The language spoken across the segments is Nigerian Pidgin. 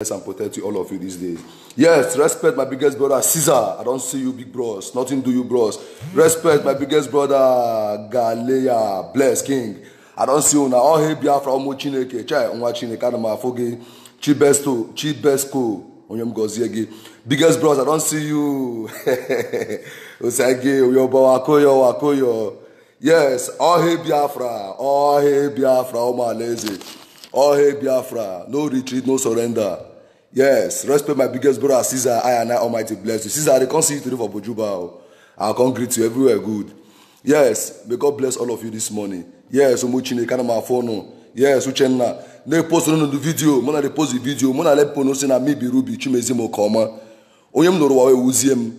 Yes, I'm protect you, all of you these days. Yes, respect my biggest brother, Caesar. I don't see you, big bros. Nothing do you, bros. Respect my biggest brother, Galea. Bless, King. I don't see you now. All oh, hey, Biafra, Omo Chineke. Chai, Onwa Chineke, Adama, Foge. Chibesto, Chibesko. Onyem Goziegi. Biggest bros, I don't see you. Osage, Oyobo, Akoyo, Akoyo. Yes, all oh, hey, Biafra. All oh, hey, Biafra, Oma Leze. All hey, Biafra. No retreat, no surrender. Yes, respect my biggest brother Caesar. I and I Almighty bless you. Caesar, I can't see you today for Bojuba. Oh. I'll can't greet you everywhere good. Yes, may God bless all of you this morning. Yes, Omuchine, Kanama phone? Oh? Yes, Uchenna. They post on the video. Mona they post the video. Mona let Pono say na me be Ruby Chimezimo Koma. Oyem no Rawe Uziem.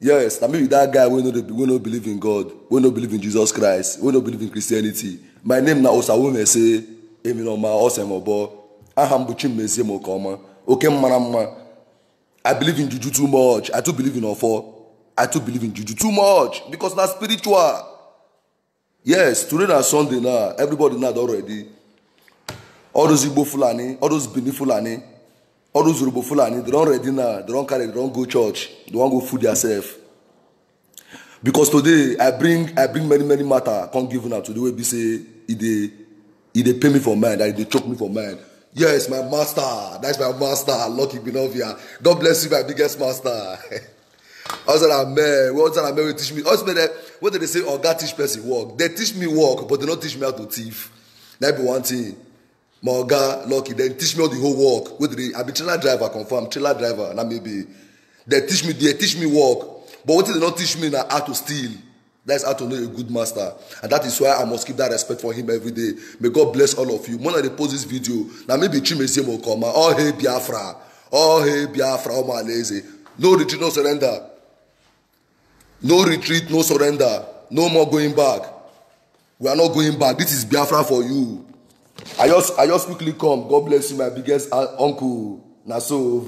Yes, that maybe that guy we no we no believe in God. We no believe in Jesus Christ. We no believe in Christianity. My name na Osawume say, Emi no ma Osemobo. Aha mbu Chimezimo Koma oke mmara mma i believe in juju too much i too believe in ofo i too believe in juju too much because na spiritual yes today na sunday na everybody na don ready all those igbo fulani all those benin fulani all those yoruba fulani they don ready na they don carry they don go church they wan go fool theirself because today i bring i bring many many matter come give una today wey be say e dey e dey pain me for mind and e dey choke me for mind Yes, my master. That's my master, Lucky Binovia. God bless you, my biggest master. also, amen. What's an amen? Teach me. Also, what did they say? Oh, God teach person work. They teach me work, but they don't teach me how to thief. That be one thing. My God, Lucky, they teach me all the whole work. What did they? I be trailer driver, confirm trailer driver. Now maybe they teach me. They teach me work, but what did they not teach me now? How to steal. That's how to know a good master. And that is why I must keep that respect for him every day. May God bless all of you. When I post this video, now maybe Chimezie will come. Oh, hey, Biafra. Oh, hey, Biafra. Oh, my lazy. No retreat, no surrender. No retreat, no surrender. No more going back. We are not going back. This is Biafra for you. I just, I just quickly come. God bless you, my biggest uh, uncle, Naso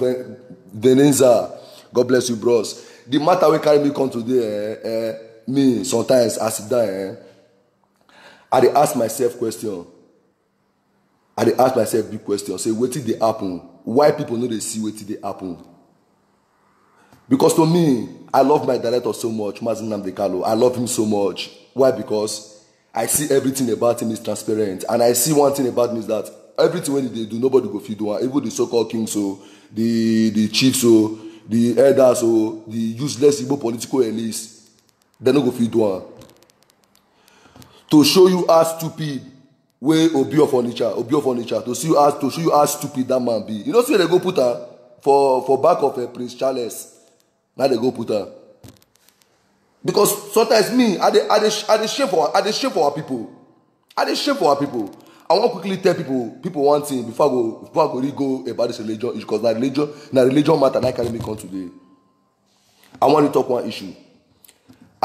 Venenza. God bless you, bros. The matter we carry me come today, eh, eh, me sometimes i sit down eh i dey ask myself question i dey ask myself big question say wetin dey happen why people no dey see wetin dey happen because to me i love my director so much mazin nnamdi kano i love him so much why because i see everything about him is transparent and i see one thing about him is that everything wey he dey do nobody go fit do am even the so-called kings o the the chiefs o the elders o the useless igbo political elites dem no go fit do am to show you how stupid wey obi of onitsha obi of onitsha to see you as to show you how stupid dat man be you know see where dem go put am for for back of uh, prince charles na dem go put am because sometimes me i dey i dey i dey shame for i dey shame for our people i dey shame for our people i wan quickly tell people people one thing before i go before i go really go about this religion issue because na religion na religion matter na carry me come today i wan really talk one issue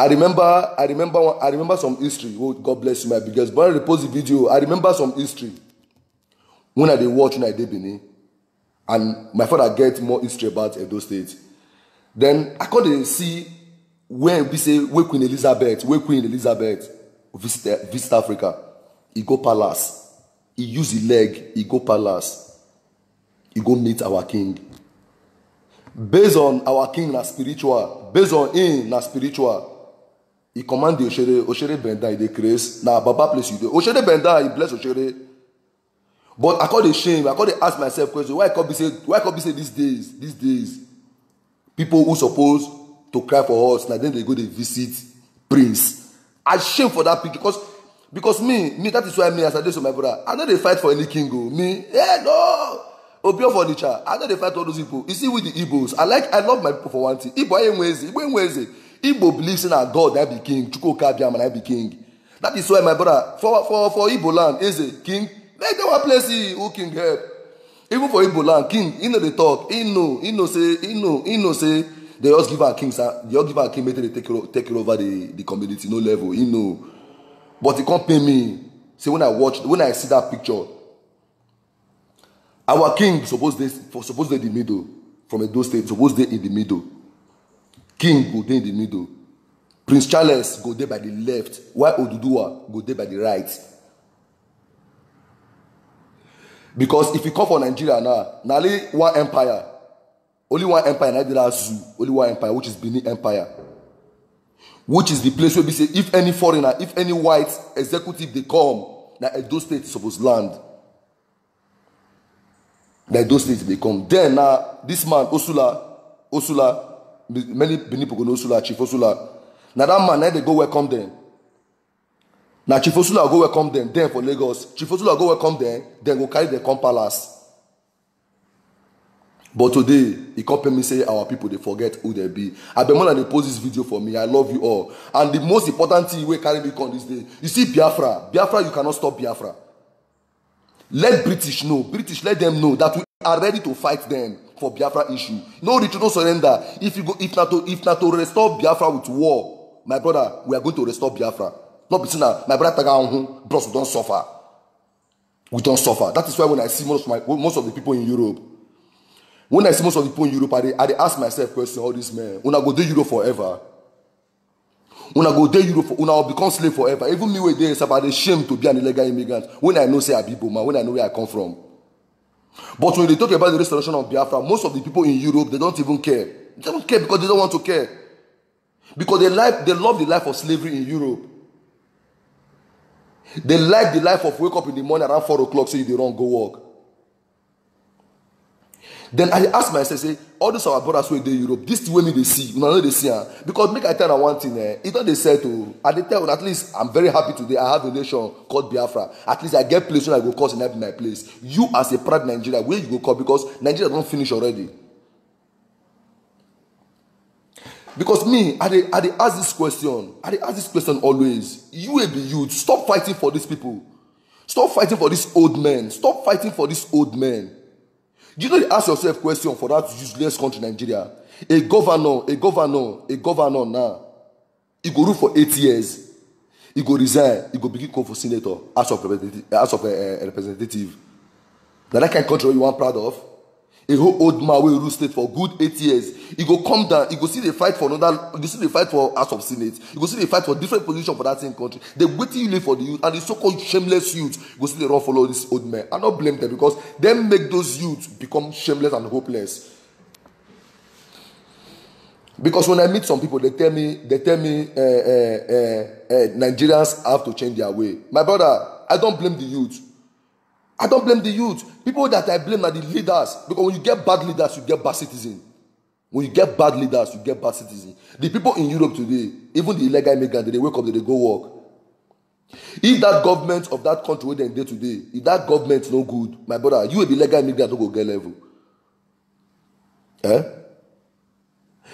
I remember, I remember, one, I remember some history. Oh, God bless you, my biggest. But I repost the video. I remember some history. When I did watch, when I did Benin, and my father get more history about Edo State. Then I come see when we e say where Queen Elizabeth, where Queen Elizabeth visit, eh, visit Africa, he go palace. He use his e leg, he go palace. He go meet our king. Based on our king na spiritual, based on him na spiritual il commande de Oshere. Oshere Benda. il decrease. Now, Baba bless you Oshere Benda. he bless Oshere. But I call the shame. I call the ask myself question. Why I can't be say, why I can't be say these days, these days, people who suppose to cry for us, now then they go they visit prince. I shame for that picture because because me, me, that is why me, as I do to my brother, I know they fight for any king. Oh. Me, yeah, no. Obio nature. I know they fight all those people. You see, with the Igbos, I like, I love my people for one thing. Igbo, I ain't Igbo, Igbo believes in our God, I be king. Chukwuka Abiyama, I be king. That is why, my brother, for, for, for Igbo land, is a king. Let our place who king help. Even for Igbo land, king, he know they talk. He know, he know say, he know, he know say, they just give our king, sir. Ah, they all give our king, make they take, take over the, the community, no level, he know. But he can't pay me. See, when I watch, when I see that picture, our king suppose they, suppose they in the middle, from those State, suppose they in the middle king go dey in the middle prince charles go dey by the left while oduduwa go dey by the right because if you come for nigeria now na only one empire only one empire na dey that zoo only one empire which is benin empire which is the place wey be say if any foreigner if any white executive dey come na edo state suppose land na edo state dey come then na this man osula osula many benin pokono sula chief osula na that man na dey go welcome them. na chief osula go welcome them. Then for lagos chief osula go welcome them. Then go carry dem come palace but today e come pay me say our people dey forget who dem be abemola dey post this video for me i love you all and the most important thing wey carry me come this day you see biafra biafra you cannot stop biafra let british know british let them know that we are ready to fight them for Biafra issue. No retreat, no surrender. If you go, if not to, if not to restore Biafra with war, my brother, we are going to restore Biafra. Not between now, my brother Taga Anhu, bros, we don't suffer. We don't suffer. That is why when I see most of my most of the people in Europe, when I see most of the people in Europe, I, dey, I ask myself question, all these men, I go to Europe forever. I go to europe una go become slave forever even me wey there is about the shame to be an illegal immigrant when i know say i be boma when i know where i come from but when they talk about the restoration of Biafra, most of the people in Europe, they don't even care. They don't care because they don't want to care. Because they, like, they love the life of slavery in Europe. They like the life of wake up in the morning around 4 o'clock so you don't go work. then i ask myself say all those our brothers wey dey europe this thing wey me dey see una no dey see am because make i tell una one thing eh e don dey settle i dey tell una at least i'm very happy today i have a nation called biafra at least i get place wey i go cause and help my place you as a proud nigerian where you go come because nigeria don finish already because me i dey i dey ask this question i dey ask this question always you wey be youth stop fighting for these people stop fighting for these old men stop fighting for these old men you know you ask yourself question for dat useless country nigeria a governor a governor a governor now e go rule for eight years e go resign e go begin come for senator house of representative House of eh, eh, representative na that kind of country you wan proud of. a whole old man wey rule state for good eight years e go come down e go still dey fight for another e go still dey fight for house of senate e go still dey fight for different position for that same country The wetin you lay for the youth and the so called shameless youth go still dey run follow this old men i no blame them because them make those youths become shameless and hopeless because when i meet some people they tell me they tell me uh, uh, uh, uh, nigerians have to change their way my brother i don blame the youth I don't blame the youth. People that I blame are the leaders. Because when you get bad leaders, you get bad citizens. When you get bad leaders, you get bad citizens. The people in Europe today, even the illegal immigrants, they wake up, they go work. If that government of that country where they dey today, if that government no good, my brother, you a be legal immigrant, no go get level. Eh?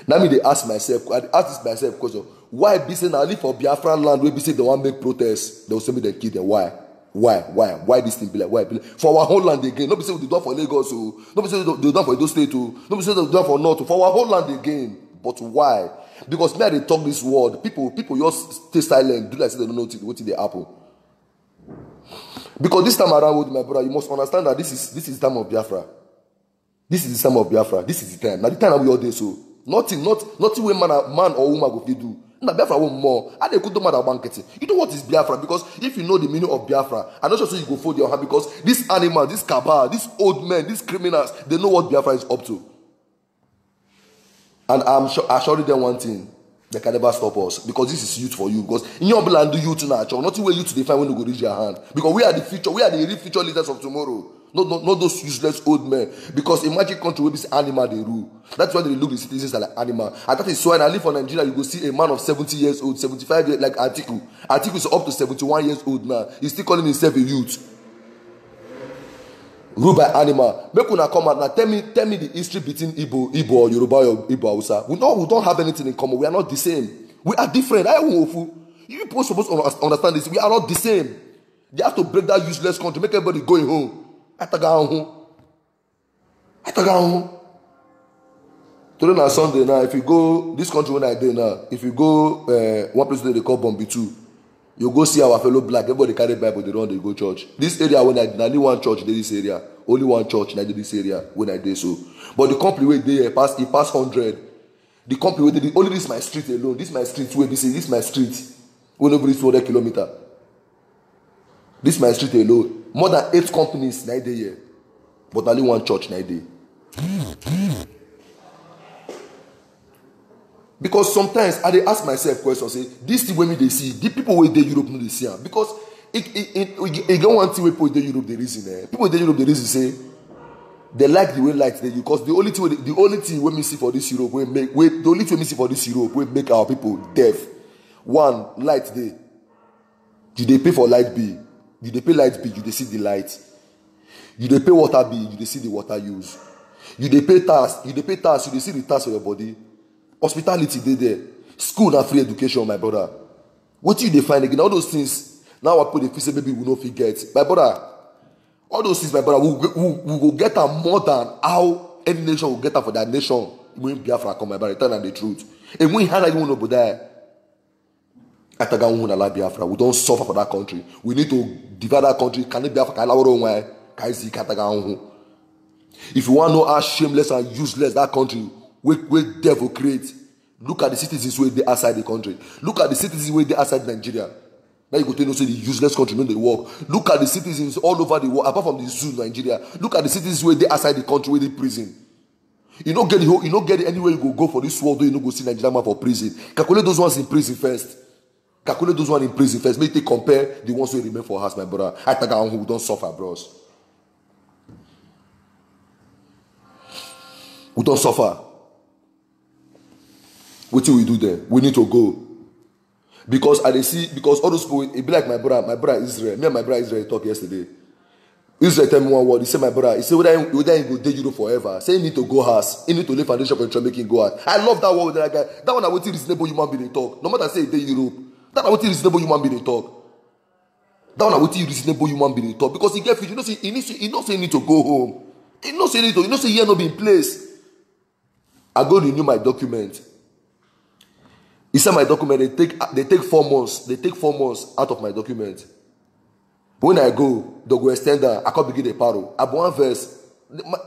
Now me they ask myself, I ask this myself question: Why be say na live for Biafran land wey be say they wan make protest? They will say me they kid. them. Why? why why why this thing be like why be like for our whole land again no be say we dey do am for lagos o oh. no be say we dey do am for edo state o oh. no be say we dey do am for north o oh. for our whole land again but why because me i dey talk this word people people just stay silent do like say they no know wetin dey happen because this time around with my brother you must understand that this is this is the time of biafra this is the time of biafra this is the time na the time na we all dey so nothing not nothing wey man, man or woman go fit do na biafra wo more adekunto mad agba nkịtị you know what is biafra because if you know the meaning of biafra i no sure say you go fold your hand because this animal this cabal this old men these criminals they know what biafra is up to and i'm sure assuring them one thing they can never stop us because this is youth for you because ihe ọbụla ndị youth na-achọ nothing wey youth dey find wey no go reach their hand because we are the future we are the real future leaders of tomorrow Not, not, not those useless old men. Because in magic country where this animal they rule. That's why they look the citizens are like animal. And that is why when I live in Nigeria, you go see a man of 70 years old, 75 years, like Article, Article is up to 71 years old now. He's still calling himself a youth. Ruled by animal. Make una come out now. Tell me, tell me the history between Igbo, Igbo or Yoruba or Igbo Hausa. We don't, we don't have anything in common. We are not the same. We are different. I won't You people supposed to understand this. We are not the same. They have to break that useless country, make everybody going home ataghị ahụhụ ataghị ahụhụ today na sunday now if you go this country wey i dey now if you go uh, one place wey dey call bombi two you go see our fellow black everybody carry bible dey run dey go church this area wey i na only one church dey this area only one church na dey this area wey i dey so but the company wey dey here pass e pass hundred the company wey dey only this my street alone this my street wey be say this my street wey no be reach two hundred kilometre this my street alone more than eight companies na e dey here but na only one church na e dey because sometimes i dey ask myself question say this thing wey me dey see the people wey dey europe no dey see am because e, e e e get one thing wey people dey europe dey reason eh people dey europe dey reason say they like the way light dey because the only thing wey the only thing wey me see for this europe wey make wey the only thing wey me see for this europe wey make our people deaf one light dey you dey pay for light bill you dey pay light bill you dey see the light you dey pay water bill you dey see the water use you dey pay tax you dey pay tax you dey see the tax for your body hospitality dey there school na free education my brother wetin you dey find again all those things na our people dey feel say maybe we no fit get my brother all those things my brother we we we go get am more than how any nation go get am for their nation when biafra come my brother tell na the truth enwe hana iwu n'obodo that ataga nwuna ala biafra we don suffer for that country we need to divide that country ka ndị biafra ka anyị lawara onwe anyị ka anyị si ike ataga ahụhụ if you wan know how shameless and useless that country wey wey devil create look at the citizens wey dey outside the country look at the citizens wey dey outside nigeria now you go take know say the useless country no dey work look at the citizens all over the world apart from the zoo nigeria look at the citizens wey dey outside the country wey dey prison you no get the whole you no get anywhere you go go for this world wey you no go see nigerian man for prison calculate those ones in prison first calculate those one in prison first make you compare the ones who remain for us, my brother I ataga and who don't suffer bros we don't suffer What do we do there we need to go because i dey see because all those people e be like my brother my brother israel me and my brother israel talk yesterday israel tell me one word he say my brother he say whether he whether go dey europe forever say he need to go house he need to lay foundation for him church make him go out. i love that word that guy that one na wetin reasonable human being dey talk no matter say he europe that na wetin reasonable human being dey talk that na wetin reasonable human being dey talk because e get future you know say e need say e know say e need to go home e know say e need to You know say here no be im place i go renew my document he say my document dey take dey take four months dey take four months out of my document when i go dem go ex ten d am i come begin dey paro i be one verse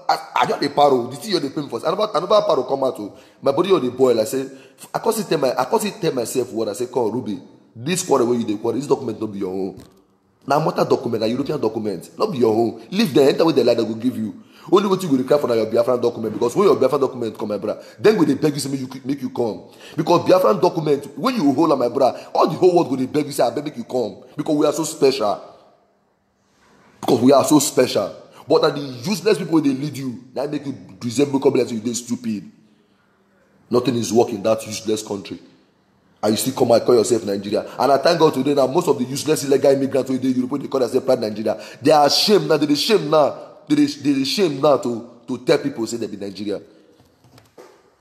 i i just dey paro the thing just dey pain me for another another paro come out o oh. my body just dey boil i say i come still tell my i come still tell myself what i say come ruby This quarter where you the quarter, this document not be your own what a document na european document not be your own leave the enter with the light dem will give you only what you will require for now, your biafran document because when your biafran document come my brother, then will they beg you to make you make you come because biafran document when you hold on, my brother, all the whole world will they beg you say beg make you come because we are so special because we are so special but that the useless people they dey lead you they make you resemble come you stupid nothing is working in that useless country and you still come my call yourself nigeria and I thank God today na most of the useless illegal immigrants wey dey europe wey dey call themselves proud nigeria they are shame now dey dey shame now they dey shame now to to tell pipo say dem be nigeria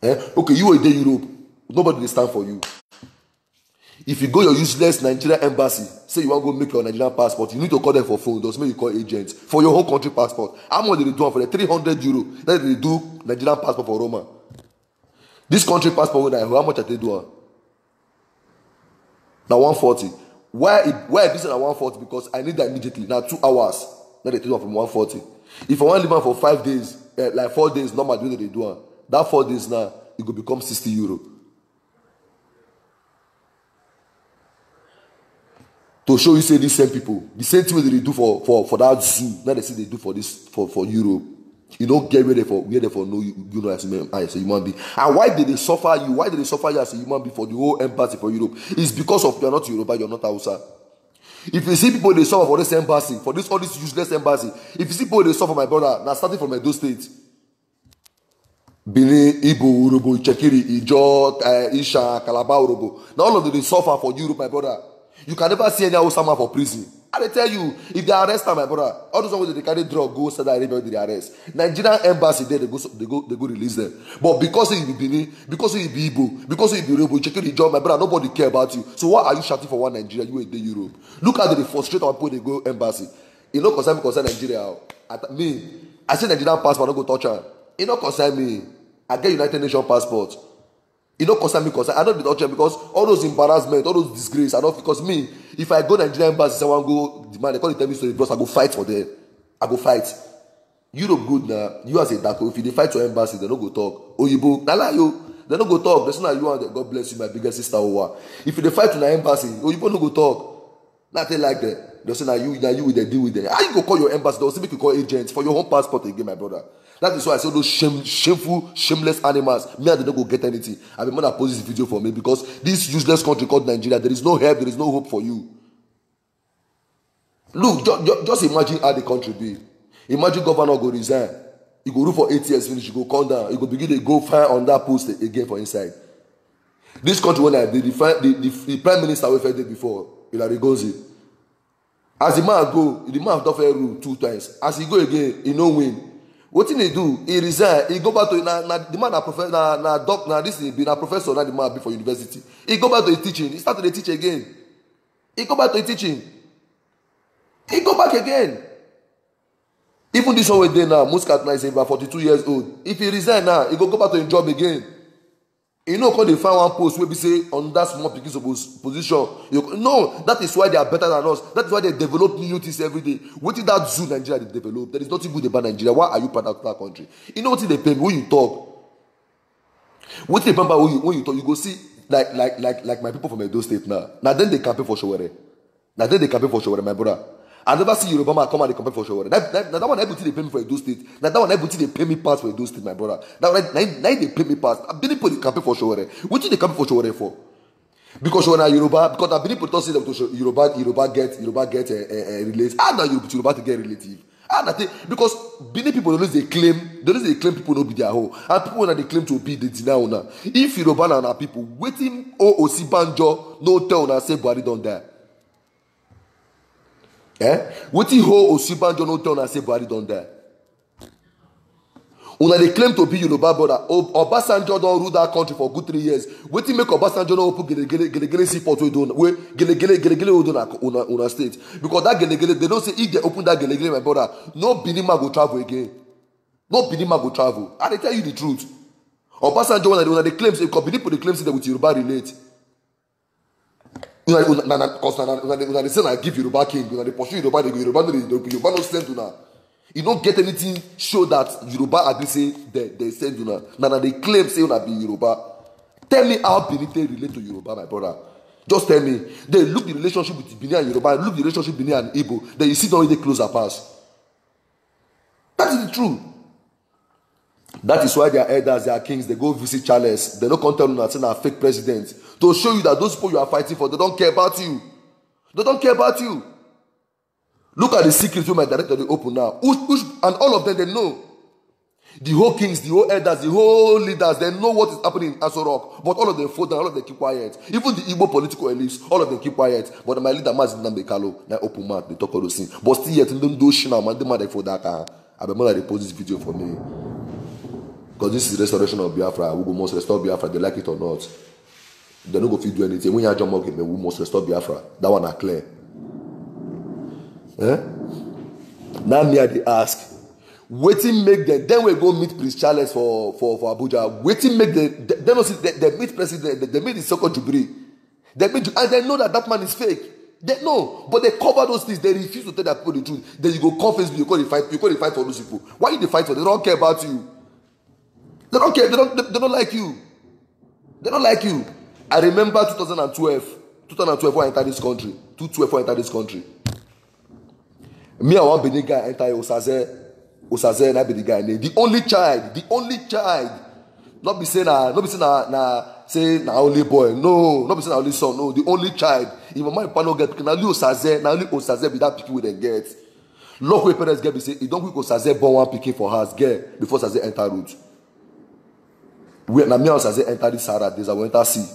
eh okay you wey dey europe nobody dey stand for you. if you go your useless nigeria embassy say you wan go make your nigerian passport you need to call dem for phone just make you call agent for your whole country passport how much dey dey do am for dem 300 euro then dey do nigerian passport for roma this country passport wey how much i dey do am. na one forty why e why e be say na one forty because i need am immediately na two hours na dey take am from one forty if i wan leave am for five days eh, like four days normal the way dem dey do am that four days now e go become sixty euro to show you say these same people the same thing wey they dey do for for for that zoo na they still dey do for this for for europe you don't get ready for ready for no you, know as a, as a human being and why did they suffer you why did they suffer you as a human being for the whole embassy for europe it's because of you're not yoruba you're not hausa if you see people dey suffer for this embassy for this all this useless embassy if you see people dey suffer my brother na starting from edo state benin igbo urobo ichekiri ijo uh, eh, isha calabar urobo na all of them dey suffer for europe my brother you can never see any hausa man for prison I dey tell you, if they arrest am, my brother, all those ones dey carry drug go Saudi Arabia dey arrest. Nigerian embassy there dey go dey go dey go release them. But because you be Benin, because you be Igbo, because you be Yoruba, check the job, my brother, nobody care about you. So why are you shouting for one Nigeria? You dey Europe. Look how they dey frustrate our people dey go embassy. E no concern me concern Nigeria. At me, I say Nigerian passport no go touch am. E no concern me. I get United Nations passport e no concern me concern i no be torture because all those embarrassment all those disgrace i no because me if i go nigerian embassy someone go demand they come dey tell me story because i go fight for them i go fight europe good na you as a dako if you dey fight your embassy they no go talk oyibo na lie o They no go talk dem say na you and god bless you my biggest sister owa if you dey fight una embassy oyibo no go talk natin like dem just na you na you we dey deal with dem how you go call your embassy or something make you call agent for your own passport again my brother. that is why i say those shame shameful Shameless animals me i dey no go get anything i be mana post dis video for me because dis useless country called nigeria there is no help there is no hope for you. look just just imagine how di country be imagine governor go resign e go rule for eight years finish e go come down e go begin dey go find on dat post again for inside. this country wen i dey the the the prime minister wey fere dey before he regons him as the man go the man don fair rule two times as he go again he no win wetin he do he resign he go back to na na the man na professor na na doc na this be na professor na the man be for university he go back to his teaching he start to dey teach again he go back to his teaching he go back again even this one wey dey now muscat na he say about forty-two years old if he resign now he go go back to him job again You know, come dey find one post wey be say on that small pikin suppose position you no that is why they are better than us that is why they develop new things every day wetin that zoo nigeria dey develop there is nothing good about nigeria why are you part of that country you know wetin dey pain me when you talk wetin dey pain me when you when you talk you go see like like like like my people from edo state now na then they campaign for sowore na then they campaign for sowore my brother I never see Yoruba man come and they for Oshowore. That, that, that, that one Ebuti dey pay me for a do State. That, that one Ebuti they pay me pass for a do State, my brother. That one na, na, pay me pass. Abinipo dey compare for What Wetin they compare for Oshowore for? Because Oshowore na Yoruba. Because Abinipo talk say that Yoruba Yoruba get Yoruba get a eh, a eh, uh, eh, relative. How na Yoruba Yoruba to get relative? Ah, na take because many people always they claim they always they claim people not be their own and people na they claim to be dey deny una. If Yoruba na na people wetin O banjo, no tell una say Buhari don't die. eh wetin hold osinbajo no tell and say buhari don die una dey claim to be yoruba brother obasanjo don rule dat country for good three years wetin make obasanjo no open gelegele gelegele seaport wey don wey gelegele gelegele wey don una una state because dat gelegele dey know say if dey open dat gelegele my brother no benin man go travel again no benin man go travel i dey tell you the truth obasanjo na- dey una dey claim say because benin people dey claim say dem with yoruba relate una na una una na dey say na give yoruba king una dey pursue yoruba dey go yoruba no dey yoruba no send una. e no get anytin show that yoruba agree say dem dey send una na na dey claim say una be yoruba. tell me how benin dey relate to yoruba my brother just tell me dey look di relationship with benin and yoruba look di relationship benin and igbo then you see don dey close pass. that is the truth That is why their elders, their kings, they go visit Charles. They don't come tell Nuna say na fake president to show you that those people you are fighting for, they don't care about you. They don't care about you. Look at the secrets wey my director dey open now. Which, which, and all of them, they know. The whole kings, the whole elders, the whole leaders, they know what is happening in Asorok. But all of them fold down, all of them keep quiet. Even the Igbo political elites, all of them keep quiet. But my leader, Mazin Nnamdi Kalu, na open mouth, they talk all those things. But still yet, dem do shina, man, dem dey for that car. Abeg, make una post this video for me because this is restoration of biafra we go must restore biafra they like it or not they no go fit do anything when yanjo mock him we must restore biafra that one na clear eh? now me i dey ask wetin make dem then we go meet prince charles for for for abuja wetin make dem dem no see dem meet president dem meet the soko jubilee dem meet and dem know that that man is fake they know but they cover those things they refuse to tell their people the truth then you go call facebook you go dey fight you go dey fight for those people why you dey fight for them they don't care about you They don't care. They don't, they, they don't like you. They don't like you. I remember 2012. 2012 when I entered this country. 2012 when I entered this country. Me and one Benin guy enter Osaze. Osaze and I be the guy name. The only child. The only child. Not be say na, not be say na, na say na only boy. No, not be say na only son. No, the only child. If my mind, papa get pikin, na only Osaze, na only Osaze be that pikin with the get. Luck wey parents get be say e don quick Osaze born one pikin for house girl before Osaze enter road we na me osaze enter this sahara desert we enter sea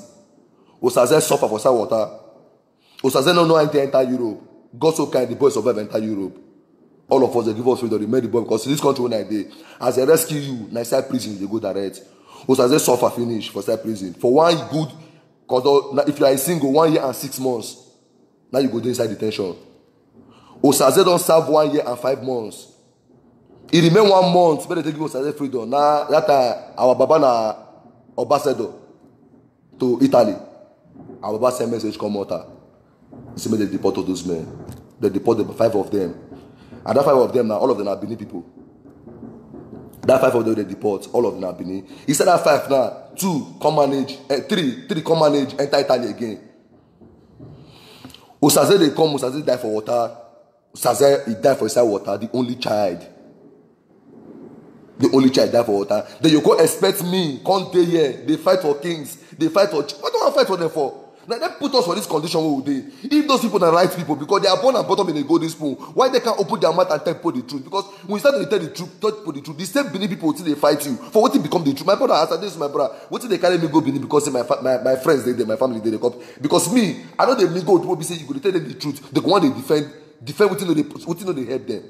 osaze suffer for side water osaze no know how to enter europe god so kind the boy survive enter europe all of us dey give us freedom to remain the boy because this country wey i dey as dem rescue you na inside prison you dey go direct osaze suffer finish for inside prison for one good cause if you are a single one year and six months now you go dey inside detention osaze don serve one year and five months e remain one month make dem take give osaze freedom na that time our baba na Obasedo to Italy. And Baba sent message come out. He ah. said, they deport all those men. They deport the five of them. And that five of them now, all of them are Benin people. That five of them they deport, all of them are Benin. Instead of five now, two come manage, eh, three, three come manage, enter Italy again. Osaze dey come, Osaze die for water. Osaze he die for inside water, the only child the only child die for water then you go expect me come dey here dey fight for kings dey fight for what do i wan fight for them for na dem put us for this condition wey we dey if those people na right people because they are born and bottom in a golden spoon why they can open their mouth and tell people the truth because when you start to dey tell the truth tell people the truth the same benin people still dey fight you for wetin become the truth my brother as i dey with my brother wetin dey carry me go benin because say my my my friends dey there my family dey there come because me i no dey mingle with people be say you go dey tell them the truth they go wan dey defend defend wetin no dey wetin no dey help them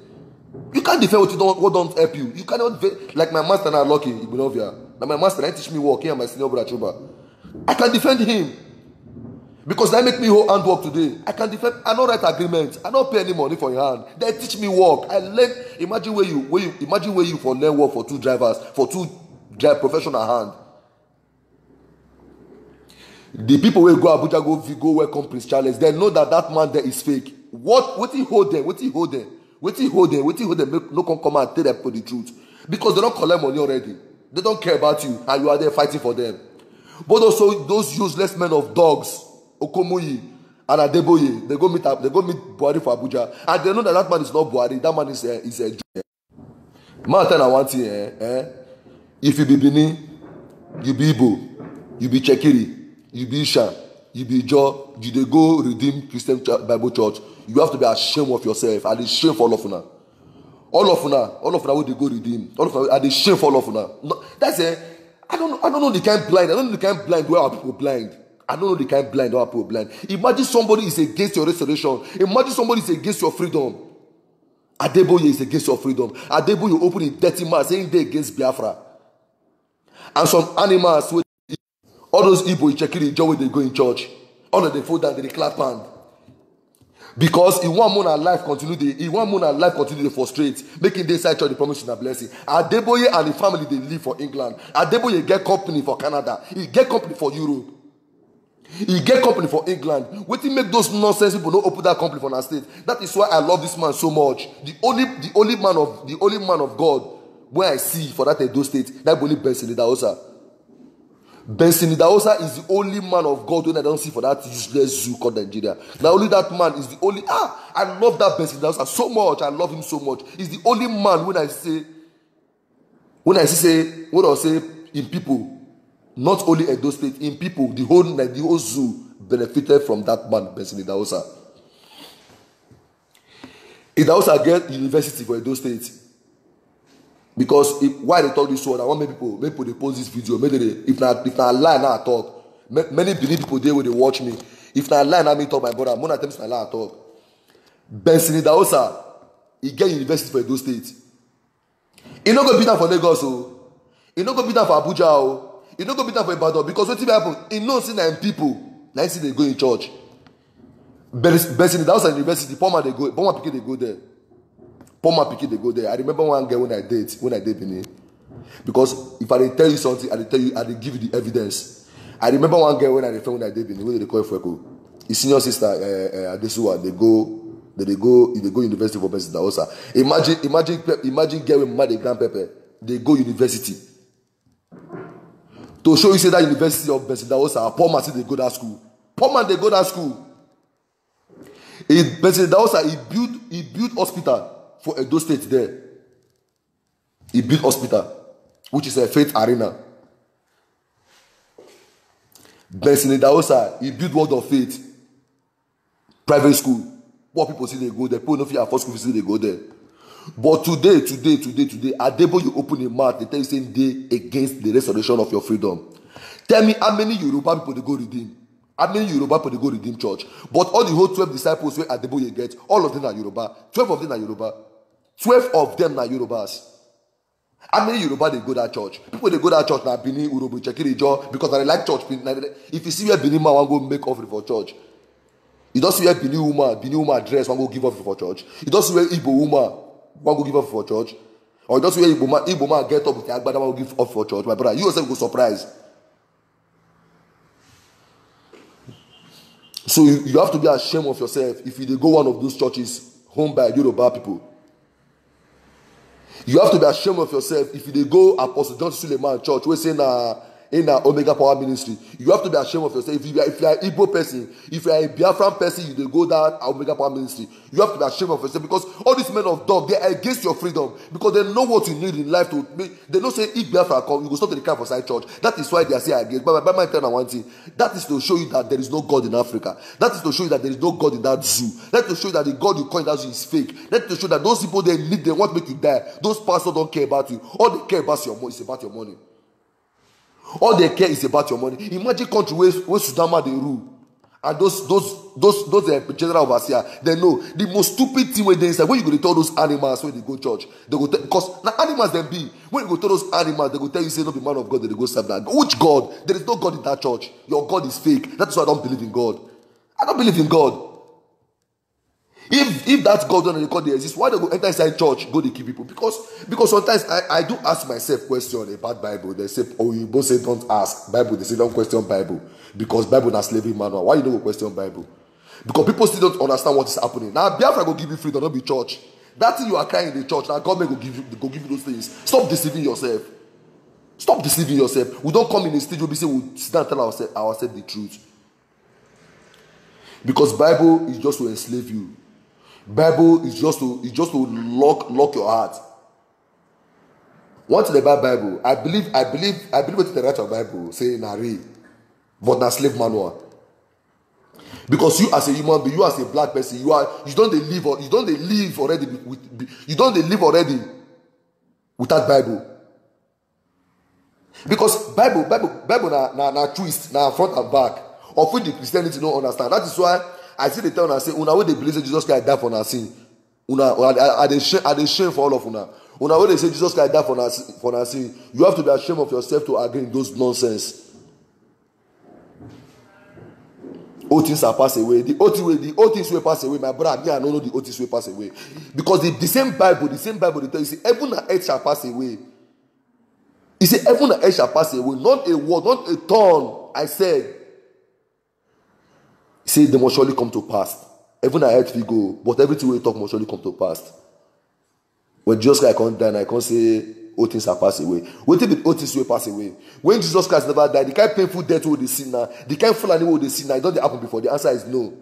You can't defend what you don't what don't help you. You cannot defend like my master now lucky Ibunovia. Now my master now teach me work here, my senior brother Chuba. I can defend him because that make me whole hand work today. I can defend. I no write agreement. I no pay any money for your hand. They teach me work. I learn. Imagine where you where you imagine where you for learn work for two drivers for two drive professional hand. The people wey go Abuja go go welcome Prince Charles. They know that that man there is fake. What what he hold there? What he hold there? wetin hold them, wetin hold them. make no come come out tell dem the truth because they don collect money already they don care about you and you are there fighting for them but also those useless men of dogs okomuyi and adeboye they go meet they go meet buhari for abuja and they know that that man is not buhari that man is a eh, is a eh, jew eh. man tell na one thing eh, eh if you be benin you be igbo you be chekiri you be isha you be ijaw you dey go redeem christian bible church you have to be ashamed of yourself i dey shame for all of una all of una all of una wey dey go redeem all of una i dey shame for all of una no that's eh i don't know i don't know the kind blind i don't know the kind blind wey our people blind I don't know the kind blind or people blind. Imagine somebody is against your restoration. Imagine somebody is against your freedom. Adeboye is against your freedom. Adeboye open a dirty mouth saying they against Biafra. And some animals with all those Igbo, Chekiri, Joe, they go in church. All of them fold down, they clap hand because he wan moon and life continue dey he wan moon and life continue dey frustrate making him dey inside church dey promise una blessing adeboye and him family dey live for england adeboye get company for canada he get company for europe he get company for england wetin make those nonsense people no open that company for na state that is why i love this man so much the only the only man of the only man of god wey i see for that edo state that be only benson idahosa Benson Idahosa is the only man of God when I don't see for that useless zoo called Nigeria. Now only that man is the only ah I love that Benson Idahosa so much. I love him so much. He's the only man when I say when I say what I say in people, not only Edo State, in people, the whole the whole zoo benefited from that man, Benson Idahosa. Idahosa get university for Edo State because if why they talk this word i want make people make people dey post this video make they if na if na lie na i talk many believe people dey wey dey watch me if na lie na me talk my brother more na tell me say na lie i talk benson idahosa e get university for edo state e no go beat am for lagos o oh. e no go beat am for abuja o oh. e no go beat am for ibadan because wetin dey happen e know say na im pipo na im still dey go im church benson idahosa university poor man dey go poor man pikin dey go there Pour my they go there. I remember one girl when I date, when I date Benin. Because if I didn't tell you something, I didn't tell you, I didn't give you the evidence. I remember one girl when I refer when I date Benin, when they call for Echo. His senior sister, uh, uh, they go, they, they go, they go university for Benin Daosa. Imagine, imagine, imagine girl with mad grand pepper. They go university. To show you say that university of Benin Daosa, poor man say they go that school. Poor man they go that school. Benin Daosa, he built, he built hospital. for Edo State there. He built hospital, which is a faith arena. Benson Daosa, he built World of Faith, private school. Poor people see they go there. People no fit afford school fees, they go there. But today, today, today, today, at Adebo, you open your mouth, they tell you saying day against the restoration of your freedom. Tell me how many Yoruba people they go redeem. How many Yoruba people they go redeem church? But all the whole 12 disciples where at Adebo you get, all of them are Yoruba. 12 of them are Yoruba. Twelve of them na Yorubas. How many Yoruba dey go that church? People dey go that church na Benin, Urhobo, Chekirijo because na dey like church. If you see where Benin man wan go make offering for church, you don see where Benin woman, Benin woman dress wan go give offering for church. You don see where Igbo woman wan go give offering for church. Or you don see where Igbo man, Igbo man get up with him agbada wan go give offering for church. My brother, you yourself go surprise. So you, you have to be ashamed of yourself if you dey go one of those churches home by Yoruba people you have to be ashamed of yourself if you dey go apostle john suleman church wey say na in our Omega Power Ministry. You have to be ashamed of yourself. If you are, if you are an Igbo person, if you are a Biafran person, you go down our Omega Power Ministry. You have to be ashamed of yourself because all these men of dog, they are against your freedom because they know what you need in life to be. They not say if Biafra come, you go stop to the camp for side church. That is why they are saying against. But by my I want thing, that is to show you that there is no God in Africa. That is to show you that there is no God in that zoo. That is to show you that the God you call in that zoo is fake. That is to show that those people they need, they want to make you die. Those pastors don't care about you. All they care about is your money. It's about your money. All they care is about your money. Imagine country where, where Sudama they rule. And those those those those uh, general overseer, they know the most stupid thing when they say when you go to tell those animals when they go church, they go because now animals then be when you go tell those animals, they go tell you say no be man of God, they go serve that. Which God? There is no God in that church. Your God is fake. That's why I don't believe in God. I don't believe in God. if if that god don dey dey exist why they go enter inside church go dey kill people because because sometimes i i do ask myself question about bible they say oyibo oh, say don't ask bible they say don't question bible because bible na slavery manual why you no go question bible because people still don't understand what is happening na biafra go give you freedom no be church that thing you are crying in the church na government go give you go give you those things stop deceiving yourself stop deceiving yourself we don come in a stage wey be say we sit down tell ourselves ourselves the truth because bible is just to enslave you Bible is just to is just to lock lock your heart. Once they buy Bible, I believe I believe I believe it's the right of Bible say na real, but na slave manual. Because you as a human being, you as a black person, you are you don't dey live you don't dey live already with you don't dey live already without Bible. Because Bible Bible Bible na na na twist na front and back of which the Christianity no understand. That is why I the town. tell I say una where they believe that Jesus Christ died for our sin una I dey are they dey shame for all of una una where they say Jesus Christ died for our for una sin you have to be ashamed of yourself to agree in those nonsense All things are pass away the all things the old things pass away my brother me I know know the all things wey pass away because the, the same bible the same bible dey tell you See, heaven and earth shall pass away he see, heaven and earth shall pass away not a word not a turn I said See, they must surely come to pass. Even I had we go, but everything we talk must surely come to pass. When Jesus Christ can't die, I can't say all things are passed away. What if all things will pass away? When Jesus Christ never died, the kind of painful death will the sinner, now, the kind of full animal the see now, it doesn't happen before. The answer is no.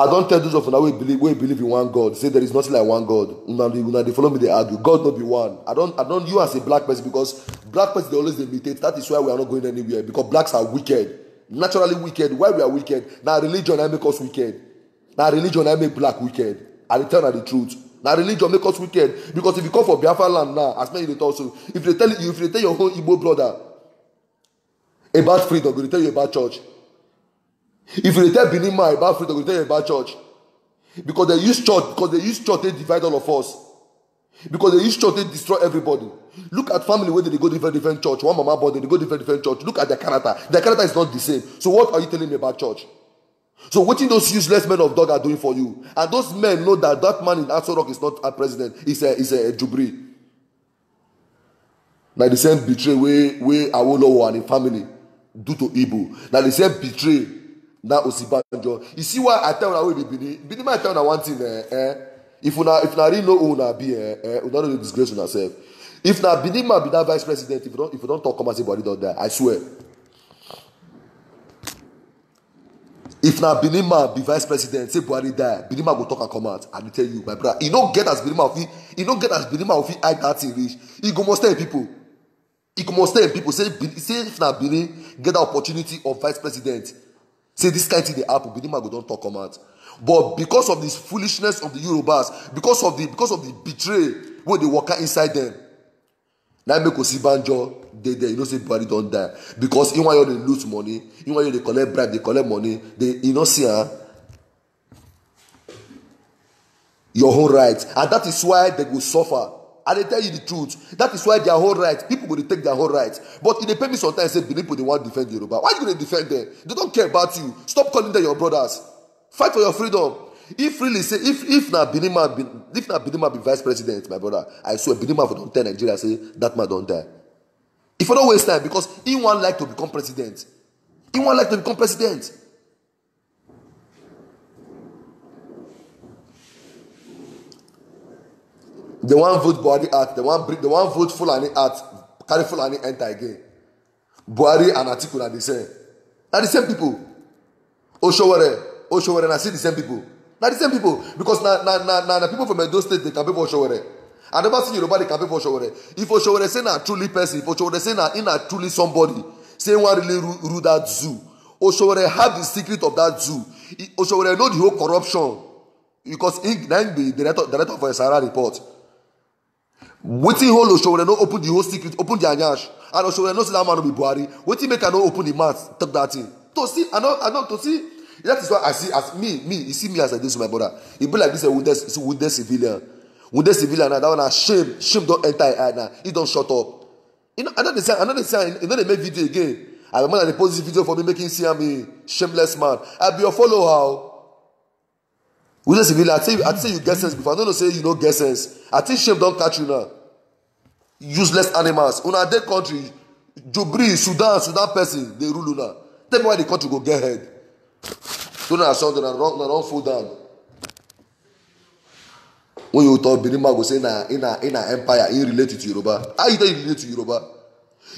I don't tell those of una wey believe wey believe in one God say there is nothing like one God una dey una dey follow me dey argue God no be one I don I don you as a black person because black person dey always dey mutate that is why we are not going anywhere because blacks are wicked naturally wicked why we are wicked na religion na make us wicked na religion na make black wicked I dey tell una the truth na religion make us wicked because if you come for Biafra land now as many dey talk so if you dey tell you if you dey tell your own Igbo brother about freedom go dey tell you about church If you tell Benin man about freedom, you tell you about church. Because they use church, because they use church, they divide all of us. Because they use church, they destroy everybody. Look at family where they go different different church. One mama born, they go different different church. Look at their character. Their character is not the same. So what are you telling me about church? So what do those useless men of dog are doing for you? And those men know that that man in Aso Rock is not a president. He's a he's a, a jubri. Now the same betray way way Awolowo and his family do to Ibu. Now the same betray na Osibanjo. You see why I tell una wey be Bini? Bini might tell una one thing eh, eh. If una if una really know who una be eh, eh, una no dey disgrace una sef. If na Bini man be that vice president, if you don if you don talk come out say Buhari don die, I swear. If na Bini man be vice president, say Buhari die, Bini man go talk and come out. I dey tell you, my brother, e no get as Bini man fit e no get as Bini man fit hide that thing reach. E go must tell people. E go must tell people say say if na Bini get that opportunity of vice president say dis kain thing dey happen Binima go don talk come out but because of this foolishness of the yorubas because of the because of the betray wey dey waka inside dem na make osinbajo dey there you know say buhari don die because him wan dey lose money him wan dey collect bribe dey collect money you know see am ah, your own right and that is why dem go suffer I dey tell you the truth. That is why their whole right, people go dey take their whole right. But e dey pay me sometimes say Benin people dey wan defend Yoruba. Why you go dey defend them? They don't care about you. Stop calling them your brothers. Fight for your freedom. If really say if if na Benin man be if na Benin man be vice president, my brother, I swear Benin man for don tell Nigeria say that man don die. If I don't waste time because he wan like to become president. He wan like to become president. the one vote buhari out the one the one vote fulani out carry fulani enter again buhari and atiku na the same na the same people Oshowere. osowore I see the same people na the same people because na na na na, na people from edo state dey campaign for Oshowere. i never see nobody can campaign for osowore if Oshowere say na truly person if Oshowere say na he na truly somebody say one really rule, rule that zoo Oshowere have the secret of that zoo Oshowere know the whole corruption because he na him be director director for esara report wetin hold osowore no open the whole secret open the anyash and osowore no say that man no be buhari wetin make i no open the mouth talk that thing to see i no i no to see that is why i see as me me you see me as i dey to my brother He be like this a eh, wounded wounded civilian wounded civilian Now that one na shame shame don enter him eye na he don shut up you know i no dey say i no dey say i no dey make video again i remember i dey post this video for me make him see am a shameless man i be your follower o. Oh we dey civil i tell you i tell you get sense before i no know say you no get sense i think shame don't catch you now useless animals On our dead country jubri sudan sudan person they rule now. tell me why the country go get head so na so una run una run full down when you talk benin man go say na na na empire e relate to yoruba how you tell you relate to yoruba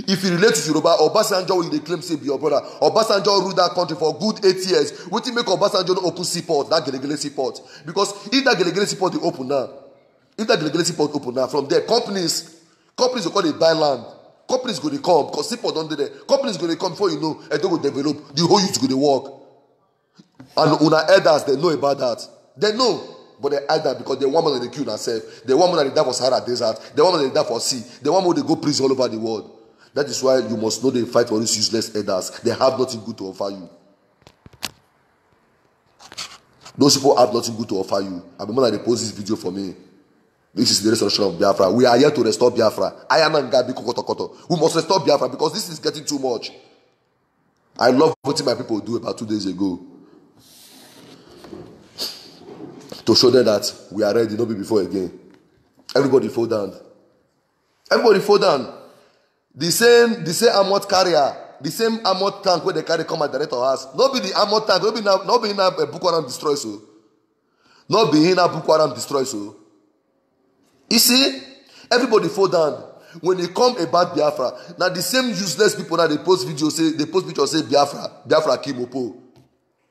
if you relate to yoruba obasanjo wey you dey claim say be your brother obasanjo rule that country for good eight years wetin make obasanjo no open seaport that gelegele seaport because if that gelegele seaport dey open now if that gelegele seaport open now from there companies companies go come dey buy land companies go dey come because seaport don dey there companies go dey come before you know edo go develop the whole youth go dey work and una elders dey know about that dey know but dem hide am because dem one make dem dey kill una sef dem wan make dey die for sahara desert dem one make dem dey die for sea dem one make dem go prison all over the world That is why you must know they fight for these useless elders. They have nothing good to offer you. Those people have nothing good to offer you. I remember that they post this video for me. This is the restoration of Biafra. We are here to restore Biafra. I am Ngabi Kokotokoto. We must restore Biafra because this is getting too much. I love what my people do about two days ago. To show them that we are ready, not be before again. Everybody fall down. Everybody fall down the same the same armored carrier the same armored tank wey dey carry come and direct our house no be the armored tank no be na no be na eh, boko haram destroy so oh. no be him na boko haram destroy so oh. you see everybody fall down when e come about biafra na the same useless people na dey post video say dey post video say biafra biafra kill mopo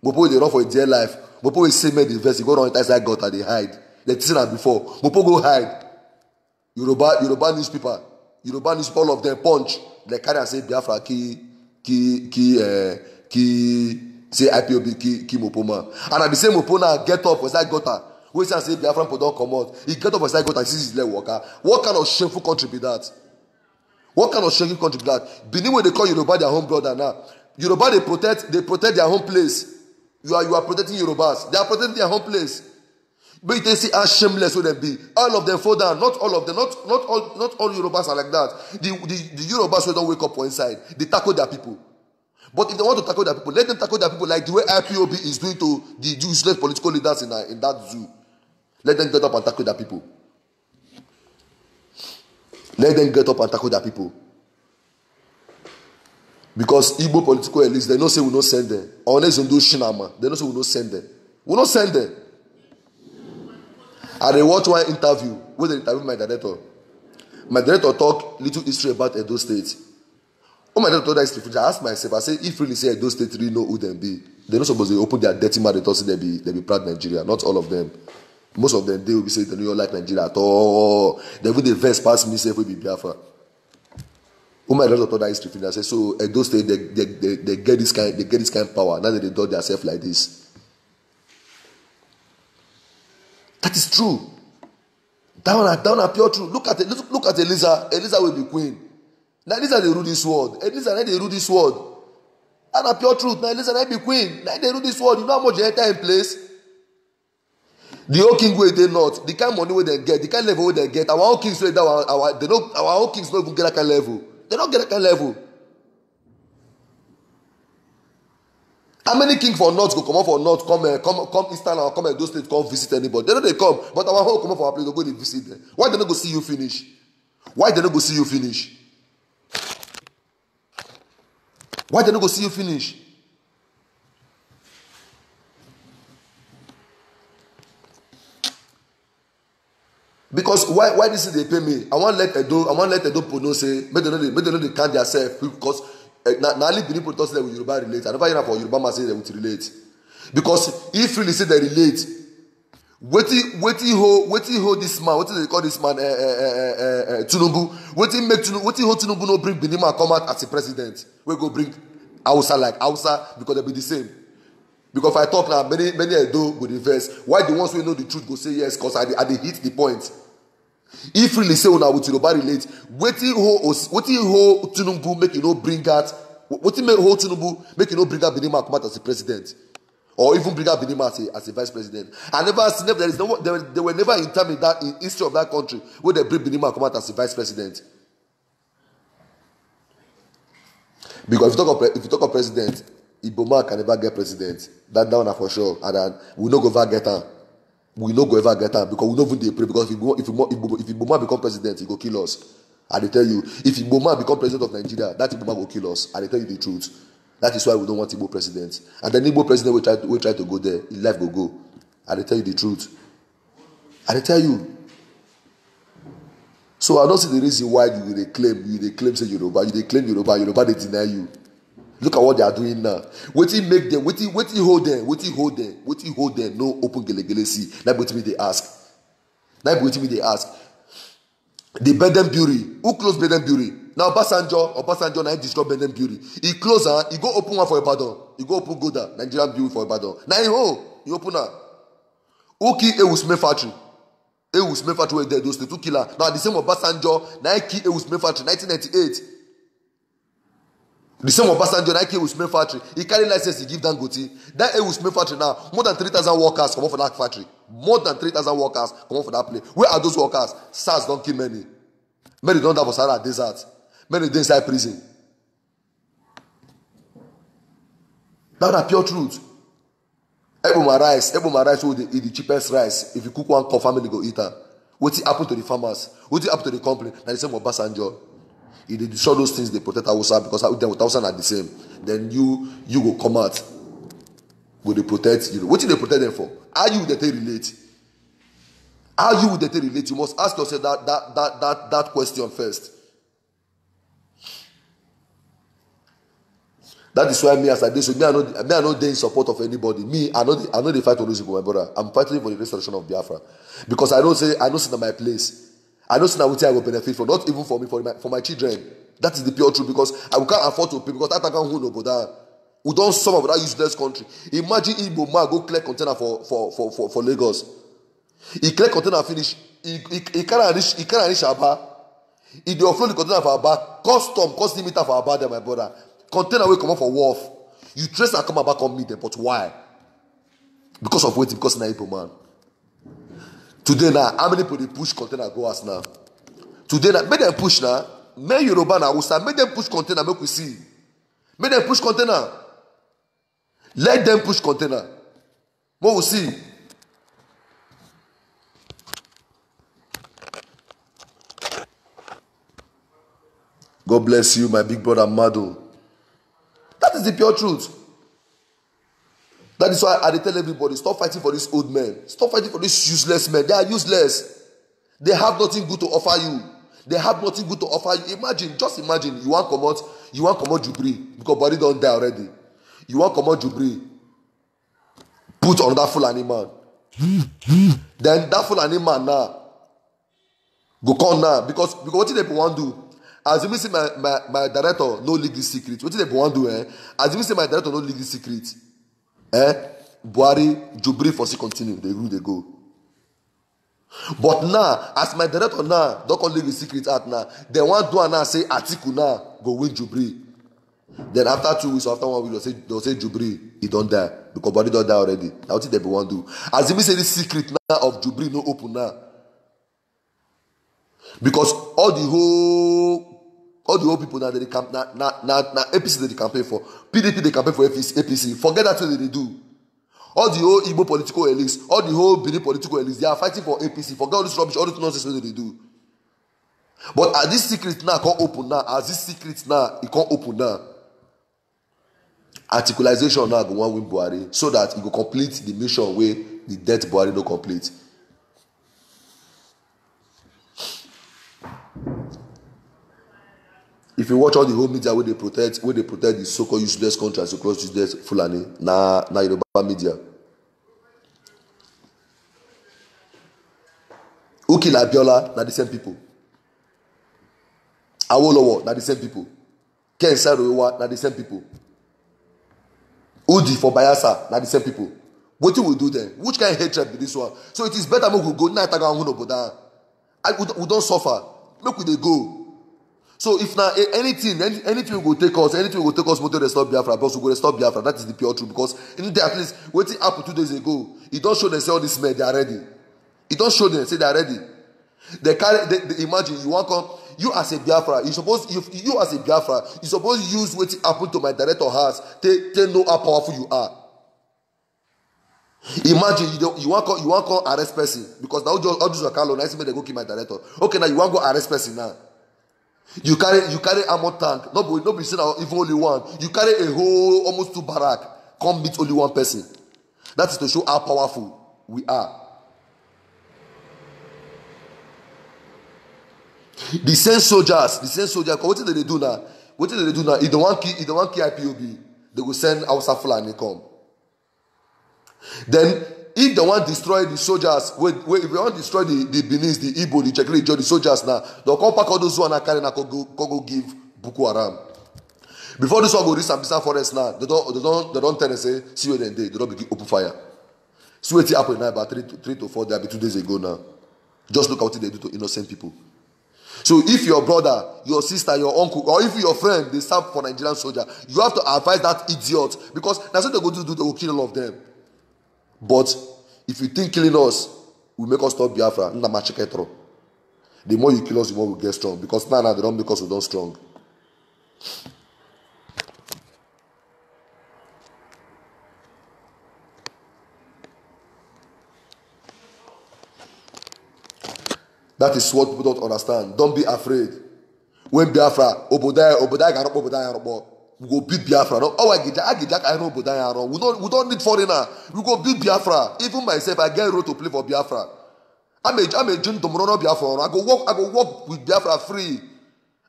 mopo dey run for him dear life mopo wey say make dey vex e go run enter inside gutter dey hide like say na before mopo go hide yoruba yoruba newspaper Yoruba news all of them punch dem carry am say Biafra kill kill kill uh, kill say IPOB kill kill Mopoma and na the same Mopona get up for inside gutter wey say am say Biafra people don comot he get up for inside gutter he see his leg waka what kind of shameful country be that what kind of shameful country be that Benin wey dey call Yoruba their home brother now Yoruba dey protect dey protect their home place you are you are protecting Yorubas they are protecting their home place But see how shameless would them be. All of them fall down. Not all of them. Not not all not all Yorubas are like that. The the, the Yorubas will not wake up for inside. They tackle their people. But if they want to tackle their people, let them tackle their people like the way IPOB is doing to the useless political leaders in, uh, in that zoo. Let them get up and tackle their people. Let them get up and tackle their people. Because Igbo political elites, they know say we don't send them. Unless they do Shinama, they know say we don't send them. We don't send them i dey watch one interview wey dey interview my director my director talk little history about edo state when my director talk that history finish i ask myself i say if really say edo state really know who dem be dem no suppose dey open their dirty mouth dey talk say dem be dem be proud nigeria not all of dem most of dem dey wey be say dem no like nigeria at all dem even dey vex pass me sef wey be biafra when my director talk that history finish i say so edo state dey dey dey get this kind dey get this kind power now dem dey dull their self like this That is true. That one, that one are pure true. Look at look, look at Eliza. Eliza will be queen. Now Eliza they rule this world. Eliza now they rule this world. That a pure truth. Now Eliza now be queen. Now they rule this world. You know how much they enter in place. The old king wey dey north, the kind money where they get, the kind level where they get, our own kings wey that our our they no our own kings no even get that kind level. They no get that kind level. how many king for north go comot for north come uh, come come eastern or come edo eh, state come visit anybody dem no dey come but our own comot for our place to go dey visit them. why they no go see you finish why they no go see you finish why they no go see you finish because why why dis thing dey pain me i wan let edo i wan let edo people know say make dem no dey make dem no dey count their self because na na only benin people talk say dem with yoruba relate i never hear am for yoruba man say dem with relate because if really say they relate wetin wetin hold wetin hold this man wetin they call this man eh, eh, eh, eh, tinubu wetin make tinubu wetin hold tinubu no bring benin man come out as a president wey go bring hausa like hausa because they be the same because if i talk now many many edo go dey vex why the ones wey know the truth go say yes cause i dey i dey hit the point If really say una with yoruba relate wetin hold tinubu make you no bring out wetin hold tinubu make you no bring out binima come out as a president or even bring out binima as a as a vice president i never see never there is no there, there were never in time in that in history of that country wey dem bring binima come out as a vice president because if you talk of if you talk of president igbo man can never get president that that one na for sure and then we no go ever get am we no go ever get am because we no even dey pray because if igboma if igboma become president he go kill us i dey tell you if igboma become president of nigeria that igboma go kill us i dey tell you the truth that is why we no want igbo president and then igbo president wey try to wey try to go there him life go go i dey tell you the truth i dey tell you so i don see the reason why you dey claim you dey claim say yoruba you dey claim yoruba yoruba dey deny you look at what they are doing now wetin make them wetin wetin hold them wetin hold them wetin hold them no open gelegele see na be wetin we dey ask na be wetin we dey ask the bedden bureau who close bedden bureau na obasanjo obasanjo na him destroy bedden bureau He close am He go open one for ibadan He go open Goda nigerian bureau for ibadan na him own He open am who kill ewusme factory ewusme factory wey dey those state two kill am na the same obasanjo na him kill ewusme factory 1998. The same Obasanjo na Ike Usman factory, he carry license, he give Dangote. That Ike Usman factory now, more than three thousand workers comot for that factory. More than three thousand workers comot for that place. Where are those workers? SARS don kill many. Many don die for Sahara desert. Many dey inside prison. That na pure truth. Eboma rice, Eboma rice wey dey the cheapest rice. If you cook one cup, family go eat am. Wetin happen to the farmers? Wetin happen to the company? Na the same Basanjo. If they destroy those things they protect hausa because dem with hausa are the same then you you go come out go dey protect you wetin dey protect them for how you dey take relate how you dey take relate you must ask yourself that that that that that question first that is why me as i dey so me i no me i no dey in support of anybody me i no dey i no dey fight for those people my brother i'm fighting for the restoration of biafra because i know say i know say na my place i no say na wetin i go benefit from not even for me for my for my children that is the pure truth because i go can afford to pay because that time i go know we don suffer but that use country imagine igbo man go clear container for for for for lagos e clear container finish e e carry reach e carry anish e dey offload di container for arba custom cost limiter meter for arba there my brother container wey comot for wolf you trace na come arba come meet dem but why because of wetin because na igbo man. today na how many people dey push container go house now today na make dem push na men yoruba and hausa make dem push container make we see make dem push container let dem push container make we see. God bless you, my big brother Mado. That is the pure truth. That is why I tell everybody stop fighting for these old men. Stop fighting for these useless men. They are useless. They have nothing good to offer you. They have nothing good to offer you. Imagine, just imagine, you want commot, you want commot Jubri because body don't die already. You want commot Jubri. Put on that Fulani man. then that Fulani man now go come now nah, because because wetin dem wan do As assuming say my my my director no leak this secret wetin dem wan do eh As you assuming say my director no leak this secret eh, buhari jubri for still continue dey rule they go but now as my director now don't come the secret out now dem wan do now say atiku now go win jubri then after two weeks after one week they'll say they'll say jubri he don't die because buhari don't die already na wetin dem bin wan do as e be say this secret now of jubri no open now because all the whole all the old people na they camp na na na na apc they dey campaign for pdp dey campaign for apc forget that thing they do all the whole igbo political elites all the whole benin political elites they are fighting for apc forget all this rubbish all this nonsense wey they do but as this secret now come open now as this secret now e come open now articulation now go wan win buhari so that e go complete the mission wey the death buhari no complete if you watch all the whole media wey dey protect wey dey protect the so called useless contracts across useless fulani na na yoruba media uki na abiola na the same people awolowo na the same people ken sarowa na the same people udi for bayelsa na the same people wetin we do then which kind of hatred be this one so it is better make we go now. I na itaga ohun obodo ah we don suffer make we dey go so if na anything any, anything go take us anything go take us motor restore biafra but we go restore biafra that is the pure truth because in there at least wetin happen two days ago e don show dem say all these men they are ready e don show dem say they are ready they carry they, they imagine you wan come you as a biafra you suppose if you as a biafra you suppose use wetin happen to my director house take take know how powerful you are imagine you, you wan come you wan come arrest person because na ojo ojo zakalo na him say make dem go kill my director okay now you wan go arrest person now You carry you carry armor tank. No be no be say na even only one. You carry a whole almost two barrack. Come meet only one person. That is to show how powerful we are. The same soldiers, the same soldiers. Wetin dem dey do now? Wetin dem dey do now? If dem wan kill, if dem wan kill IPOB, they go send Hausa Fulani come. Then if dem wan destroy the soldiers wey wey if dem wan destroy the the benin the igbo the jekiri ijo the soldiers na dem come pack all those one and carry na come go come go give boko haram before this one go reach sambisa forest now they don they don they don tell them say see where dem dey they don begin open fire see wetin happen now about three to three to four days two days ago now just look at wetin dey do to innocent people so if your brother your sister your uncle or if your friend dey serve for nigerian soldier you have to advise that idiot because na so they go do do they go kill all of them but If you think killing us will make us stop Biafra, The more you kill us, the more we get strong. Because now, now they don't make us we don't strong. That is what people don't understand. Don't be afraid. When Biafra, Obodiah, Obodiah, Obodiah, Obodiah we go beat biafra no I get that I know, but I know. we don't, we don't need foreigner we go beat biafra even myself i get role to play for biafra i'm a i'm a jun domorono biafra ọrụ i go work i go work with biafra free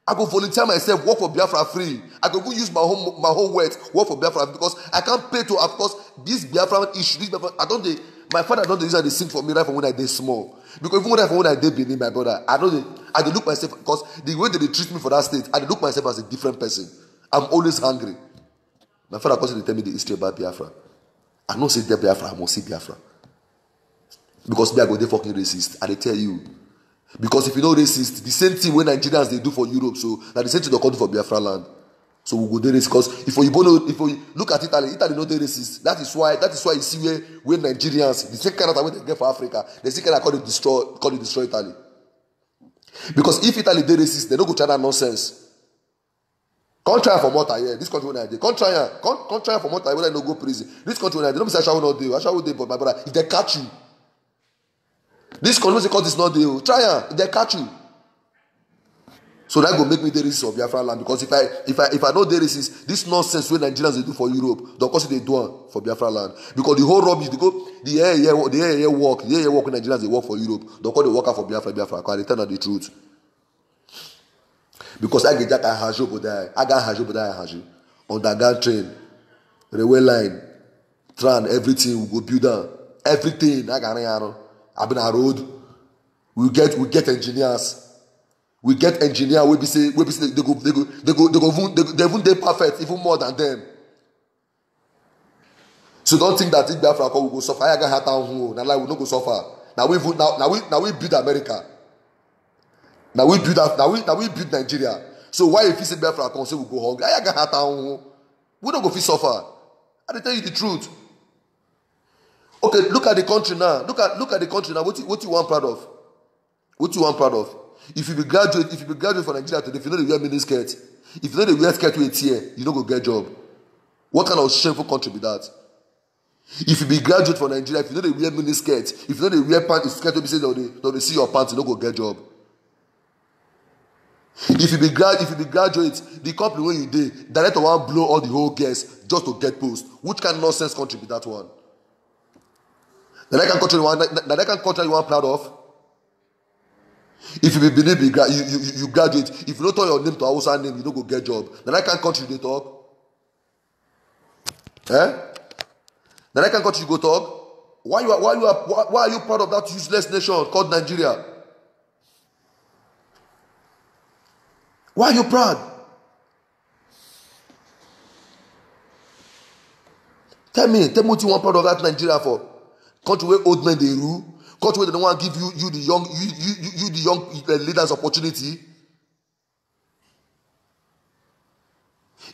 i go volunteer myself work for biafra free i go even use my own my own wealth work for biafra because i can not pay to of course this biafra issue this biafra i don dey my father don't. use am dey sing for me right from when i did small because even right from when i did, being my brother i no dey i dey look myself because the way they treat me for that state i look myself as a different person. I'm always hungry. My father constantly tell me the history about Biafra. I know see there Biafra, I must see Biafra. Because me, I go dey fucking racist. I dey tell you. Because if you no racist, the same thing when Nigerians they do for Europe, so that the same thing they go do for Biafra land. So we go there racist. Because if Oyibo no, if Oy, look at Italy, Italy no dey racist. That is why, that is why you see where where Nigerians, the same kind of thing they get for Africa, they still kind of call it destroy, call it destroy Italy. Because if Italy dey racist, they no go try that nonsense come try for mortar here This country wey i dey come try am come come try for mortar whether you no go prison This country wey i dey no be say ashawo no dey o ashawo dey but my brother if dem catch you this country wey say cause dis no dey o try am if dem catch you so that go make me dey racist of biafra land because if i if i if i no dey racist this nonsense wey nigerians dey do for europe don cause dey do am for biafra land because the whole rubbish dey go the air air the air air work the air air work wey nigerians dey work for europe don cause dey work am for biafra biafra because i dey tell na the truth because ageja obodo ahazu obodai age ahazu obodai ahazu underground train railway line tran everything we go build am everything agarin anu abi na road we get we get engineers we get engineers wey be say wey be say they go they go they go they go dey perfect even more than them so don think that if biafra come we go suffer age aga ha town hu oh, na lie we no go suffer na we even na we na we build america. na we build na we na we build nigeria so why you fit say biafra come say we go hungry ayaga hata ohun we no go fit suffer i dey tell you the truth okay look at the country now look at look at the country now wetin wetin you wan proud of wetin you wan proud of if you be graduate if you be graduate for nigeria today if you no dey wear mini skirt if you no dey wear skirt wey tear you no go get job what kind of shameful country be that if you be graduate for nigeria if you no dey wear mini skirt if you no dey wear pant skirt wey be say dem dey dem dey see your pant you no go get job if you be grad if you be graduate the company wey you dey director wan blow all the whole girls just to get post which kind nonsense country be that one na that kind country you wan na that kind country you wan proud of if you be believe you, you you you graduate if you no turn your name to hausa name you no go get job na that kind country you dey talk eh na that kind country you go talk why you why you why, why are you proud of that useless nation called nigeria Why are you proud? Tell me, tell me what you want proud of that Nigeria for. Country where old men they rule, country where they don't want to give you, you the young, you, you, you, you the young uh, leaders opportunity.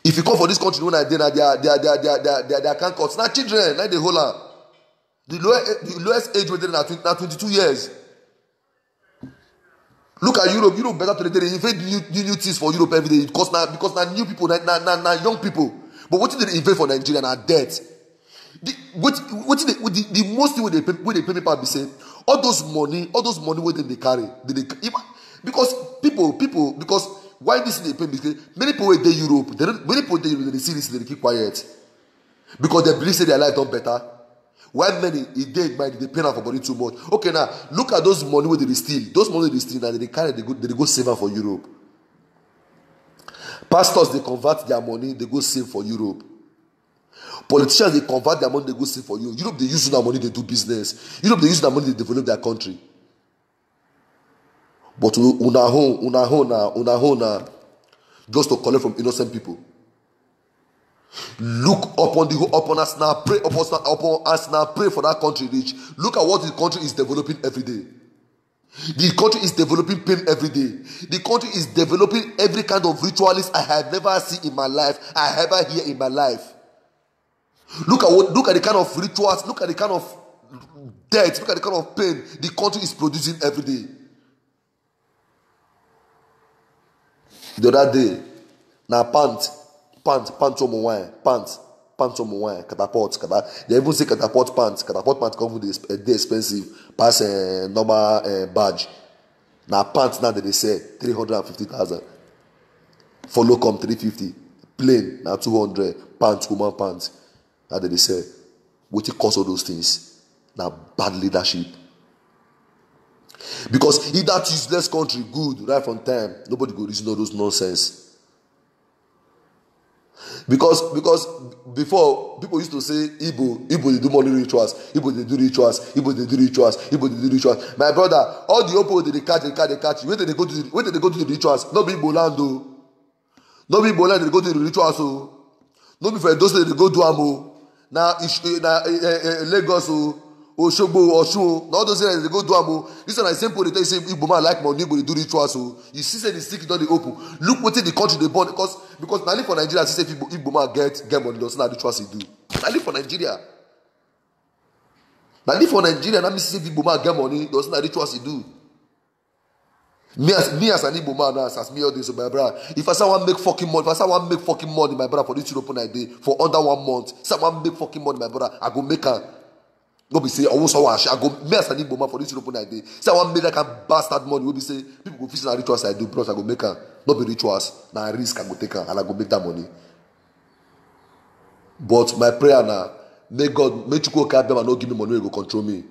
If you come for this country, when I did, they are they are can't cut. Now children, now the whole on. The lowest eh, the lowest age rated na twenty-two years look at europe europe better today today dey invent new new new things for europe every day because na because na new people na na na, na young people but wetin dey invent for nigeria na debt the wetin dey the, the most thing wey dey pay wey dey pay me pass be say all those money all those money wey dem dey carry dey dey even because people people because why this thing dey pain me say many people wey dey europe they many people dey europe dey see this thing dey keep quiet because dem believe say their life don better Why many e dey in mind dey pain am for body too much? Okay now look at those money wey dey steal. Those money wey dey steal na dem dey carry dey go dey go save am for Europe. Pastors dey convert their money dey go save for Europe. Politicians dey convert their money dey go save for Europe. Europe dey use una money dey do business. Europe dey use una money dey develop their country. But una own una own na una own na just to collect from innocent people. Look upon the upon us now. Pray upon us now. Upon us now. Pray for that country rich. Look at what the country is developing every day. The country is developing pain every day. The country is developing every kind of ritualist I have never seen in my life. I ever hear in my life. Look at what look at the kind of rituals, look at the kind of death, look at the kind of pain the country is producing every day. The other day, na pant Pants, pants pant, pantomouin, pant, pantomouin, catapult, catapult. They even say catapult pant, catapult pants? come with a dey expensive pass uh, normal uh, badge. Na pants. now that they say three hundred fifty thousand. For come three fifty. Plain na two hundred. Pant, woman pant. Now that say what it cost all those things? Na bad leadership. Because if that useless country good right from time, nobody go reason all those nonsense because because before people used to say igbo igbo dey do money rituals igbo dey do rituals igbo dey do rituals igbo dey do rituals my brother all the opo dey dey catch dey catch dey catch you wey dey go do the wey dey go do the rituals no be igbo land o oh. no be igbo land dey go do the rituals o oh. no be for edo state dey go do am o oh. na eh, na eh, eh, lagos o Oshogbo, Oshun, all those areas they go do am o. This one na the same people dey tell you say Igbo man like money go dey do rituals o. You see say the sick don dey open. Look wetin the country dey born because because na only for Nigeria see say Igbo Igbo get get money just na rituals he do. Na only for Nigeria. Na only for Nigeria na me see say Igbo get money just na rituals he do. Me as me as an Igbo man now as me all this so my brother if I say I wan make fucking money if I say I wan make fucking money my brother for this European I dey for under one month say I wan make fucking money my brother I go make am no be say owo sọwọ ase i go make and igbo man for this europe night dey eh? say i wan make that kind bastard money wey be say people go fit say na rituals i do plus i go make am no be rituals na risk i go take am and i go make that money but my prayer na may god may make chukwuka abema no give me money wey go control me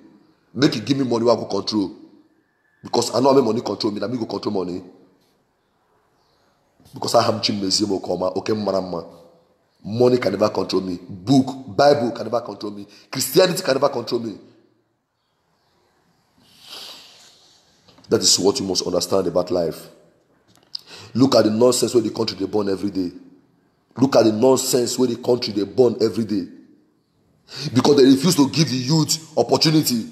make he give me money wey i go control because i no make money control me na me go control money because i am chimezie mokoma oke mara mma. Money can never control me. Book, Bible can never control me. Christianity can never control me. That is what you must understand about life. Look at the nonsense where the country they burn every day. Look at the nonsense where the country they burn every day. Because they refuse to give the youth opportunity.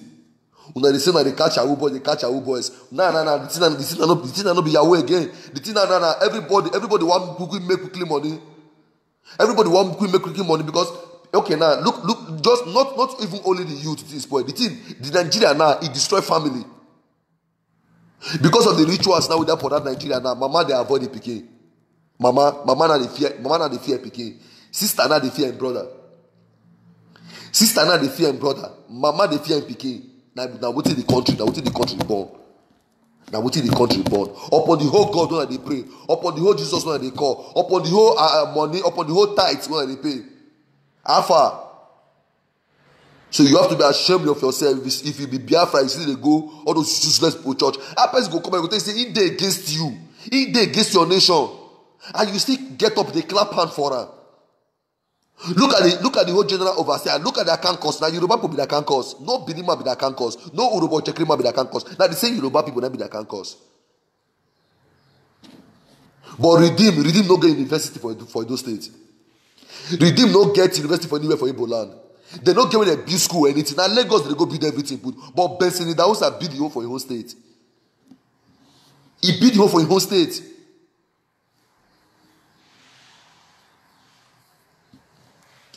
Una dey say na dey catch yahoo boys dey catch yahoo boys. Na na na the thing na the thing na the thing na no be yahoo again. The thing na na na everybody everybody wan quickly make quickly money. Everybody want quick make quick money because okay now look look just not not even only the youth this boy the thing the Nigeria now it destroy family because of the rituals now wey dey for that Nigeria now mama dey avoid the pikin mama mama na dey fear mama na dey fear pikin sister na dey fear im brother sister na dey fear im brother mama dey fear im pikin na na wetin the country na wetin the country born na wetin the country born upon the whole god wey i dey pray upon the whole jesus wey i dey call upon the whole uh, uh money upon the whole tithe wey i dey pay how far so you have to be ashamed of yourself if, if you be biafra you still dey go all those useless people church how person go come and go tell you say he dey against you he dey against your nation and you still get up dey clap hand for am Look at the look at the whole general overseer. Look at the account cost. Now Yoruba people be the account cost. No Binima be the account cost. No Urubo Chekrima be the account cost. Now the same Yoruba people not be the account cost. But redeem, redeem no get university for for those states. Redeem no get university for anywhere for Igbo land. They no get where they build school or anything. Now Lagos they go build everything good. But Benson Idahosa build the home for your whole state. He build the home for your whole state.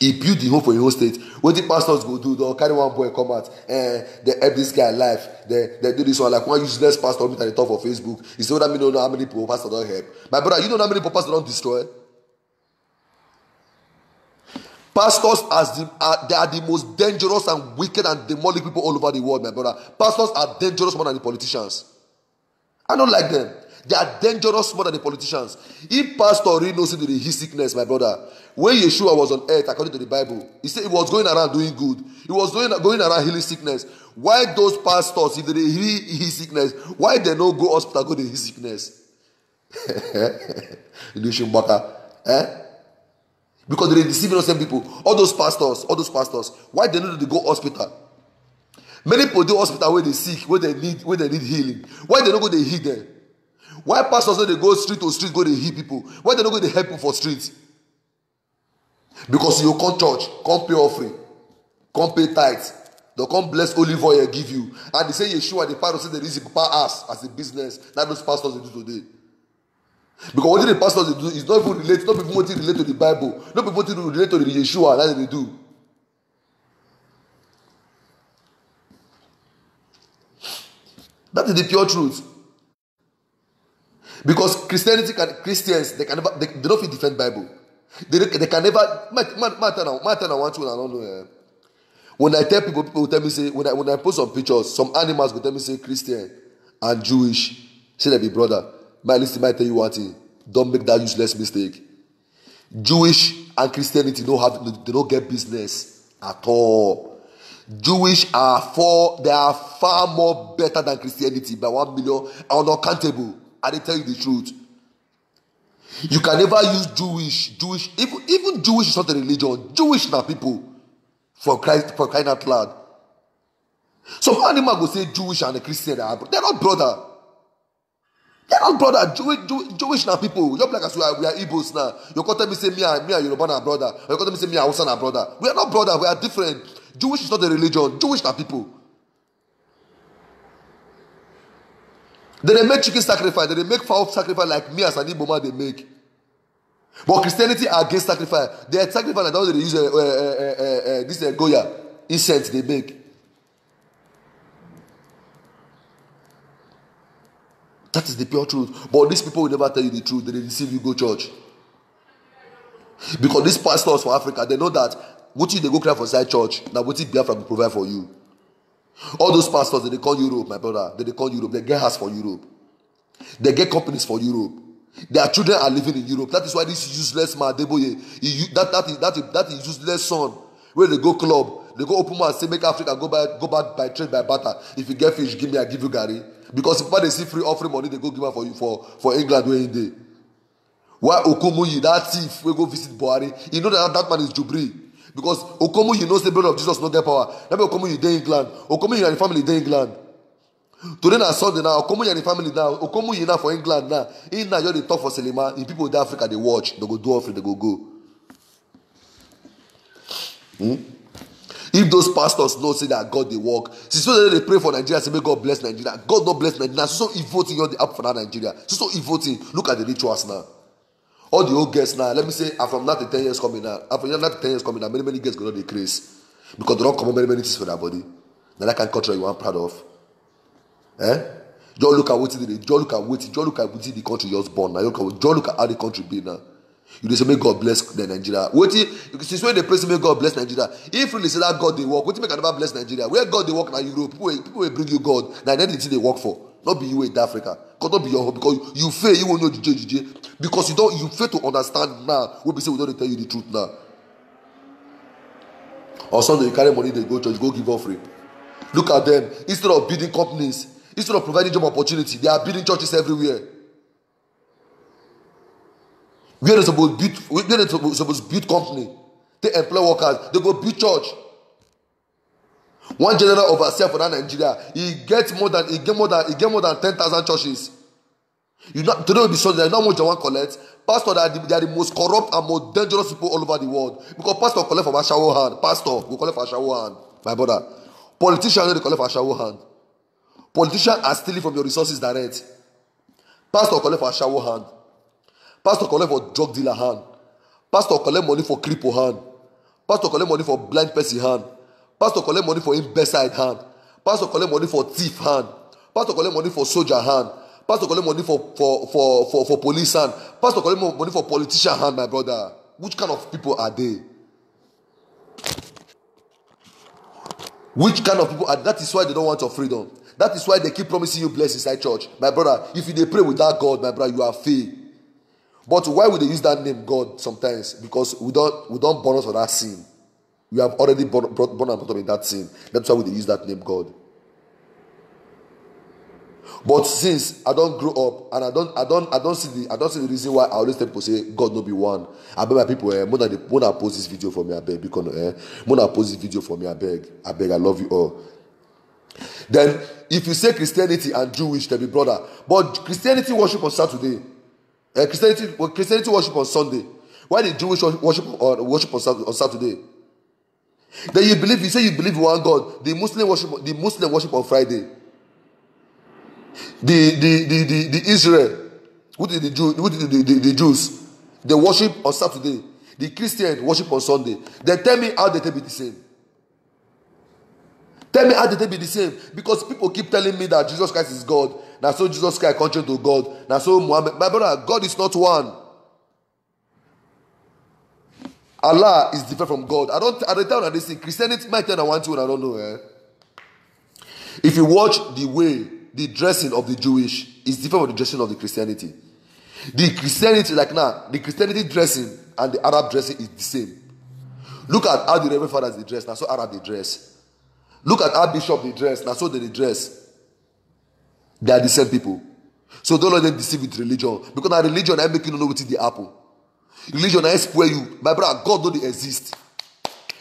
he build the home for Oyo State the pastors go do don carry one boy come out eh dem help this guy life dem dem do this one like one useless pastor meet at the top of Facebook he say whether me no know how many poor pastors don help my brother you know how many poor pastors don destroy pastors as the are they are the most dangerous and wicked and demonic people all over the world my brother pastors are dangerous more than the politicians I no like them They are dangerous more than the politicians. If Pastor Ori knows the his sickness, my brother, when Yeshua was on earth, according to the Bible, he said he was going around doing good. He was doing, going around healing sickness. Why those pastors, if they heal his sickness, why they no go hospital go to his sickness? eh? Because they deceive innocent people. All those pastors, all those pastors, why they no they go hospital? Many people do hospital where they sick, where they need, where they need healing. Why they no go the heal there? why pastors no dey go street to street go to heal people why don't go to help people for streets? because you come church come pay offering come pay tight. dem come bless olive oil give you and they say yeshua the pastor say they use the papa as a business na those pastors they do today because what the pastors they do is not even relate no be to relate to the bible Not people to relate to the yeshua that they do. that is the pure truth because christianity can christians they can never they, they don't fit defend bible they, they can never matter my my turn my turn na one two na i don't know eh when i tell people people will tell me say when i when i post some pictures some animals will tell me say christian and jewish say dem be brother my lis might tell you one thing don't make that useless mistake jewish and christianity no have they no get business at all Jewish are far, they are far more better than Christianity by one million and uncountable. I didn't tell you the truth. You can never use Jewish, Jewish, even, even Jewish is not a religion. Jewish now people for Christ for crying out loud. Some animal go say Jewish and a Christian are they're not brother. They're not brother. Jewish, Jew, Jewish now people. You're black as we are, we are Igbos now. You can't tell me say me and me and Yoruba are brother. You can't tell me say me and Hausa are brother. We are not brother. We are different. Jewish is not a religion. Jewish are people. they dey make chicken sacrifice they dey make fowl sacrifice like me and sani moma dey make but christianity are against sacrifice their sacrifice like the one uh, uh, uh, uh, this uh, goya incense dey make that is the pure truth but these people will never tell you the truth dey deceive you go church because these pastors for africa they know that wetin you dey go cry for inside church na wetin biafra go provide for you. All those pastors that they call Europe, my brother, that they call Europe, they get house for Europe. They get companies for Europe. Their children are living in Europe. That is why this useless man, Deboye, he, that, that, that, that, that useless son, where they go club, they go open mouth, say, make Africa go by, go back by trade, by butter. If you get fish, give me, I give you Gary. Because if they see free offering money, they go give her for you for, for England where in day. Why Okumuyi, that thief, we go visit Buhari. You know that that man is Jubri. Because Okomu, you know, the brother of Jesus, not get power. Maybe Okomu, you in England. Okomu, you are the family in England. Today na Sunday now. Okomu, you are the family now. Okomu, you now for England now. In now, you're the top for Selima. In people in Africa, they watch. They go do offering. They go go. Hmm? If those pastors know say that God they work, see so they pray for Nigeria, say may God bless Nigeria. God not bless Nigeria. So, so evil you're the app for that Nigeria. So so evil Look at the rituals now all the old guests now let me say from now to ten years coming now from now to ten years coming now many many guests gonna decrease because they come comot many many things for their body I that kind culture you am proud of eh just look at wetin did. just look at wetin just look at wetin the country just born Now just look at how the country be now you just say make god bless the nigeria wetin since when the president may make god bless nigeria if really say that god they work wetin make another never bless nigeria where god they work now? europe people will bring you god na there the thing they work for no be you wey dey africa because no be your hope because you fail you won't know jije jije because you don you fail to understand now wey be say we don dey tell you the truth now on sunday you carry money dey go church go give offering look at them instead of building companies instead of providing job opportunity they are building churches everywhere where they suppose build where they suppose build company take employ workers they go build church one general of ourselves for that nigeria he get more than he get more than he get more than ten thousand churches you know today we be sure that no more jawan collect pastor they are, the, they are the most corrupt and most dangerous people all over the world because pastor collect from ashawo hand pastor go collect from ashawo hand my brother politician no dey collect from ashawo hand politician are stealing from your resources direct pastor collect for ashawo hand pastor collect for drug dealer hand pastor collect money for cripple hand pastor collect money for blind person hand pastor collect money for him bedside hand pastor collect money for thief hand pastor collect money for soldier hand pastor collect money for for for for, for police hand pastor collect money for politician hand my brother which kind of people are they which kind of people are that is why they don't want your freedom that is why they keep promising you blessings inside church my brother if you dey pray without god my brother you are fail but why we dey use that name god sometimes because we don we don born us for that sin You have already brought, brought, born and brought up in that sin. That's why we use that name, God. But since I don't grow up and I don't, I don't, I don't see the, I don't see the reason why I always tell people say God no be one. I beg my people, eh, Mona, Mona, post this video for me, I beg. Because eh, Mona, post this video for me, I beg, I beg, I love you all. Then, if you say Christianity and Jewish, they be brother. But Christianity worship on Saturday, eh, Christianity, Christianity worship on Sunday. Why did Jewish worship on, worship on Saturday? Then you believe, you say you believe in one God. The Muslim worship, the Muslim worship on Friday. The the the the, the Israel, who did the Jew, who did the, the, the Jews, they worship on Saturday. The Christian worship on Sunday. Then tell me how they can be the same. Tell me how they can be the same. Because people keep telling me that Jesus Christ is God. Now so Jesus Christ contrary to God. Now so Muhammad. My brother, God is not one. Allah is different from God. I don't I don't time I they say Christianity might tell I want to and I don't know. Eh? If you watch the way the dressing of the Jewish is different from the dressing of the Christianity. The Christianity, like now, nah, the Christianity dressing and the Arab dressing is the same. Look at how the Reverend Fathers they dress, now so Arab they dress. Look at how Bishop they dress, now so they dress. They are the same people. So don't let them deceive with religion. Because now religion, I make you know what is the apple. religion na spoil you my brother god no dey exist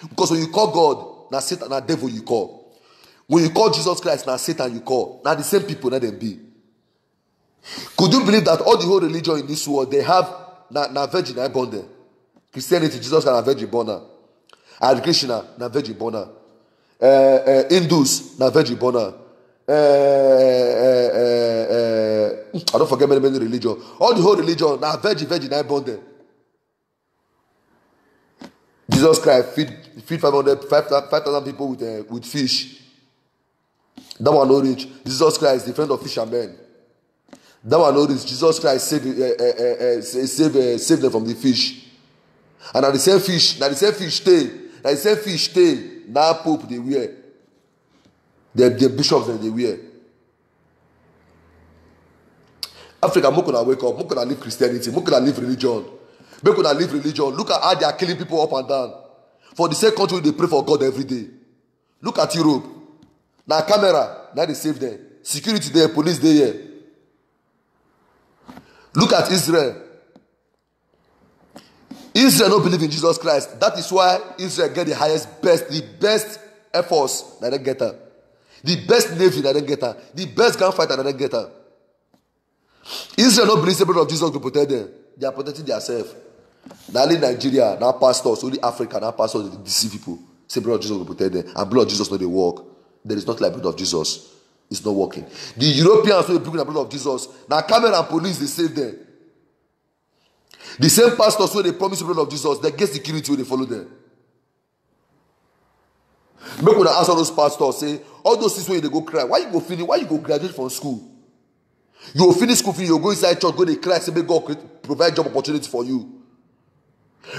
because when you call god na satan na devil you call when you call jesus christ na satan you call na the same people na dem be could you believe that all the whole religion in dis world dey have na na na e born dem christianity jesus na virgin born am borner krishna na virgin am uh, eh, uh, eh, indus na virgin am uh, uh, uh, uh, i don forget many many religion all the whole religion na virgin virgin na e born dem jesus christ feed feed 500 5000 people with uh, with fish that one no reach jesus christ the friend of fishermen. that one no reach jesus christ save uh, uh, uh, save uh, save them from the fish and na the same fish na the same fish dey na the same fish dey now pope dey wear The the bishops dem dey wear. africa moo kuna wake up moo kuna leave christianity moo kuna leave religion. Make una leave religion. Look at how they are killing people up and down. For the same country, they pray for God every day. Look at Europe. Now, camera, na dey save them. Security there, police there. here. Look at Israel. Israel no believe in Jesus Christ. That is why Israel get the highest, best, the best air force that they get am. The best navy that they get am. The best gunfighter that they get am. Israel no believe say of Jesus to protect them. They are protecting themselves. Now in nigeria now pastors only africa now pastors the deceive people say blood of jesus will protect them and blood of jesus no they work there is not like blood of jesus it's not working the europeans wey bring the blood of jesus Now camera and police they save them the same pastors say they promise blood of jesus They get security wey they follow them make I ask all those pastors say all those things when they go cry why you go finish why you go graduate from school you will finish school you go go inside church go to cry say make god provide job opportunity for you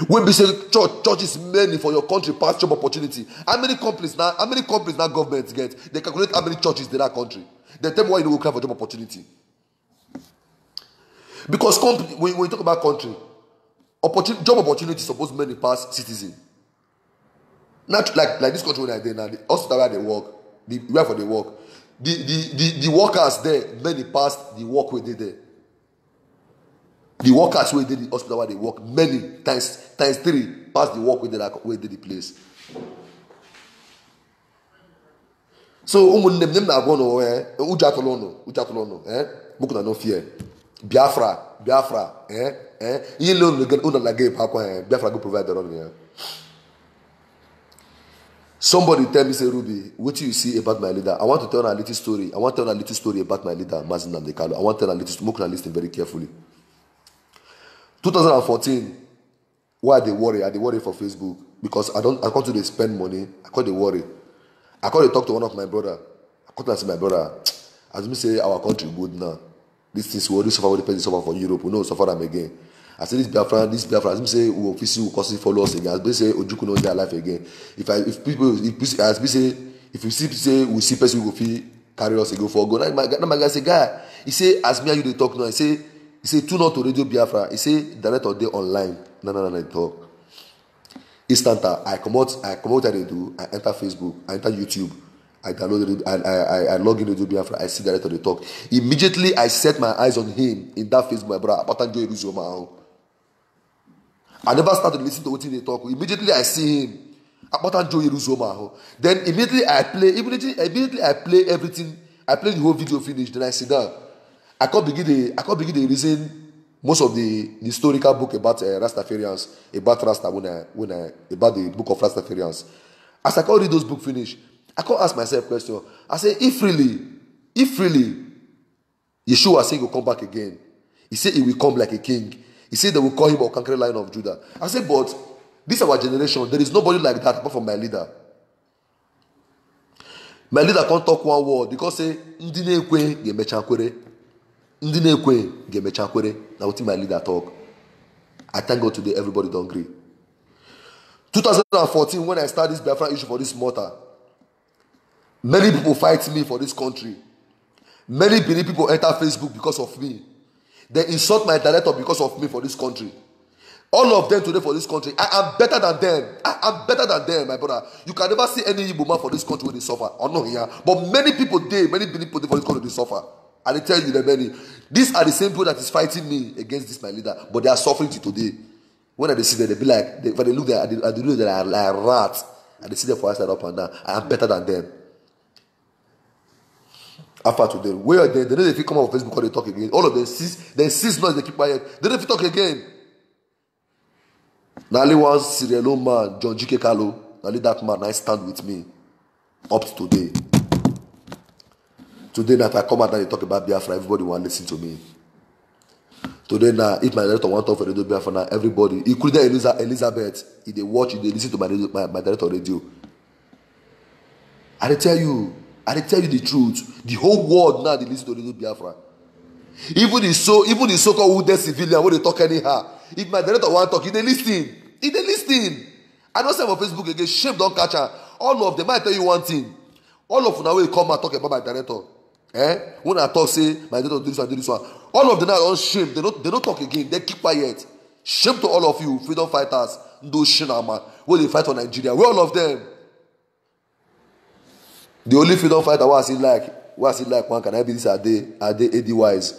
wey be say church church many for your country pass job opportunity how many companies na how many companies na government get dey calculate how many churches dey that country dem tell me why you no go cry for job opportunity because company when, when you talk about country opportunity job opportunity suppose many pass citizen na like like this country wey i dey now the hospital where i dey work the where i for dey work the the the the workers there many pass the work wey dey there the workers wey dey the hospital dey work many times times three pass the work wey dey wey dey the place. so. Eh, eh. somebody tell me say ruby wetin you see about my leader i want to tell na little story i want to tell na little story about my leader mazin ndekalu i want to tell na little story make una lis ten very carefully. 2014 why they worry i they worry for facebook because i don't. i come to they spend money i come they worry i come they talk to one of my brother i come tell am my brother as me say our country good now This things we already suffer We the suffer for europe we know suffer them again i say this biafra this biafra as me say we go fit see we come see follow us again as me say Ojuku no their life again if i if people if as me say if you see say we see person we go fit carry us again for go na my Now my guy say guy he say as me and you dey talk now I say He say tune out to Radio Biafra. He say director dey online. Na na na na talk. Instanta I comot I comot wetin I dey do I enter Facebook I enter YouTube I download radio I I I log in Radio Biafra I see director dey talk. Immediately I set my eyes on him in that Facebook my brother Apatanjo Eruzoma ahun. I never start to lis ten to wetin he dey talk immediately I see him Apatanjo Eruzoma ahun. Then immediately I play immediately immediately I play everything I play the whole video finish then I sit down. I can't begin the I can't begin the reason most of the, the historical book about uh, Rastafarians, about Rasta when I when I about the book of Rastafarians. As I can't read those book finish, I can't ask myself question. I say if really, if really, Yeshua saying he will come back again. He said he will come like a king. He said they will call him a conquering lion of Judah. I say but this our generation. There is nobody like that apart from my leader. My leader can't talk one word because say, Ndine kwe, ndị na-ekwenye ga-emecha kwere na wetin my leader talk i thank god today everybody don gree 2014 when i start this biafra issue for this matter many people fight me for this country many benin people enter facebook because of me they insult my director because of me for this country all of them today for this country i am better than them i am better than them my brother you can never see any igbo man for this country wey dey suffer or no here but many people dey many benin people dey for this country dey suffer I dey tell you the many. These are the same people that is fighting me against this my leader, but they are suffering till today. When I dey see them, they be like, they, when they look there, I dey I dey know they are like rat. I dey see them for outside up and down. I am better than them. After today, where are they? They no dey fit come out of Facebook or they talk again. All of them six, they six months they keep quiet. They no fit talk again. Na only one serial old man, John Jike Kalu, na only that man, na stand with me up to today. Today now, if I come out and talk about Biafra, everybody want to listen to me. Today now, if my director want to talk for Radio Biafra now, everybody, including Elisa, Elizabeth, if they watch, if they listen to my, radio, my, my director radio. I tell you, I tell you the truth. The whole world now they listen to Radio Biafra. Even the so, even the so-called wounded civilian when they talk anyhow. If my director want to talk, if they listen, if they listen. I don't say on Facebook again, shame don't catch her. All of them, I tell you one thing. All of them now will come and talk about my director eh when i talk say my daughter do this one do this one all of them are don shame they no they no talk again they keep quiet shame to all of you freedom fighters ndo shinama wey they fight for nigeria wey all of them the only freedom fighter wey i see like wey i see like one can i be this ade ade ad wise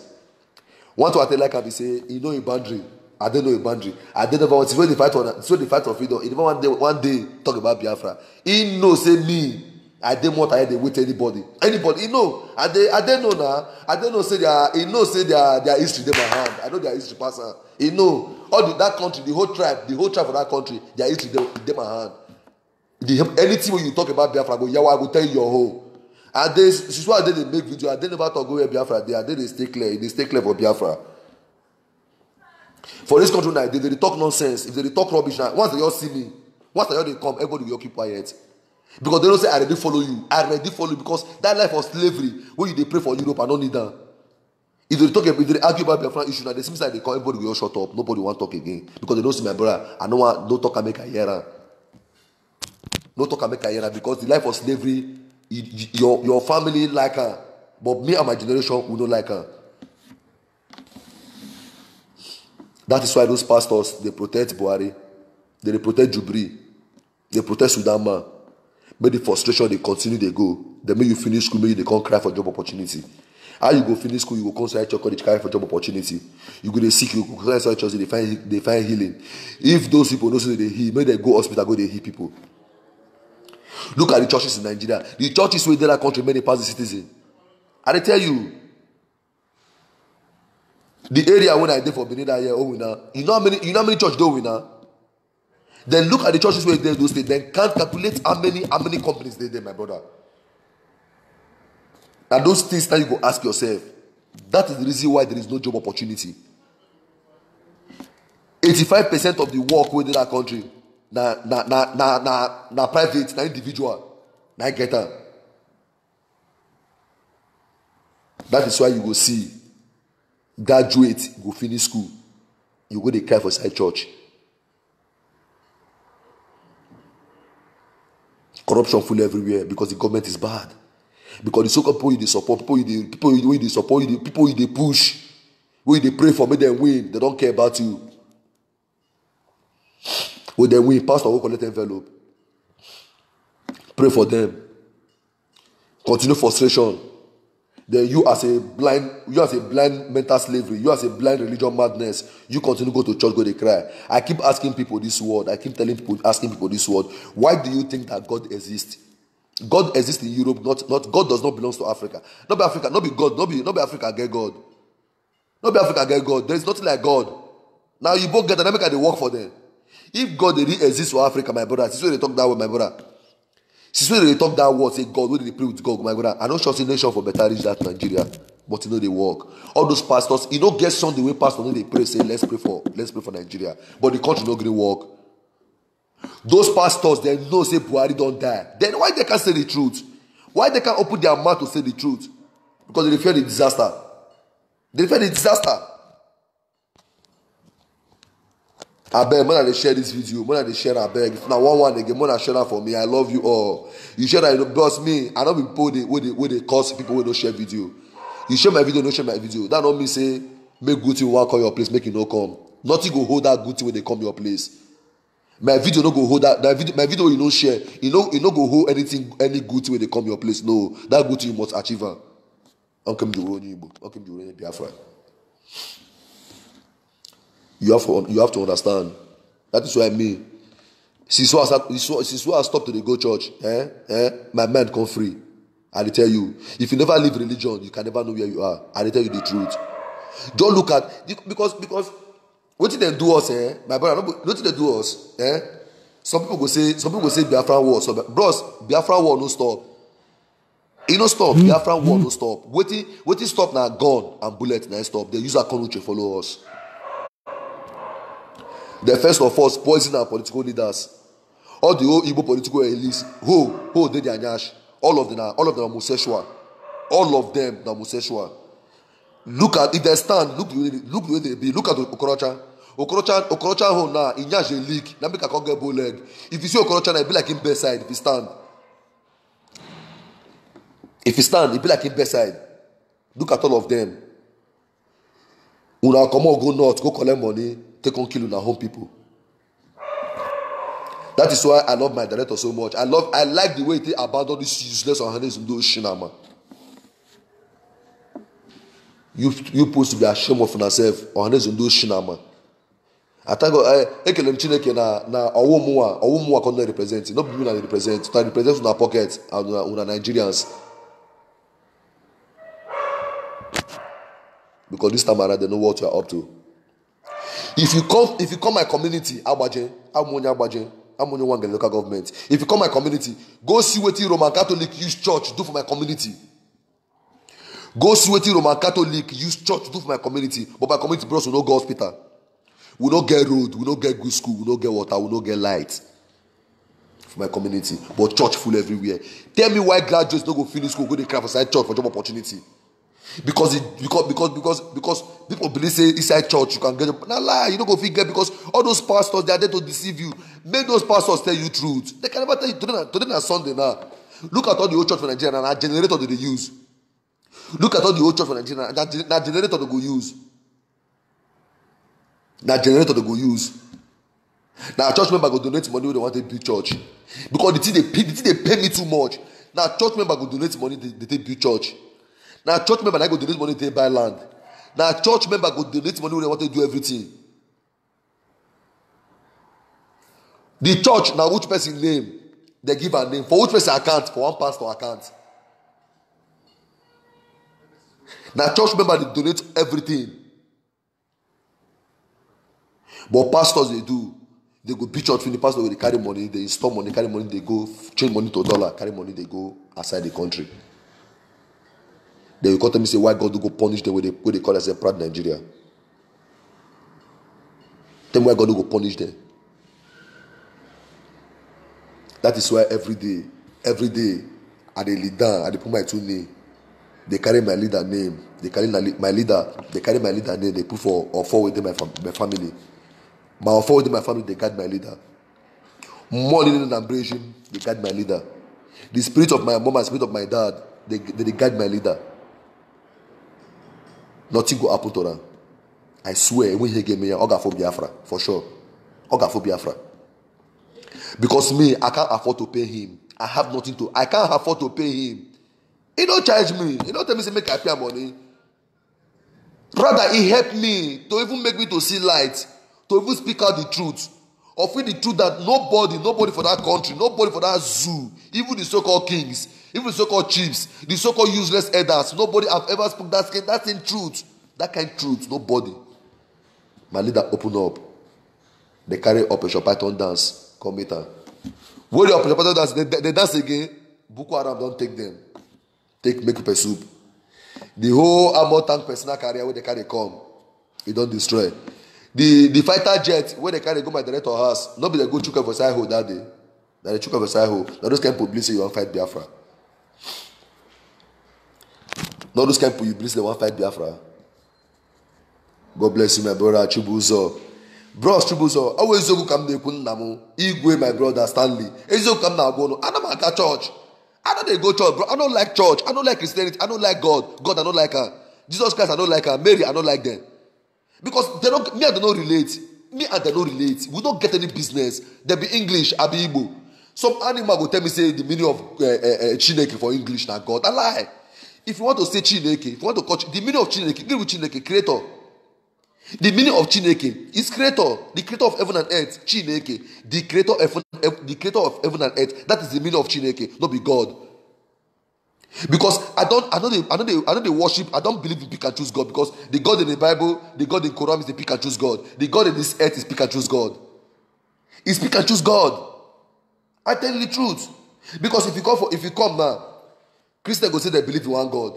one to i tell like I be say you know a boundary I don't know a boundary I don't know. to dey fight for so dey fight for freedom e never one day one day talk about biafra He knows say me i dey more tired dey anybody anybody you know i dey i dey know now. i dey know say they are. You know say they their their history dey my hand i know their history pass am e know all the that country the whole tribe the whole tribe of that country their history dey dey my hand the anything when you talk about biafra go yawa i go tell you your whole. i dey since wey i dey dey make video i dey never talk go where biafra dey i dey dey stay clear They stay clear for biafra for this country now, they dey talk nonsense if they dey talk rubbish now, once they all see me once they all dey come everybody will just keep quiet because they don't say i ready follow you i ready follow you because that life of slavery when you pray for europe i not need that. if they talk if they argue about biafran issue na They seems like they call everybody will shut up nobody to talk again because they don't see my brother i no one. no talk am make a hear no talk am make a hear because the life of slavery your your family like her, but me and my generation we don't like her. that is why those pastors they protect buhari they protect jubri they protect sudan make the frustration dey continue dey go then make you finish school make you dey come cry for job opportunity how you go finish school you go come inside church come cry for job opportunity you go dey sick you go come inside church dey find dey find healing if those people no say they dey heal make dem go hospital go dey heal people look at the churches in nigeria the churches wey dey that country many pass the citizen i dey tell you the area wey i dey for benin that year owina oh, you know how many you know how many church dey owina oh, Then look at the churches where they do stay. Then can't calculate how many how many companies they there, my brother. And those things that you go ask yourself. That is the reason why there is no job opportunity. 85% of the work within our country na na na na na na private na individual na get up. that is why you go see graduate go finish school you go to care for side church corruption full everywhere because the government is bad because the so-called people you dey support people you dey people wey you dey support you dey people you dey push wey you dey pray for make dem win dem don care about you wey dem win pastor go collect envelope pray for dem continue frustration then you as a blind you as a blind mental slavery you as a blind religion madness you continue go to church go dey cry i keep asking people this word i keep telling people asking people this word why do you think that god exist god exist in europe not not god does not belong to africa no be africa no be god no be no be africa get god no be africa get god there is nothing like god na oyibo get am na make i dey work for them if god dey really exist for africa my brother i see say you dey talk that way my brother since when they talk that word say god when they pray with god my brother i no sure say nation for better reach that nigeria but e no dey work all those pastors e no get sunday wey pastor no dey pray say let's pray for let's pray for nigeria but the country no gree work those pastors dem know say buhari don die then why they can't say the truth why they can't open their mouth to say the truth because they dey fear the disaster they dey fear the disaster abeg more than dey share this video more than dey share abeg if na one one again more than share am for me i love you all you share am because me i no be people wey dey wey dey cause people wey no share video you share my video no share my video that no mean say make good thing wan come your place make e no come nothing go hold that good thing wey dey come your place my video no go hold that my video my video you no share e no e no go hold anything any good thing wey dey come your place no that good thing you must achieve am uncle mjoro onye igbo uncle mjoro onye biafra you have to you have to understand that is why me since wey i start since what i stopped to dey go church eh eh my mind come free i dey tell you if you never leave religion you can never know where you are i dey tell you the truth Don't look at because because what did they do us eh my brother What did they do us eh some people go say some people go say biafra war So, bros biafra war no stop It e no stop hmm. biafra war hmm. no stop what wetin stop now? gun and bullet na e stop They use a to follow us. The first of all poison our political leaders. All the whole Igbo political elites, who who did their nyash, all of them all of them are homosexual. All of them are homosexual. Look at if they stand, look the way they, look the way they be. Look at Okorocha. Okorocha Okorocha home now in nyash a leak. Now make a con get bow leg. If you see Okorocha now, it e be like him bedside if he stand. If he stand, it e be like him bedside. Look at all of them. Una comot go north, go collect money. take on killing our home people. That is why I love my director so much. I love, I like the way they abandon this useless unhandlism do shinama. You you supposed to be ashamed of yourself unhandlism do shinama. atago eh, ekele m chineke na na awo mụnwa ọwụ mụnwa ka ọ na-represent no be me na represent na represent our pocket and our nigerians because this time around they know what you are up to. if you come if you come my community agbaje i'm only agbaje i'm only one local government if you come my community go see wetin roman catholic use church do for my community go see wetin roman catholic use church do for my community but my community bros we no go hospital we no get road we no get good school we no get water we no get light for my community but church full everywhere tell me why graduates no go finish school go dey cry for side church for job opportunity because it because because because because people believe say inside church you can get na lie you no go fit get because all those pastors they are there to deceive you make those pastors tell you truth they can never tell you today na today na sunday na look at all the old church for nigeria na na generator they dey use look at all the old church for nigeria na na generator they go use na generator they go use na church member go donate money wey dem wan take build church because the thing dey pay the thing dey pay me too much na church member go donate money dey take build church. Now church member I go donate money to buy land Now church member go donate money wey dem wan take do everything the church Now which person name They give a name for which person account for one pastor account Now church member they donate everything but pastors they do they go be When the pastor go carry money they install money carry money they go change money to dollar carry money they go outside the country. They will come tell me say why God do go punish them when they, when they call themselves proud Nigeria. Tell me why God do go punish them. That is why every day, every day, I dey lead down, I dey put my two knee. They carry my leader name. They carry my leader. They carry my leader name. They put for or four within my, fam- my family. My or four within my family. They guide my leader. More in an abrasion. They guide my leader. The spirit of my mom the spirit of my dad. They they, guide my leader nothing go happen to am i swear enweghị ihe ga-eme ya ọ ga-afọ biafra for sure ọ ga-afọ biafra because me i can't afford to pay him i have nothing to i can't afford to pay him he no charge me he no tell me say make i pay am money rather he help me to even make me to see light to even speak out the truth or feel the truth that nobody nobody for that country nobody for that zoo even the so-called kings Even so-called chiefs, the so-called useless elders, nobody have ever spoken that skin. That's in truth. That kind truth, nobody. My leader open up. They carry Operation Python dance. Come meet her. Where the Operation Python dance, they, they, they dance again. Boko Haram don take them. Take make pepper soup. The whole armor tank personal carrier where they carry come, it e don destroy. The the fighter jet where they carry go my director house, no be they go chuka for side hole that day. Na they chuka for side hole. Na those kind publicity you wan fight Biafra. Not those kind of people you believe they want fight Biafra. God bless you, my brother Chibuzo. Bros Chibuzo, always go come to Kundamu. Igwe, my brother Stanley. Ezo come now, go no. I don't like church. I don't go church, bro. I don't like church. I don't like Christianity. I don't like God. God, I don't like her. Jesus Christ, I don't like her. Mary, I don't like them. Because they don't, me and they don't relate. Me and they don't relate. We don't get any business. They be English, I be Igbo. Some animal will tell me, say, the meaning of uh, uh, uh, Chineke for English, not God. I lie. If you want to say Chineke, if you want to call the meaning of Chineke, give Chineke, creator. The meaning of Chineke is creator, the creator of heaven and earth. Chineke, the creator of heaven, eh, the creator of heaven and earth. That is the meaning of Chineke, not be God. Because I don't, I know they, I know they, I know they worship. I don't believe in pick and choose God because the God in the Bible, the God in Quran is the pick and choose God. The God in this earth is pick and choose God. Is pick and choose God. I tell you the truth. Because if you come for, if you come now, Christian go say they believe in one God.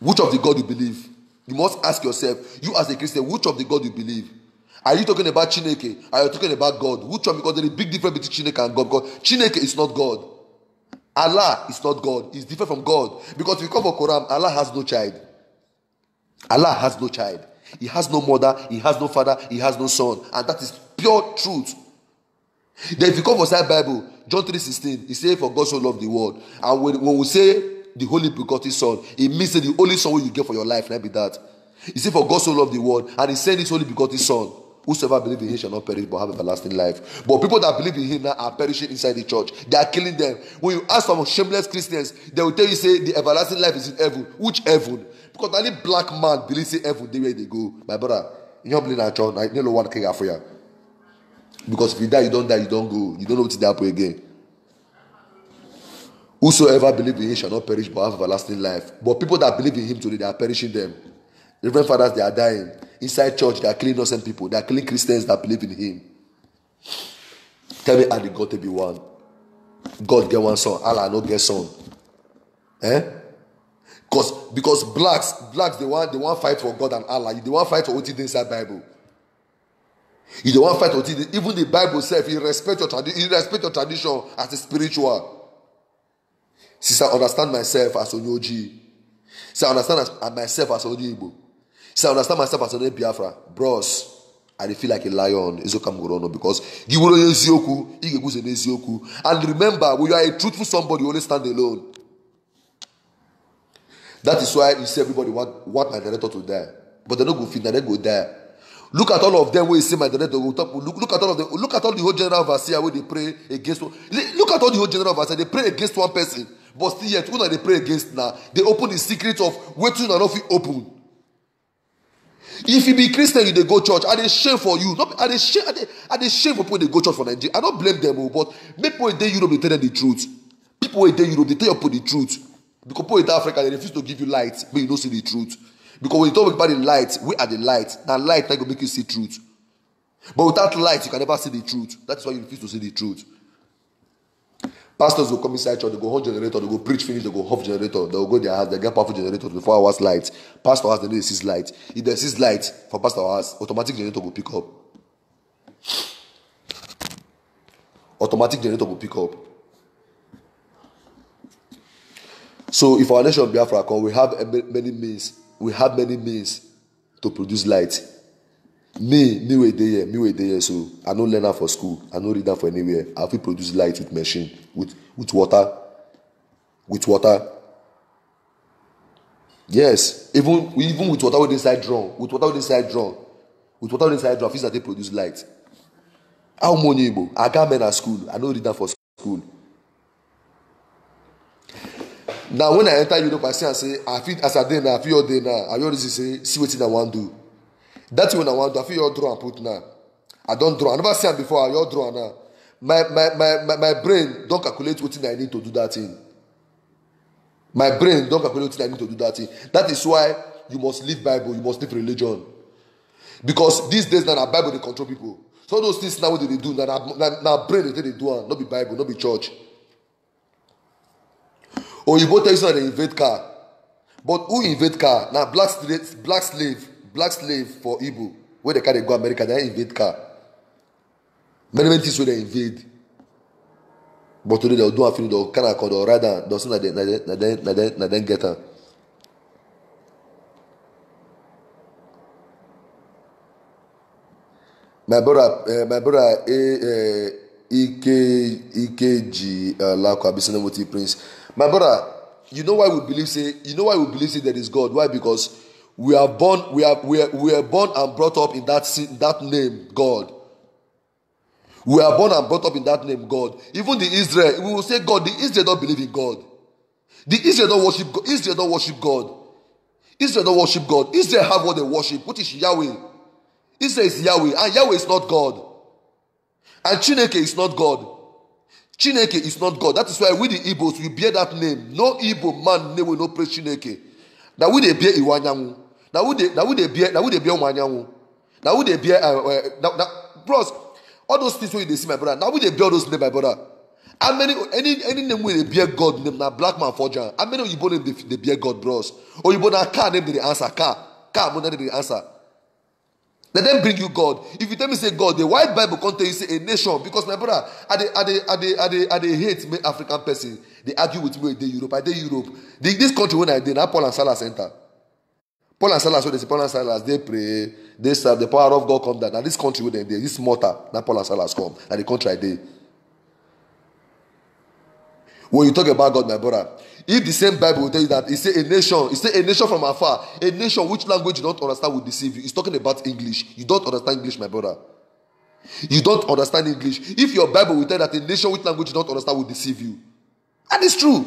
Which of the God you believe? You must ask yourself, you as a Christian, which of the God you believe? Are you talking about Chineke? Are you talking about God? Which one? Because there is a big difference between Chineke and God. Because Chineke is not God. Allah is not God. It's different from God. Because if you come for Quran, Allah has no child. Allah has no child. He has no mother. He has no father. He has no son. And that is pure truth. Then if you come for side Bible, John 3:16, he said, For God so loved the world. And when, when we say the Holy Begotten Son, it means that the only son you get for your life, let be that. He said, For God so loved the world, and he sent his Holy Begotten Son. Whosoever believe in him shall not perish but have everlasting life. But people that believe in him now are perishing inside the church. They are killing them. When you ask some shameless Christians, they will tell you, say, the everlasting life is in heaven. Which heaven? Because any black man believes in heaven, the way they go. My brother, you're not believing in a church, I know one king for you. Because if you die, you don't die, you don't go. You don't know what to die up again. Whosoever believe in him shall not perish but have everlasting life. But people that believe in him today, they are perishing them. Reverend fathers, they are dying. Inside church, they are killing innocent people. They are killing Christians that believe in him. Tell me how did God to be one? God get one son. Allah no get son. Eh? Because because blacks, blacks, they want they want fight for God and Allah. They want fight for what is inside Bible. You don't want to fight with it. Even the Bible says, he respect your tradition, he respect your tradition as a spiritual. Since I understand myself as Onyoji. Since I understand as, myself as Onyibo. Since I understand myself as Onye Biafra. Bros, I feel like a lion. Ezoka Because you will Ezioku, you will And remember, when you are a truthful somebody, you only stand alone. That is why you see everybody want, want my director to die. But they don't go fit, they go die. Look at all of them wey say my dad go talk look, look at all of them look at all the whole general of Asiya wey dey pray against one look at all the whole general of Asiya dey pray against one person but still yet una dey pray against na dey open the secret of wetin una no fit open if you be Christian you dey go church I dey shame for you no be I dey shame I dey I dey shame for people wey dey go church for Nigeria I no blame them o oh, but make people wey dey Europe dey tell them the truth people wey dey Europe dey tell your people the truth because people wey dey Africa dey refuse to give you light make you no see the truth Because when you talk about the light, we are the light. Now light that will make you see truth. But without light, you can never see the truth. That's why you refuse to see the truth. Pastors will come inside church, they go home generator, they go preach, finish, they go off generator, they will go their house, they get powerful generator, 24 hours light. Pastor has the need see light. If there light for pastor house, automatic generator will pick up. Automatic generator will pick up. So if our nation Biafra come, we have many means we have many means to produce light me me wey dey here me wey dey here so i no learn am for school i no read am for anywhere i fit produce light with machine with with water with water yes even even with water wey dey inside drum with water wey dey inside drum with water wey dey inside drum i fit start take produce light how mo oyinbo i gats learn am school i no read am for school Now when i enter europe i see am say i fit as i dey now i fit just dey now i just reason say see wetin i wan do that thing wey i wan do i fit just draw and put now i don draw i never see am before i just draw am now my my my my, my brain don calculate wetin i need to do that thing my brain don calculate wetin i need to do that thing that is why you must leave bible you must leave religion because these days now na bible dey control people so those things now wey dey dey do na na na brain dey take dey do am ah, no be bible no be church. oyibo na dey invade car but who invade car na black black black black black for igbo wey dey carry go america dem invade car many many things wey dem invade but today dem do one film don kana kodo write down don say na dem na dem na dem na dem get am. my brother eh, my brother ike ikeji lakwa be prince. My brother, you know why we believe say you know why we believe say there is God. Why? Because we are born, we are we are, we are born and brought up in that that name, God. We are born and brought up in that name, God. Even the Israel, we will say God. The Israel don't believe in God. The Israel don't worship God. Israel don't worship God. Israel don't worship God. Israel have what they worship, which is Yahweh. Israel is Yahweh, and Yahweh is not God. And Chineke is not God. Chineke is not God. That is why we the Igbos, we bear that name. No Igbo man name will not praise Chineke. That we dey bear Iwanyanwu. That we dey. that we dey bear, that we dey bear Wanyanwu. That we dey bear, uh, uh, that, that, bros, all those things where dey see my brother. Now we dey bear those name, my brother. How many, any, any name where dey bear God name, now black man forger. How many Igbo name dey bear God, bros? Or Igbo na car name dey answer, car. Car, name dey answer. Let them bring you God. If you tell me, say God, the white Bible can't tell you, say a nation. Because my brother, I they, I they, I they, I they, I they hate me African person. They argue with me, they Europe, I they Europe. They, this country when I did, now Paul and Salas enter, Paul and Salas so they say Paul and Salas. they pray, they serve, the power of God come down. Now this country where they dey, this mortar, now Paul and Salas come, and the country I dey. When you talk about God, my brother, If the same Bible will tell you that, it say a nation, it say a nation from afar, a nation which language you don't understand will deceive you. It's talking about English. You don't understand English, my brother. You don't understand English. If your Bible will tell you that a nation which language you don't understand will deceive you. And it's true.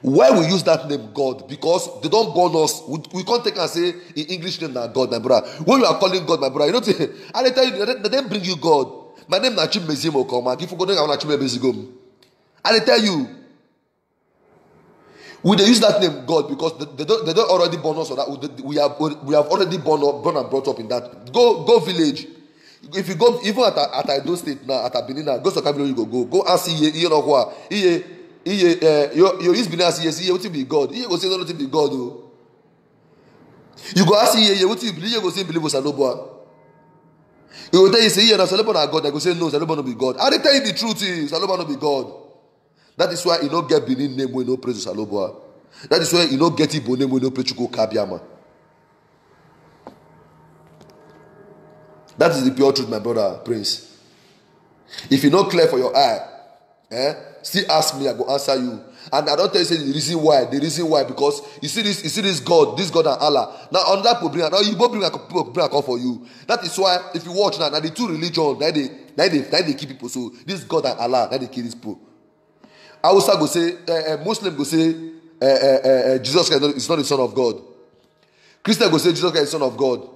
Why we use that name God? Because they don't born us. We, we can't take and say in English name that God, my brother. When you are calling God, my brother, you know what I tell you, they bring you God. My name is Nachim Mezimo Koma. If you go to Nachim Mezigom. And I tell you, we dey use that name god because they, they don they don already born us for that we, we have we have already born up born and brought up in that go go village if you go even at at edo state now at benin now go sokabilo you go go go ask iye iye nokwa iye iye uh, eh, you use benin as iye say iye wetin be god iye go say no nothing be god o oh. you go ask iye iye wetin you believe iye go say believe osanoboa he go tell you say iye na salobo na god i go say no salobo no be god i dey tell you the truth Is eh, salobo no be god. That is why you no get Benin name when you no pray to Saloboa. That is why you no get Igbo name when you no pray to Kabiama. That is the pure truth, my brother, Prince. If you no clear for your eye, eh, still ask me, I go answer you. And I don't tell you the reason why. The reason why because you see this, you see this God, this God and Allah. Now on that, bring, now you both bring a bring a call for you. That is why if you watch now, now the two religions, now they, now they, now they keep people. So this God and Allah, now they keep these people. Hausa go say, uh, uh, Muslim go say, uh, uh, uh, Jesus Christ is not the Son of God. Christian go say, Jesus Christ is the Son of God.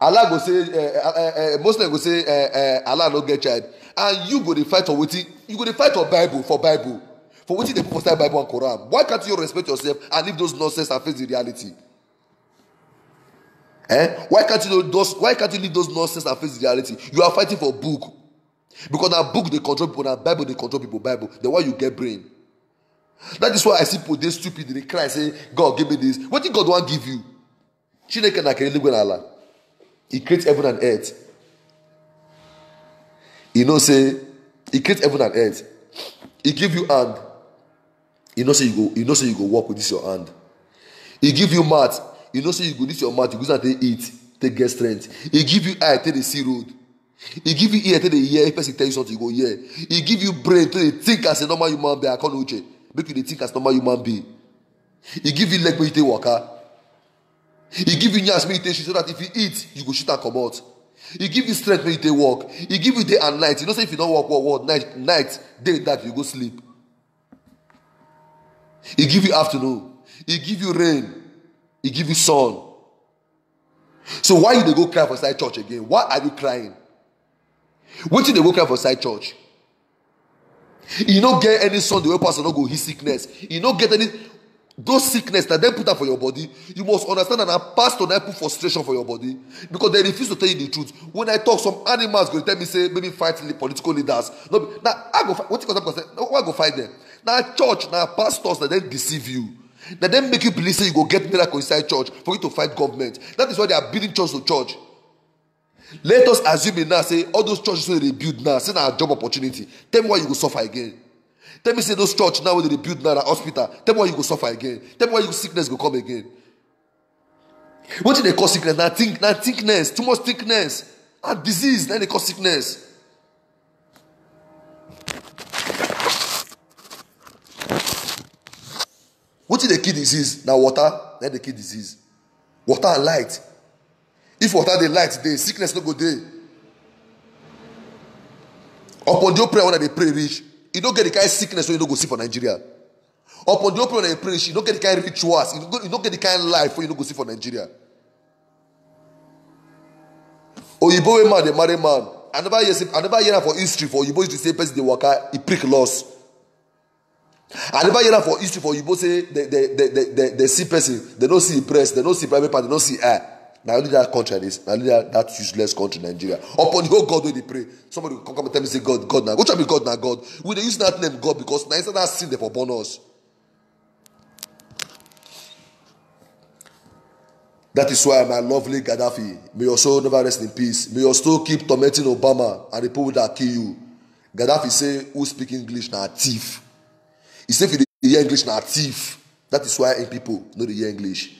Allah go say, uh, uh, uh, Muslim go say, uh, uh, Allah no get child. And you go dey fight for wetin, you go dey fight for Bible, for Bible. For wetin dey put for inside Bible and Quran. Why can't you respect yourself and leave those nonsense and face the reality? Eh? Why can't you those, why can't you leave those nonsense and face the reality? You are fighting for book. Because our book they control people, our Bible they control people, Bible. The why you get brain. That is why I see people they stupid, they cry, say, God give me this. What did God want give you? He creates heaven and earth. You know, say, He creates heaven and earth. He give you hand. You know, say you go, you know, say you go walk with this your hand. He give you mat. You know, say you go this your mat. you go and take eat, take get strength. He give you eye, take the see road. He give you ear till they hear. If person tell you something, you go hear. He give you brain till they think as a normal human being. I call uche. Make you they think as normal human being. He give you leg when you take waka. He give you nyash when so that if you eat, you go shoot and come out. He give you strength when you take walk. He give you day and night. You know say if you don't walk, walk, walk, night, night, day, dark, you go sleep. He give you afternoon. He give you rain. He give you sun. So why you dey go cry for inside church again? Why are you crying? wetin they go cry for side church do no get any The way pastor no go his sickness do no get any those sickness that dem put up for your body you must understand that na pastor that put frustration for your body because they refuse to tell you the truth when i talk some animals go tell me say maybe fight the political leaders no now i go fight wetin concern why i go fight them. Now church now pastors that then deceive you na then make you believe say you go get miracle inside church for you to fight government that is why they are building church to church let us assume it now say all those churches wey dey build now say na job opportunity tell me why you go suffer again tell me say those church now wey dey build now na hospital tell me why you go suffer again tell me why your sickness go come again wetin dey cause sickness na think na thickness too much thickness and disease na dey cause sickness. wetin dey kill disease na water na dey kill disease water and light if water dey light dey sickness no go dey upon on di open way i dey pray reach e no get the kind sickness wey you no go see for nigeria upon on di open way i pray reach you no get the kind rituals you no get the kind life wey you no go see for nigeria oyibo wey man dey marry man i never hear i never hear am for history for oyibo history say person dey waka e prick loss i never hear am for history for oyibo say dey see person dem no see breast dem no see private part dem no see hair. na only that country is na only that, that useless country nigeria upon the whole god wey dey pray somebody go come come tell me say god god na which one be god na god we dey use that name god because na inside that sin dey for born us that is why my lovely gaddafi may your soul never rest in peace may your soul keep tormenting obama and the people that kill you gaddafi say who speak english na thief he say if you dey hear english na thief that is why im people no dey hear english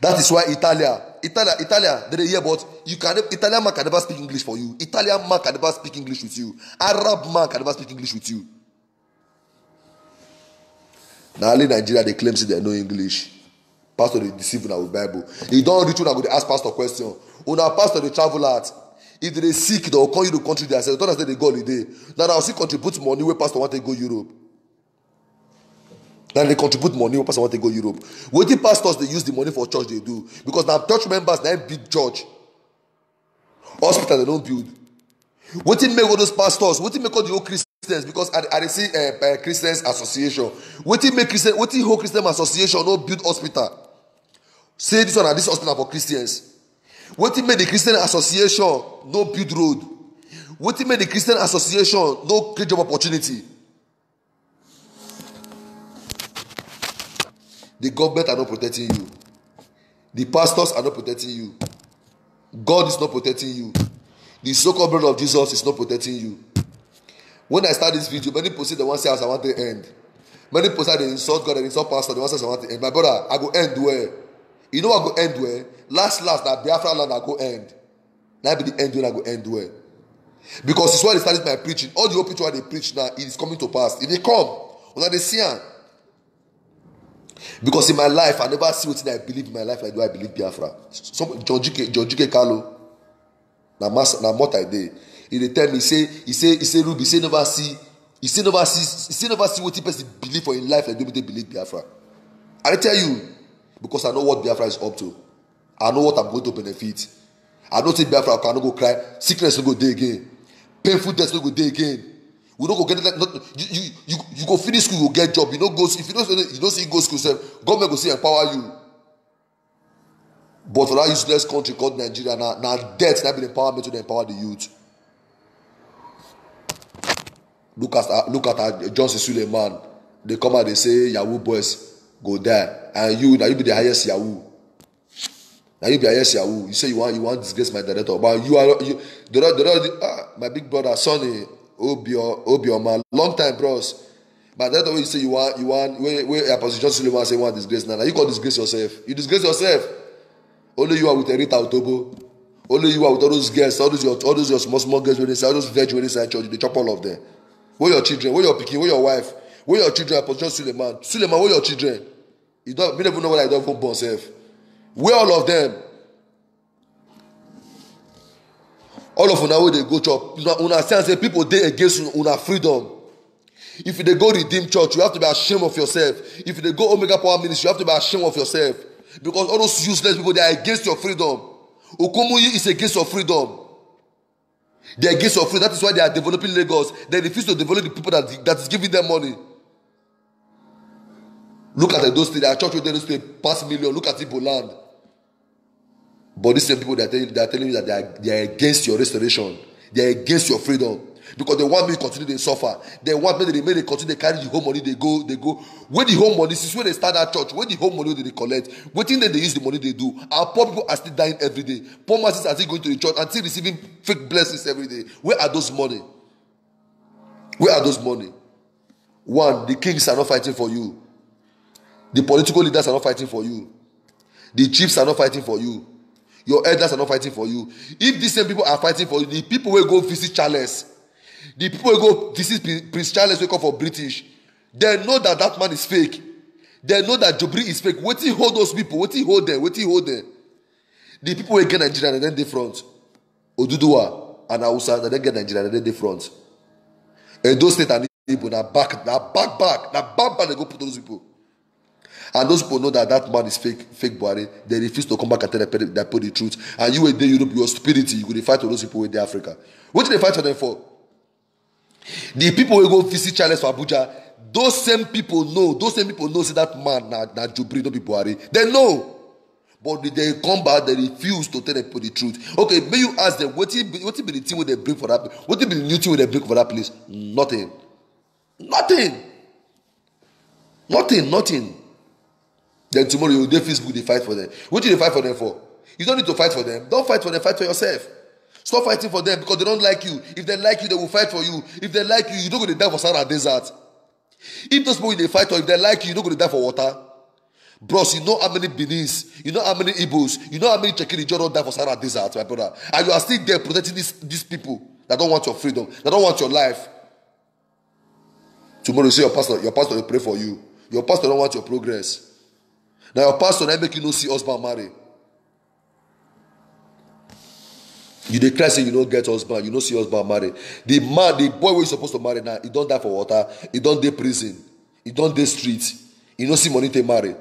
That is why Italia, Italia, Italia, they hear, but you can Italian man can never speak English for you. Italian man can never speak English with you. Arab man can never speak English with you. Now only Nigeria they claim say they know English. Pastor they deceive una with Bible. You don't reach una go dey ask pastor question. Una pastor dey travel out. If they sick, they will call you to country they say, don't say they go holiday. Now I'll see contribute money where pastor want to go Europe. Then they contribute money, person want to go Europe. What the pastors they use the money for church They do because now church members they build church. Hospital don't build. did make all those pastors? did make all the whole Christians? Because I, I see uh, Christians association. did make Christian? Wetin whole Christian association no build hospital? Say this one this hospital for Christians. did make the Christian association no build road? did make the Christian association no create job opportunity? The government are not protecting you. The pastors are not protecting you. God is not protecting you. The so-called brother of Jesus is not protecting you. When I start this video, many people say they want to say as I want to end. Many people say they insult God and insult pastor. They want to say as I want to end. My brother, I go end where? You know I go end where? Last, last, that Biafra land I go end. That be the end where I go end where? Because it's why they started my preaching. All the whole preaching they preach now, it is coming to pass. If they come, when they see him, because in my life i never see wetin i believe in my life like the way i believe biafra some john juke john juke kalu na mas na mota dey he dey tell me say he say he say ruby he say never see he say never see he say never see wetin person believe for him life like the way they believe biafra i dey tell you because i know what biafra is up to i know what i'm going to benefit i know say biafra i no go cry sickness no go dey again painful death no go dey again we no go get that not, you, you you you go finish school you go get job you no go if you no see you no see go school sef government go still empower you but for that useless country called nigeria na na debt na be the empowerment to dey empower the youth look at uh, look at uh, johnson suleiman dey come out dey say yahoo boys go die and you na you be the highest yahoo na you be highest yahoo you say you wan you wan disgrace my director but you are you the the the ah my big brother sonny eh, Obioma. Long time, bros. But that's the way you say you want, you want, where, where Apostle John Sullivan say, want disgrace now. You can disgrace yourself. You disgrace yourself. Only you are with Rita Otobo. Only you are with all those girls, all those your, all those your small, small girls when they say, all those veg when they say church, they chop all of them. Where your children, where your picking, where your wife, where your children, Apostle position Suleiman. Suleiman, where your children? You don't, you never know what I don't even born self. Where all of them? all of una wey dey go church una see am say people dey against una freedom if you dey go redeem church you have to be ashamed of yourself if you dey go omega power ministry you have to be ashamed of yourself because all those useless people they are against your freedom okumuyi is against your freedom they are against your freedom that is why they are developing lagos they refuse to develop the people that that is giving them money look at edo state their church wey dey edo state pass million look at igbo land But these same people they are telling, are telling you that they are, they are against your restoration, they are against your freedom. Because they want me to continue to suffer. They want me to remain they continue to carry the home money. They go, they go. Where the home money, this is where they start that church. Where the home money they collect. Waiting that they use the money they do. Our poor people are still dying every day. Poor masses are still going to the church and still receiving fake blessings every day. Where are those money? Where are those money? One, the kings are not fighting for you. The political leaders are not fighting for you. The chiefs are not fighting for you. your elders are not fighting for you if these same people are fighting for you the people wey go visit charles the people wey go visit prince charles wey come for british dem know that that man is fake dem know that jobri is fake wetin hold those people wetin hold them wetin hold them the people wey get nigeria na dem dey front oduduwa and hausa na dem get nigeria na dem dey front edo state and igbo na back na back back na back back dem go put those people. And those people know that that man is fake, fake Buhari. They refuse to come back and tell them that the truth. And you were there, Europe, your spirit, you could fight for those people in the Africa. What did they fight for them for? The people will go visit Charles for Abuja, those same people know, those same people know, say that man that na Jubri, no be Buhari. They know. But they come back, they refuse to tell the people the truth. Okay, may you ask them, what be, what be the thing they bring for that place? What be the new thing they bring for that place? Nothing. Nothing. Nothing, nothing. Then tomorrow you will do Facebook, they fight for them. What do they fight for them for? You don't need to fight for them. Don't fight for them, fight for yourself. Stop fighting for them because they don't like you. If they like you, they will fight for you. If they like you, you don't go to die for Sahara Desert. If those people they fight or if they like you, you don't go to die for water. Bros, you know how many Benins, you know how many Igbos, you know how many Chekiri don't die for Sahara Desert, my brother. And you are still there protecting these, these people that don't want your freedom, that don't want your life. Tomorrow you see your pastor, your pastor will pray for you. Your pastor don't want your progress. na your pastor na make you no see husband marry you dey cry say you no get husband you no see husband marry the man the boy wey you suppose to marry now he don die for water he don dey prison he don dey street he no see money take marry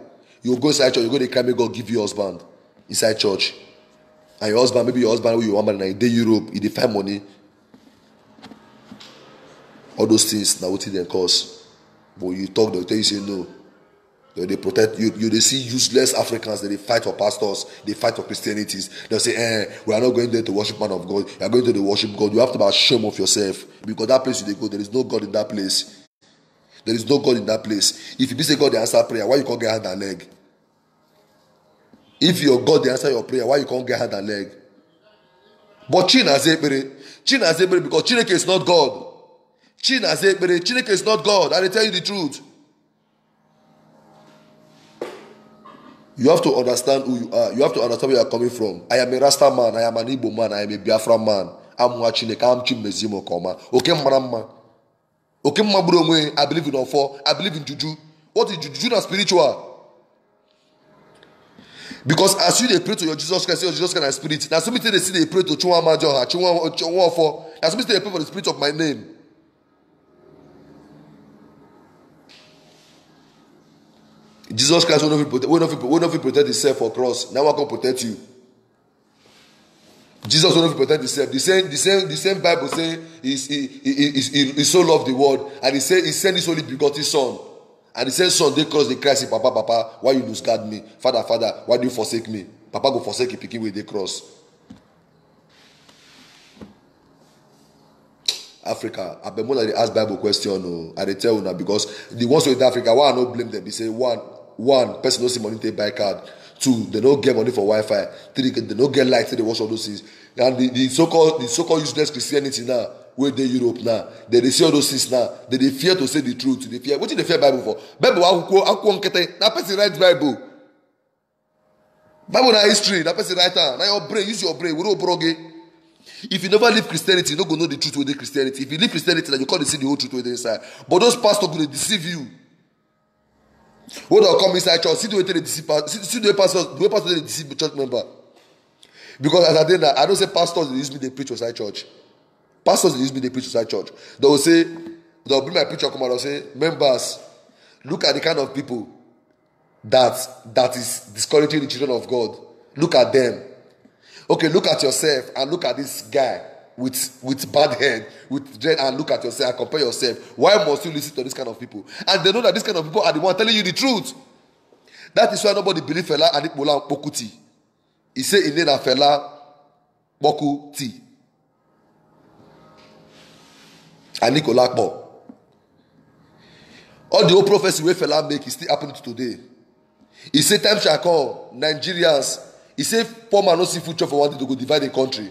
you go inside church you go dey cry make God give you husband inside church and your husband maybe your husband wey you wan marry now he dey europe he dey find money all those things na wetin dem cause but you talk na tell you say no. They, protect you. You they see useless Africans. They, they fight for pastors. They fight for Christianities. They say, eh, we are not going there to worship man of God. You are going to the worship God. You have to be ashamed of yourself because that place you they go, there is no God in that place. There is no God in that place. If you be say God, they answer prayer. Why you can't get hand and leg? If your God, they answer your prayer. Why you can't get hand and leg? But Chinazebere, Chinazebere, because Chineke is not God. Chinazebere, Chineke is not God. I tell you the truth. you have to understand who you are you have to understand where you are coming from i am a rasta man i am an igbo man i am a biafra man amụwa chineke am chimezie m nke ọma oke mara mma oke mma gburu onwe i believe in ọfọ i believe in juju what is juju na spiritual because as you they pray to your jesus christ your jesus christ na spirit Now so me take see they pray to chinwamajoha chinwa ofo na so me take they pray for the spirit of my name jesus christ wey fit protect wey fit wey fit protect himself for cross na one come protect you jesus wey fit protect himself the same the same the same bible say he he he he he so love the world and he say he send his only begotten son and he send son dey cross dey cry say papa papa why you lose guard me father father why do you forsake me papa go forsake him pikin wey dey cross africa abeg more na dey ask bible question o i dey tell una because the ones wey dey africa why i no blame them be say one one person no see money take buy card two dem no get money for Wi-Fi three dey no get light say dey wash all those things and the the so called the so called useless christianity now wey dey europe now dem dey see all those things now dem dey fear to say the truth dey fear wetin dey fear bible for bible akwukwo akwukwo nkete that person write bible bible na history that person write am na your brain use your brain wey no broge if you never leave christianity you no go know the truth wey dey christianity if you leave christianity na you come dey see the whole truth wey dey inside but those pastors go dey deceive you. When I come inside church, see the way the disciples, see, see the way pastors, the way pastors the deceive church member. Because as I did that, I don't say pastors they use me they preach outside church. Pastors they use me they preach outside church. They will say, they'll bring my picture come out and say, members, look at the kind of people that that is discouraging the children of God. Look at them. Okay, look at yourself and look at this guy with with bad head with dread and look at yourself and compare yourself why must you lis ten to this kind of people and they know that this kind of people are the one telling you the truth that is why nobody believe fela adikpola kpokuti he say he name na fela kpokuti anikolakpo all the old prophecy wey fela make e still happen to today e say time shall come nigerians e say poor man no see future for one day to go divide the country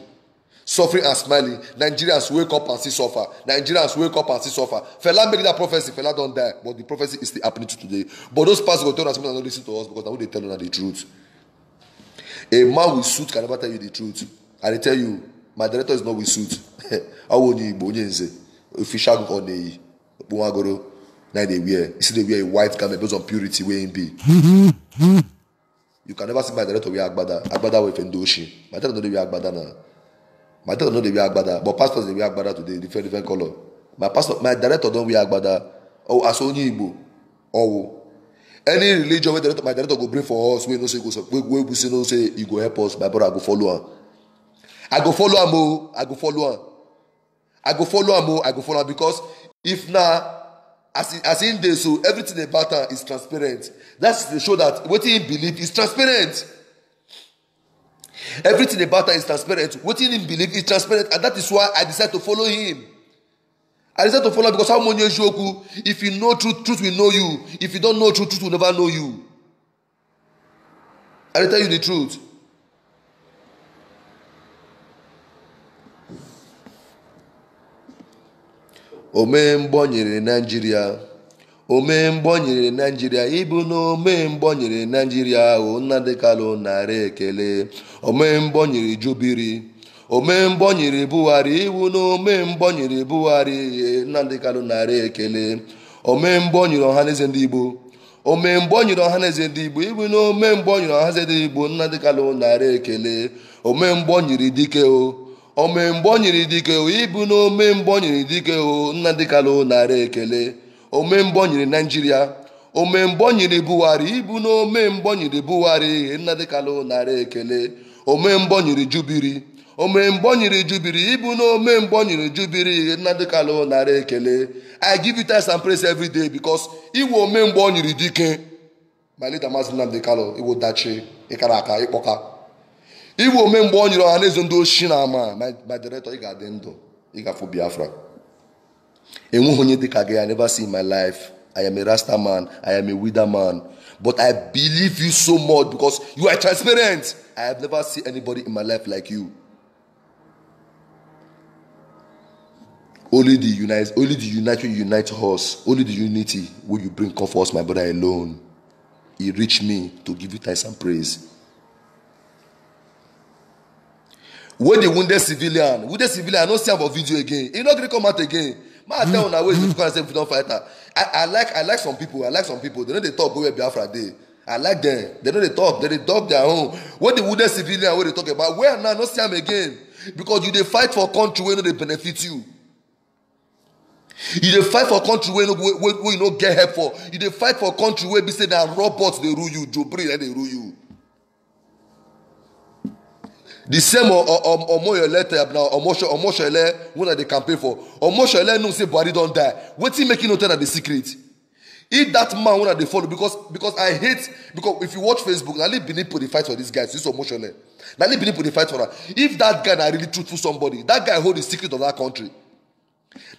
suffering and smiling nigerians wake up and see suffer nigerians wake up and see suffer fela make that prophecy fela don die but the prophecy is still happening to today but those pastors go tell us make una no lis ten to us because na who dey tell una the truth a man with suit can never tell you the truth i dey tell you my director is not with suit awo onye igbo onye nze ofishagun oneyi okpunwagoro na he dey wear he still dey wear a white garment based on purity wey him be you can never see my director wear agbada agbada wey fendo my director no dey wear agbada na my daughter no dey wear agbada but pastors dey wear agbada today different different color. my pastor my director don wear agbada oh as onye igbo owo any religion wey director my director go bring for us wey no say go wey wey we say no say e go help us my brother i go follow am i go follow am o oh. i go follow am i go follow am o oh. i go follow am because if na as as him dey so everything about am is transparent That's to show that wetin he believe is transparent Everything about her is transparent. What he didn't believe is transparent, and that is why I decided to follow him. I decided to follow because how many yoku? If you know truth, truth will know you. If you don't know truth, truth will never know you. I will tell you the truth. Omembo nyere Nigeria. omemgbo nyere naijiria ịbụ na omemgbo naijiria ahụ Nnamdi Kanu ekele omemgbo nyere jubiri omemgbo nyere Buhari iwu na omemgbo Buhari ihe Nnamdi Kanu nara ekele omemgbo nyere ọhaneze ndị Igbo omemgbo nyere ọhaneze ndị Igbo iwu na omemgbo nyere ọhaneze ndị Igbo Nnamdi Kanu nara ekele omemgbo nyere dike o omemgbo nyere dike o ibu na omemgbo dike o Nnamdi Kanu nara ekele omemgbọ nyiri naijiria omemgbọ nyiri buhari ibu na omemgbọ nyiri buhari nna dịkalụ nara ekele omemgbọ nyiri jubiri omemgbọ nyiri jubiri ibu na omemgbọ nyiri jubiri nna dịkalụ nara ekele i give you thanks and praise every day because iwu omemgbọ nyiri dike my leader Maazị Nnamdi Kanu iwu dachi ịkara aka ịkpọka iwu omemgbọ nyiri ọha na eze ndị oshi na ama my director ị ga-adị ndụ ị ga-afụ biafra i never see in my life i am a rasta man i am a widow man but i believe you so much because you are transparent i have never seen anybody in my life like you only the unite only the unity will unite us only the unity will you bring comfort my brother alone he reached me to give you thanks and praise When the wounded civilian wounded civilian i no see am for video again not no to come out again man tell una wey you come say if you don fight am i i like i like some people i like some people they no dey talk go where biafra dey i like them they no dey talk they dey talk their own wey the wounded civilian wey dey talk about where now no see am again because you dey fight for country wey no dey benefit you you dey fight for country wey no wey wey you no get help for you dey fight for country wey be say na robots dey rule you Jobri na dey rule you the same uh, uh, um, omoyele na omoyele wey i dey campaign for omoyele know say buhari don die wetin make him no tell na the secret if that man wey i dey follow because because i hate because if you watch facebook na only binipo dey fight for this guy this omoyele na only binipo dey fight for am if that guy na really truthful somebody that guy hold the secret of that country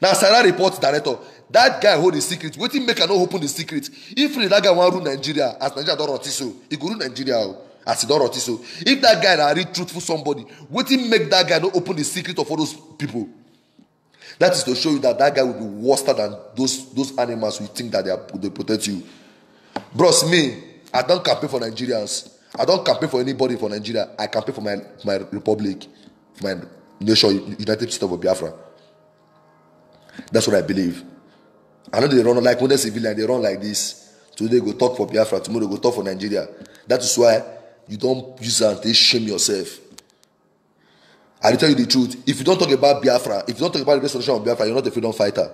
na sarah report director that guy hold the secret wetin make i no open the secret if really that guy wan rule nigeria as nigeria don rot so e go rule nigeria o oh as e don rot so if that guy na real truthful somebody wetin make that guy no open the secret of all those people that is to show you that that guy will be worse than those those animals you think that they they protect you bros me i don campaign for nigerians i don campaign for anybody for nigeria i campaign for my my republic my nation united states of biafra that's what i believe i no dey run like modern civilian dey run like this today go talk for biafra tomorrow go talk for nigeria that is why you don use am take shame yourself i dey tell you the truth if you don talk about biafra if you don talk about the restoration of biafra you are not a freedom fighter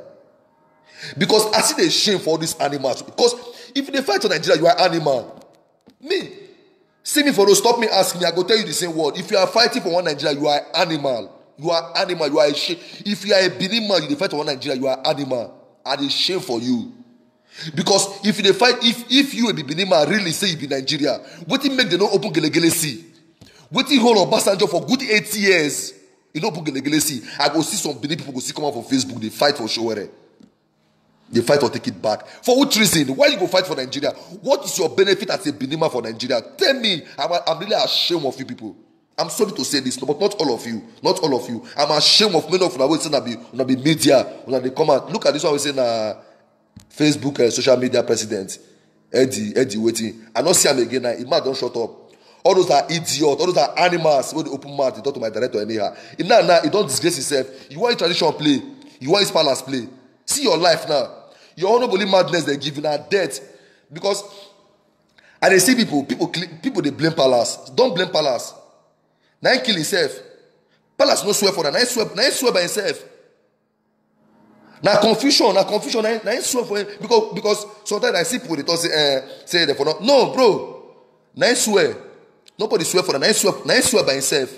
because i see dey shame for all these animals because if you dey fight for nigeria you are animal me see me for road stop me ask me i go tell you the same word if you are fighting for one nigeria you are animal you are animal you are a shame if you are a benin man you dey fight for one nigeria you are animal i dey shame for you Because if they fight, if if you a Bibini really say you be Nigeria, what make they not open Gelegele see? What it hold Obasanjo for good eight years? You know, open Gelegele see. I go see some Benin people go see come out for Facebook, they fight for Showere. They fight or take it back. For what reason? Why you go fight for Nigeria? What is your benefit as a Benima for Nigeria? Tell me. I'm, I'm really ashamed of you people. I'm sorry to say this, but not all of you. Not all of you. I'm ashamed of many of you. I will say, be, be media. When they come out, look at this one, I say, nah. facebook uh, social media president eddie eddie wetin i no see am again na im mouth don shut up all those are idiots all those are animals wey dey open mouth dey talk to my director anyhow e now now e don disgrace himself you wan use tradition play you wan use palace play see your life now your honourable madness dey give you na death because i dey see people people people dey blame palace don blame palace na him kill himself palace no swear for am na him swear na him swear by himself na confusion na confusion na him swear for him because because sometimes i see people dey talk say eh say dem for not no bro na him swear nobody swear for am na him swear na him swear by himself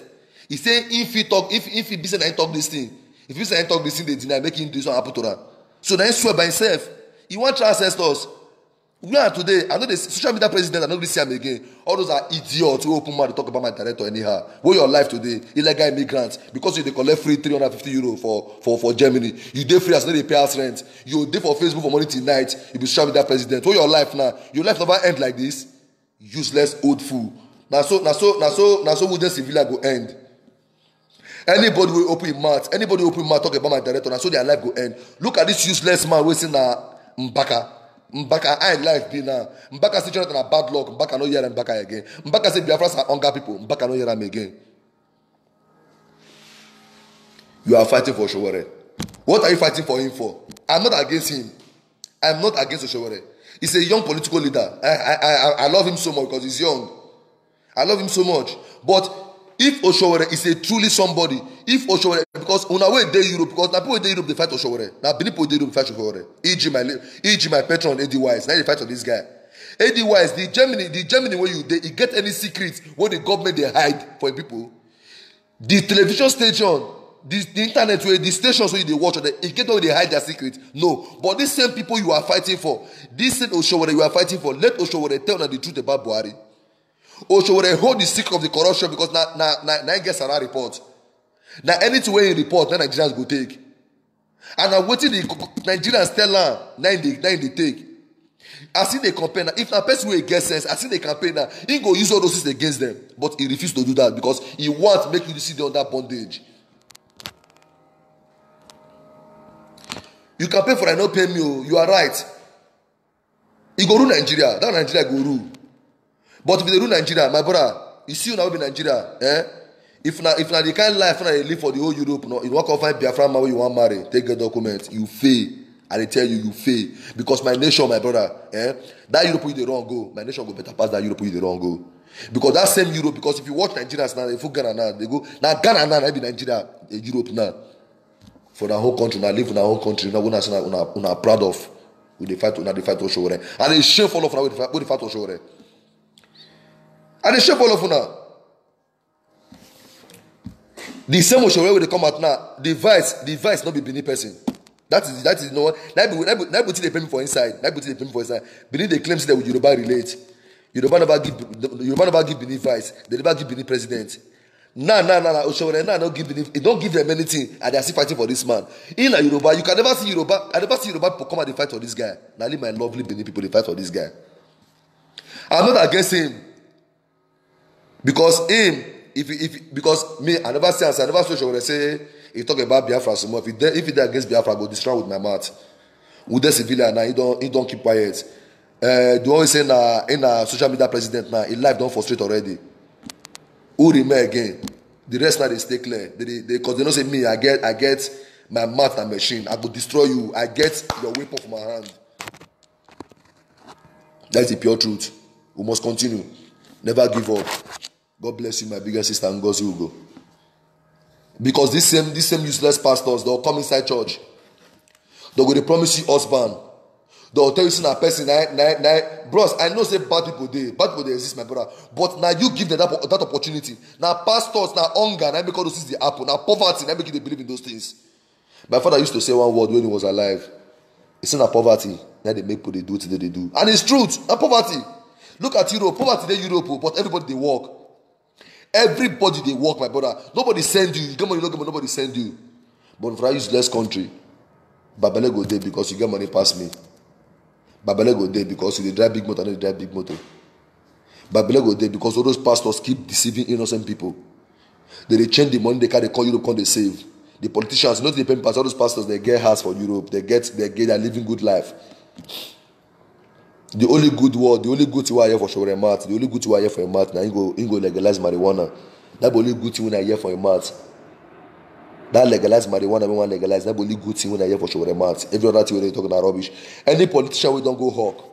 he say him fit talk if if fit be say na him talk this thing if he say na him talk this thing dey deny make him do this one happen to am so na him swear by himself he wan try ancestors now today i no dey social media president i no gree see am again all those are idiots wey open mouth dey talk about my director anyhow wey your life today illegal immigrant because you dey collect free three hundred and fifty euro for for for germany you dey free as you no dey pay house rent you dey for facebook for morning till night you be social media president wey your life now? your life never end like this useless old fool na so na so na so na so wooden civilian go end anybody wey open im mouth anybody wey open im mouth talk about my director na so their life go end look at this useless man wey say na mbaka Mbaka, I life be now. Mbaka see Jonathan a bad luck. Mbaka no hear Mbaka again. Mbaka say Biafras are hunger people. Mbaka no hear them again. You are fighting for Showore. What are you fighting for him for? I'm not against him. I'm not against Oshowere. He's a young political leader. I, I, I, I love him so much because he's young. I love him so much. But if oshowere is a truly somebody if oshowere because una wey dey europe because na people wey dey europe dey fight oshowere na benin people dey europe fight oshowere eg my eg e my patron ed wise na dey fight for this guy ed wise the germany the germany wey you dey e get any secret wey the government dey hide for im people the television station the the internet wey the stations wey you dey watch on e get no dey hide their secret no but these same people you are fighting for these same oshowere you are fighting for let oshowere tell una the truth about buhari Oh, Oshowore hold the secret of the corruption because now, now, now, na get Sarah report. Now, anything wey he report na Nigerians go take. And na wetin the Nigerians tell am na him dey na him dey take. As he dey compare na if na person wey get sense as he dey campaign Now, he go use all those things against them but he refuse to do that because he want make you see the under bondage. You campaign for I no pay me oo oh. you are right. E go rule Nigeria that Nigeria go rule. but if you dey rule nigeria my brother you see una wey be nigeria eh if na if na the kind life una dey live for the whole europe now in one con find biafra man wey you wan marry take get document you fail i dey tell you you fail because my nation my brother eh that europe you dey run go my nation go better pass that europe you dey run go. because that same europe because if you watch nigerians now they full ghana now they go na ghana now na be nigeria eh, europe now. for na whole country na una na whole country na una una una proud of we dey fight una dey fight osowore and e shame follow na we dey fight osowore. I the shape all of una. The same Oshowere where they come out now, the vice, the vice no be Benin person. That is that is no one. Na be pay me for inside. Na be pay me for inside. Benin dey claim say Yoruba relate. Yoruba never give Yoruba never give Benin vice. They never give Benin president. Now, now, now, now, Oshowere now no give Benin. He don give them anything and they are still fighting for this man. in na Yoruba. You can never see Yoruba. I never see Yoruba people come out dey fight for this guy. Now, only my lovely Benin people dey fight for this guy. I'm not against him because him if if because me i never see answer i never see when i say he talk about biafra small if he dey if he dey against biafra i go destroy with my mouth wunde civilian now? he don he don keep quiet uh, the one wey say na he na social media president now. His life don frustrate already who remain again the rest now dey stay clear they dey they cause they know say me i get i get my mouth na machine i go destroy you i get your weapon for my hand that's the pure truth we must continue never give up. God bless you, my bigger sister, and God's will go. Because these same, these same useless pastors, they'll come inside church. They'll go, they promise you husband. They'll tell you, see, that person, nah, nah, nah. bros, I know, say, bad people, they, bad people, they exist, my brother. But now you give them that, that opportunity. Now, pastors, now hunger, now because this is the apple, Now, poverty, now make they believe in those things. My father used to say one word when he was alive. It's not a poverty, now they make people they do what they do. And it's truth, A poverty. Look at Europe, poverty, they Europe, but everybody, they work. Everybody they work, my brother. Nobody send you. You get money, don't get money, nobody send you. But for I use less country, Babele go there because you get money pass me. Babele go there because you drive big motor, and you drive big motor. Babele go there because all those pastors keep deceiving innocent people. They, they change the money they carry, they call Europe, come they save. The politicians, not the pastors, all those pastors, they get house for Europe. They get, they get, they're living good life. the only good word the only good thing wey i hear for sowore mouth the only good thing wey i hear for im mouth na im go im go legalize marijuana that be only good thing wey i hear for im mouth that legalize marijuana wey wan legalize that be only good thing wey i hear for sowore mouth every other thing wey dey talk na rubbish any politician wey don go hawk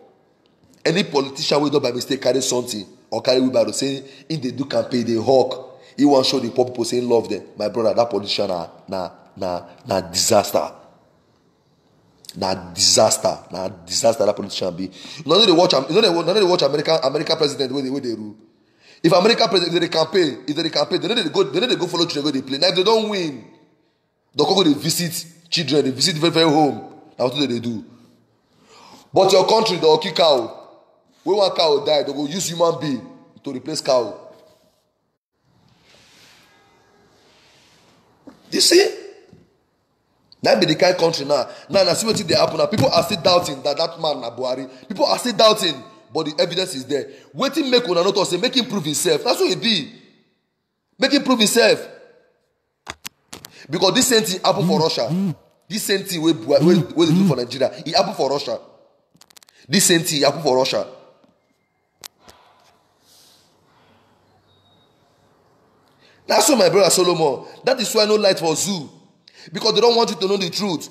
any politician wey don by mistake carry something or carry wheelbarrow say im dey do campaign dey hawk he wan show the poor people say he love them my brother that politician na na na na disaster na disaster na disaster that politician be you no dey watch am you no dey watch american american president wey dey wey dey rule if american president if they dey campaign if they dey campaign they no dey go they no dey go follow children go dey play na if they don win they go go dey visit children dey visit very very home na wetin they dey do but your country dey kill cow when one cow die they go use human being to replace cow you see That be the kind country now. Now, now see what they happen. Now, people are still doubting that that man na Buhari. People are still doubting, but the evidence is there. Waiting make una not say, make him prove himself. That's what he be. Make him prove himself. Because this same thing happen for Russia. This same thing wey wey wey dey do for Nigeria, e happen for Russia. This same thing happen for Russia. Na so my brother Solomon, that is why no light for zoo because they don't want you to know the truth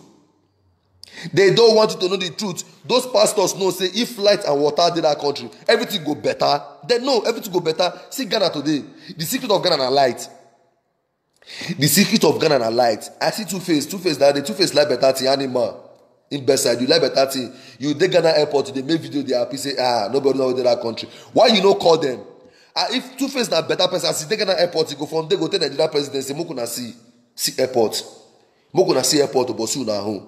they don't want you to know the truth those pastors know say if light and water dey that country everything go better dem know everything go better see ghana today the secret of ghana na light the secret of ghana na light i see two face two face that day two face like better thing animal in bedside you like better thing you dey ghana airport you dey make video dey happy say ah nobody know dey that country why you no call them? ah if two face na better person as you dey ghana airport you go from there go tell nigeria presidency make una see see airport make una see airport to pursue una home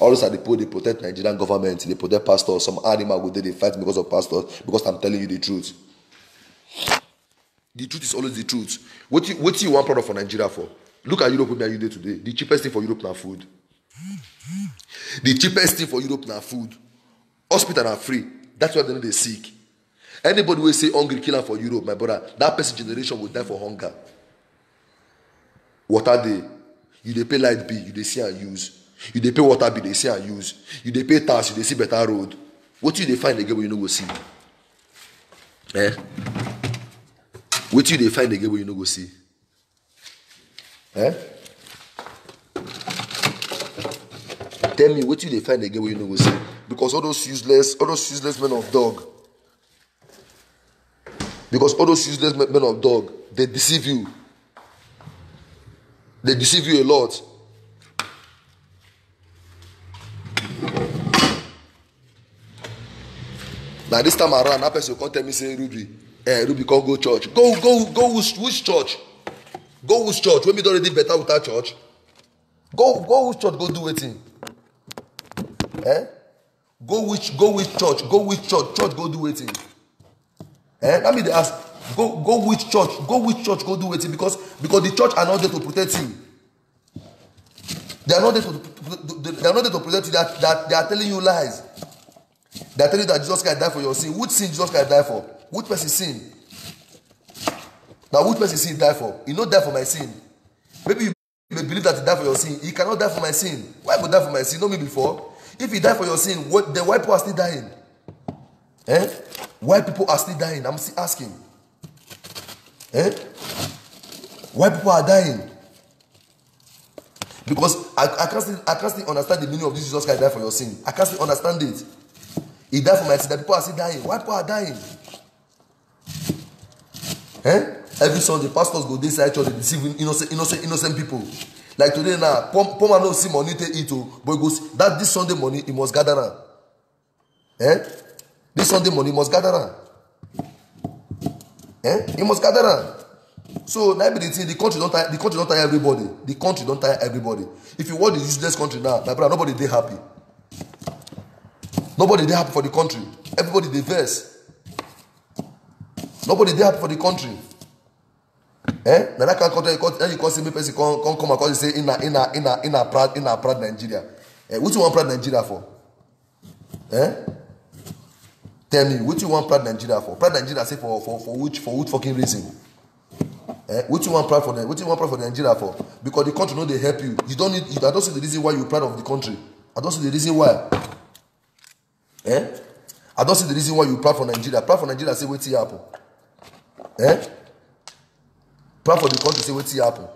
all those are the people dey protect nigerian government They protect pastors some animal go dey they fight because of pastors because i'm telling you the truth the truth is always the truth What wetin you wan proud of for nigeria for look at europe wey me and you there today the cheapest thing for europe now food the cheapest thing for europe now food hospital are free that's why they no dey sick anybody will say hungry killer for europe my brother that person generation go die for hunger What are they? You dey pay light bill, you dey see and use. You dey pay water bill, you dey see and use. You dey pay tax, you dey see better road. Wetin you dey find again wey you no go see? Eh? Wetin you dey find again wey you no go see? Eh? Tell me wetin you dey find again wey you no go see? Because all those useless, all those useless men of dog. Because all those useless men of dog, they deceive you. They deceive you a lot. Now this time around that person come tell me say ruby eh ruby come go church go go go which, which church go which church When we don't already better without church go go which church go do wetin eh go which go which church go which church church go do wetin eh Let me ask go go with church go with church go do it because because the church are not there to protect you they are not there to they are not there to protect you that that they are telling you lies they are telling you that jesus can die for your sin which sin jesus can die for which person sin Now which person sin die for he no die for my sin maybe you may believe that he die for your sin he cannot die for my sin why he go die for my sin no me before if he die for your sin what then why people are still dying eh why people are still dying i'm still asking Eh? Why people are dying? Because I, I, can't still, I can't still understand the meaning of this Jesus Christ died for your sin. I can't still understand it. He died for my sin. That people are still dying. Why people are dying? Eh? Every Sunday, pastors go inside church deceive innocent, innocent, innocent people. Like today now, nah, Pom, Poma no see money take it oh, but he goes that this Sunday money he must gather am. Eh? This Sunday money he must gather am eh you must gather. am so na be the thing the country don tire the country don tire everybody the country don tire everybody if you watch the useless country now my brother nobody dey happy nobody dey happy for the country everybody dey vex nobody dey happy for the country eh na that kind country you come eh, you come see me person come come come across say ina ina ina ina proud ina proud nigeria eh wetin wan proud nigeria for eh tell me wetin you wan proud nigeria for proud nigeria say for for for which for which fokin reason eh wetin you wan proud for wetin you wan proud for nigeria for because the country no dey help you you don need you, i don see the reason why you proud of the country i don see the reason why eh i don see the reason why you proud for nigeria proud for nigeria say wetin happen eh proud for the country say wetin happen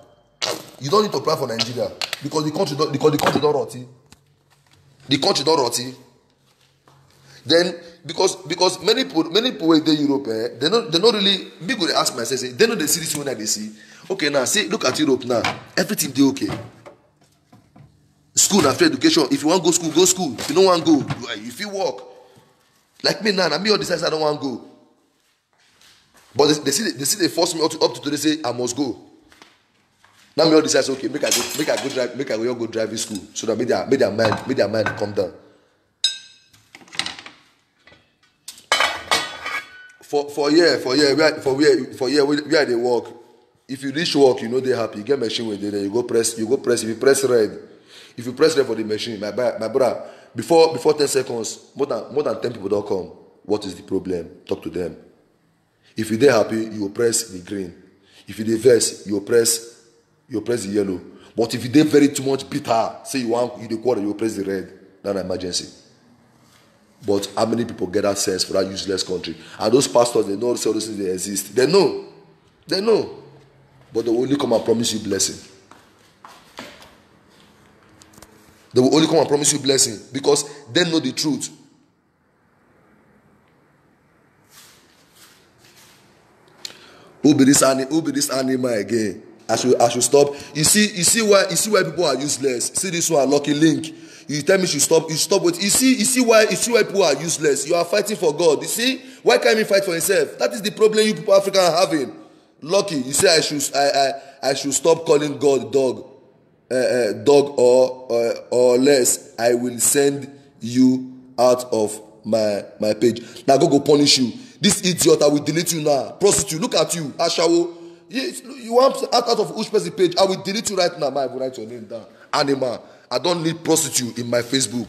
you don need to proud for nigeria because the country don because the country don rot ten the country don rot ten then because because many people many people wey dey europe eh they no they no really me go dey ask myself say they no dey see this one i dey see okay now see look at europe now everything dey okay school na free education if you wan go school go school if you no wan go you, you fit work like me now na me all decide say i no wan go but they, they still they still dey force me up to up to today say i must go now me all decide say okay make i go make i go drive make i go just go driving school so that make their make their mind make their mind calm down for for here for here where for where for here where, where i dey work if you reach work you no dey happy you get machine wey dey there you go press you go press if you press red if you press red for the machine my my brother. before before ten seconds more than more than ten people don come what is the problem talk to them if you dey happy you go press the green if you dey vex you go press you go press the yellow but if you dey very too much bitter say you wan you dey quarrel you go press the red That na emergency. But how many people get that sense for that useless country? And those pastors, they know all those things they exist. They know. They know. But they will only come and promise you blessing. They will only come and promise you blessing because they know the truth. Who be this animal? Who be this animal again? I should I should stop. You see, you see why you see why people are useless. See this one, Lucky Link you tell me she stop you stop with you see you see why you see why people are useless you are fighting for god you see why can't he fight for himself that is the problem you people Africans are having lucky you say i should i i i should stop calling god dog uh, uh, dog or uh, or less i will send you out of my my page na go go punish you this idiot i will delete you now prostitute look at you ashawo you you wan out out of which person page i will delete you right now man i go write your name down animal i don't need prostitute in my facebook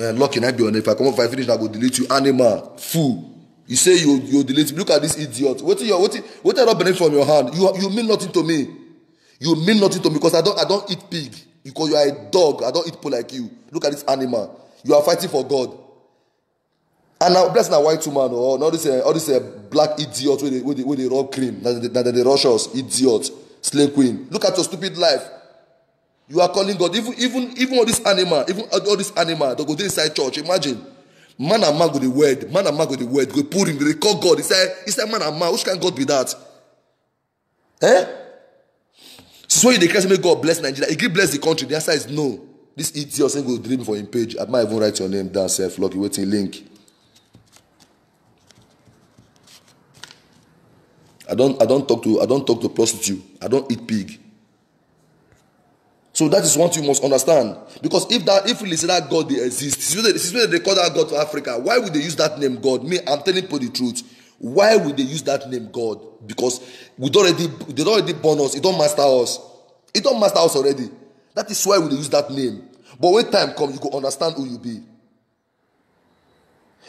uh, eh, lucky I be on it? if i comot if i finish i go delete you animal fool you say you you delete look at this idiot What you? What wetin What i don benefit from your hand you you mean nothing to me you mean nothing to me because i don't i don't eat pig because you are a dog i don't eat pole like you look at this animal you are fighting for god and now, bless na white woman or oh, all this uh, all this uh, black idiot with the with the wey dey rub cream na na dem dey rush us idiot slave queen look at your stupid life you are calling god even even even all this animal even all this animal that go dey inside church imagine man and man go dey word, man and man go dey word, go pull him dey call god inside inside man and man which kind god be that eh since when you dey cry say make god bless nigeria he gree bless the country the answer is no this idiot say go dream for him page i might even write your name down sef lucky wetin link i don i don talk to i don talk to prostitute i don eat pig So that is one thing you must understand. Because if that if really say that God dey exist, since when they call that God for Africa, why would they use that name God? Me, I'm telling you the truth. Why would they use that name God? Because we don already they don already born us, it don master us. It don master us already. That is why we dey use that name. But when time come, you go understand who you be.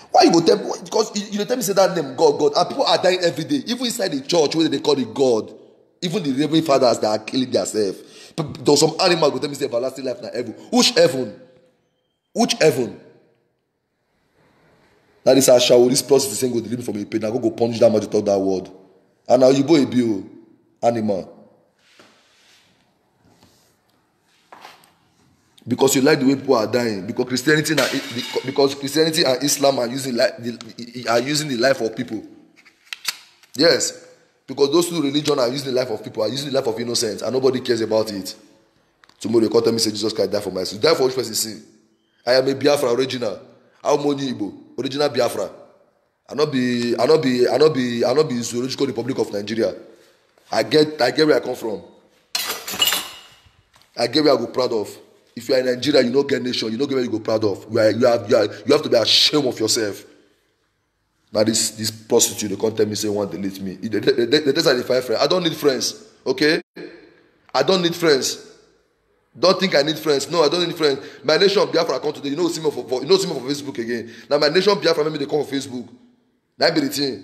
Why you go tell me? Because you, you dey tell me say that name God, God, and people are dying every day, even inside the church wey dey call it God. Even the reverend fathers that are killing themselves to some animal go tell me say everlasting life na heaven which heaven which heaven na this ashawo this process prostitute say go deliver me from a pain na go go punish that man to talk that word and na oyibo e be o oh, animal because you like the way people are dying because christianity na because christianity and islam are using like the are using the life of people yes because those two religion are using the life of people are using the life of innocence and nobody cares about it tomorrow you come tell me say jesus christ die for my sin die for which person sin i am a biafra original aomonyi igbo original biafra i no be i no be i no be i no be zoological republic of nigeria i get i get where i come from i get where i go proud of if you are in nigeria you no get nation you no get where you go proud of you are you are you, are, you have to be ashamed of yourself Now this this prostitute, they come tell me say want delete me. They, they, they, they identify friends. I don't need friends. Okay? I don't need friends. Don't think I need friends. No, I don't need friends. My nation Biafra come today. You know see me for, for you know see me for Facebook again. Now my nation Biafra make me they come for Facebook. That be the thing.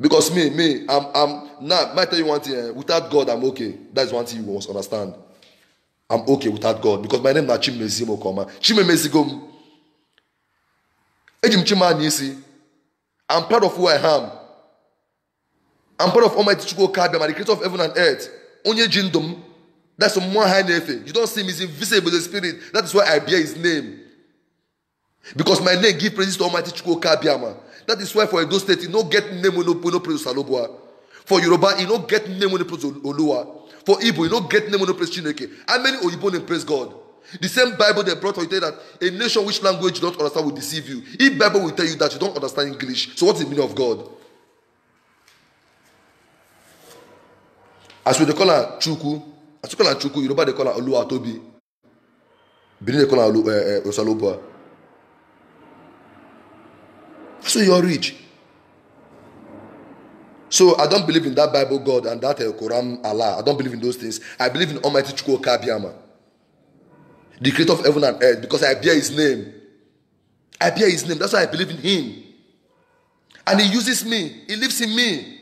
Because me, me, I'm I'm now I tell you one thing. Eh? Without God, I'm okay. That's one thing you must understand. I'm okay without God because my name is Chimezimo Koma. Chimezigom. Ejim Chima Nisi. I'm proud of who I am. I'm proud of Almighty Chukwuka Kabema, the creator of heaven and earth. Onye Jindom. That's a one high name. You don't see him, he's invisible, the spirit. That is why I bear his name. Because my name gives praises to Almighty Chukwuka Kabiyama. That is why for Edo State, you don't get name when you praise Salobua. For Yoruba, you don't get name when you praise Olua. For Igbo, you don't get name when you praise Chineke. How many Oyibo name praise God? The same Bible they brought will tell you that a nation which language you don't understand will deceive you. If Bible will tell you that you don't understand English, so what's the meaning of God? As we they call her Chuku, as we call her Chuku, Yoruba they call her Oluwa Tobi. Benin they call her uh, That's where you're rich. So I don't believe in that Bible God and that uh, Quran Allah. I don't believe in those things. I believe in Almighty Chukwu Kabiama the creator of heaven and earth, because I bear his name. I bear his name. That's why I believe in him. And he uses me, he lives in me.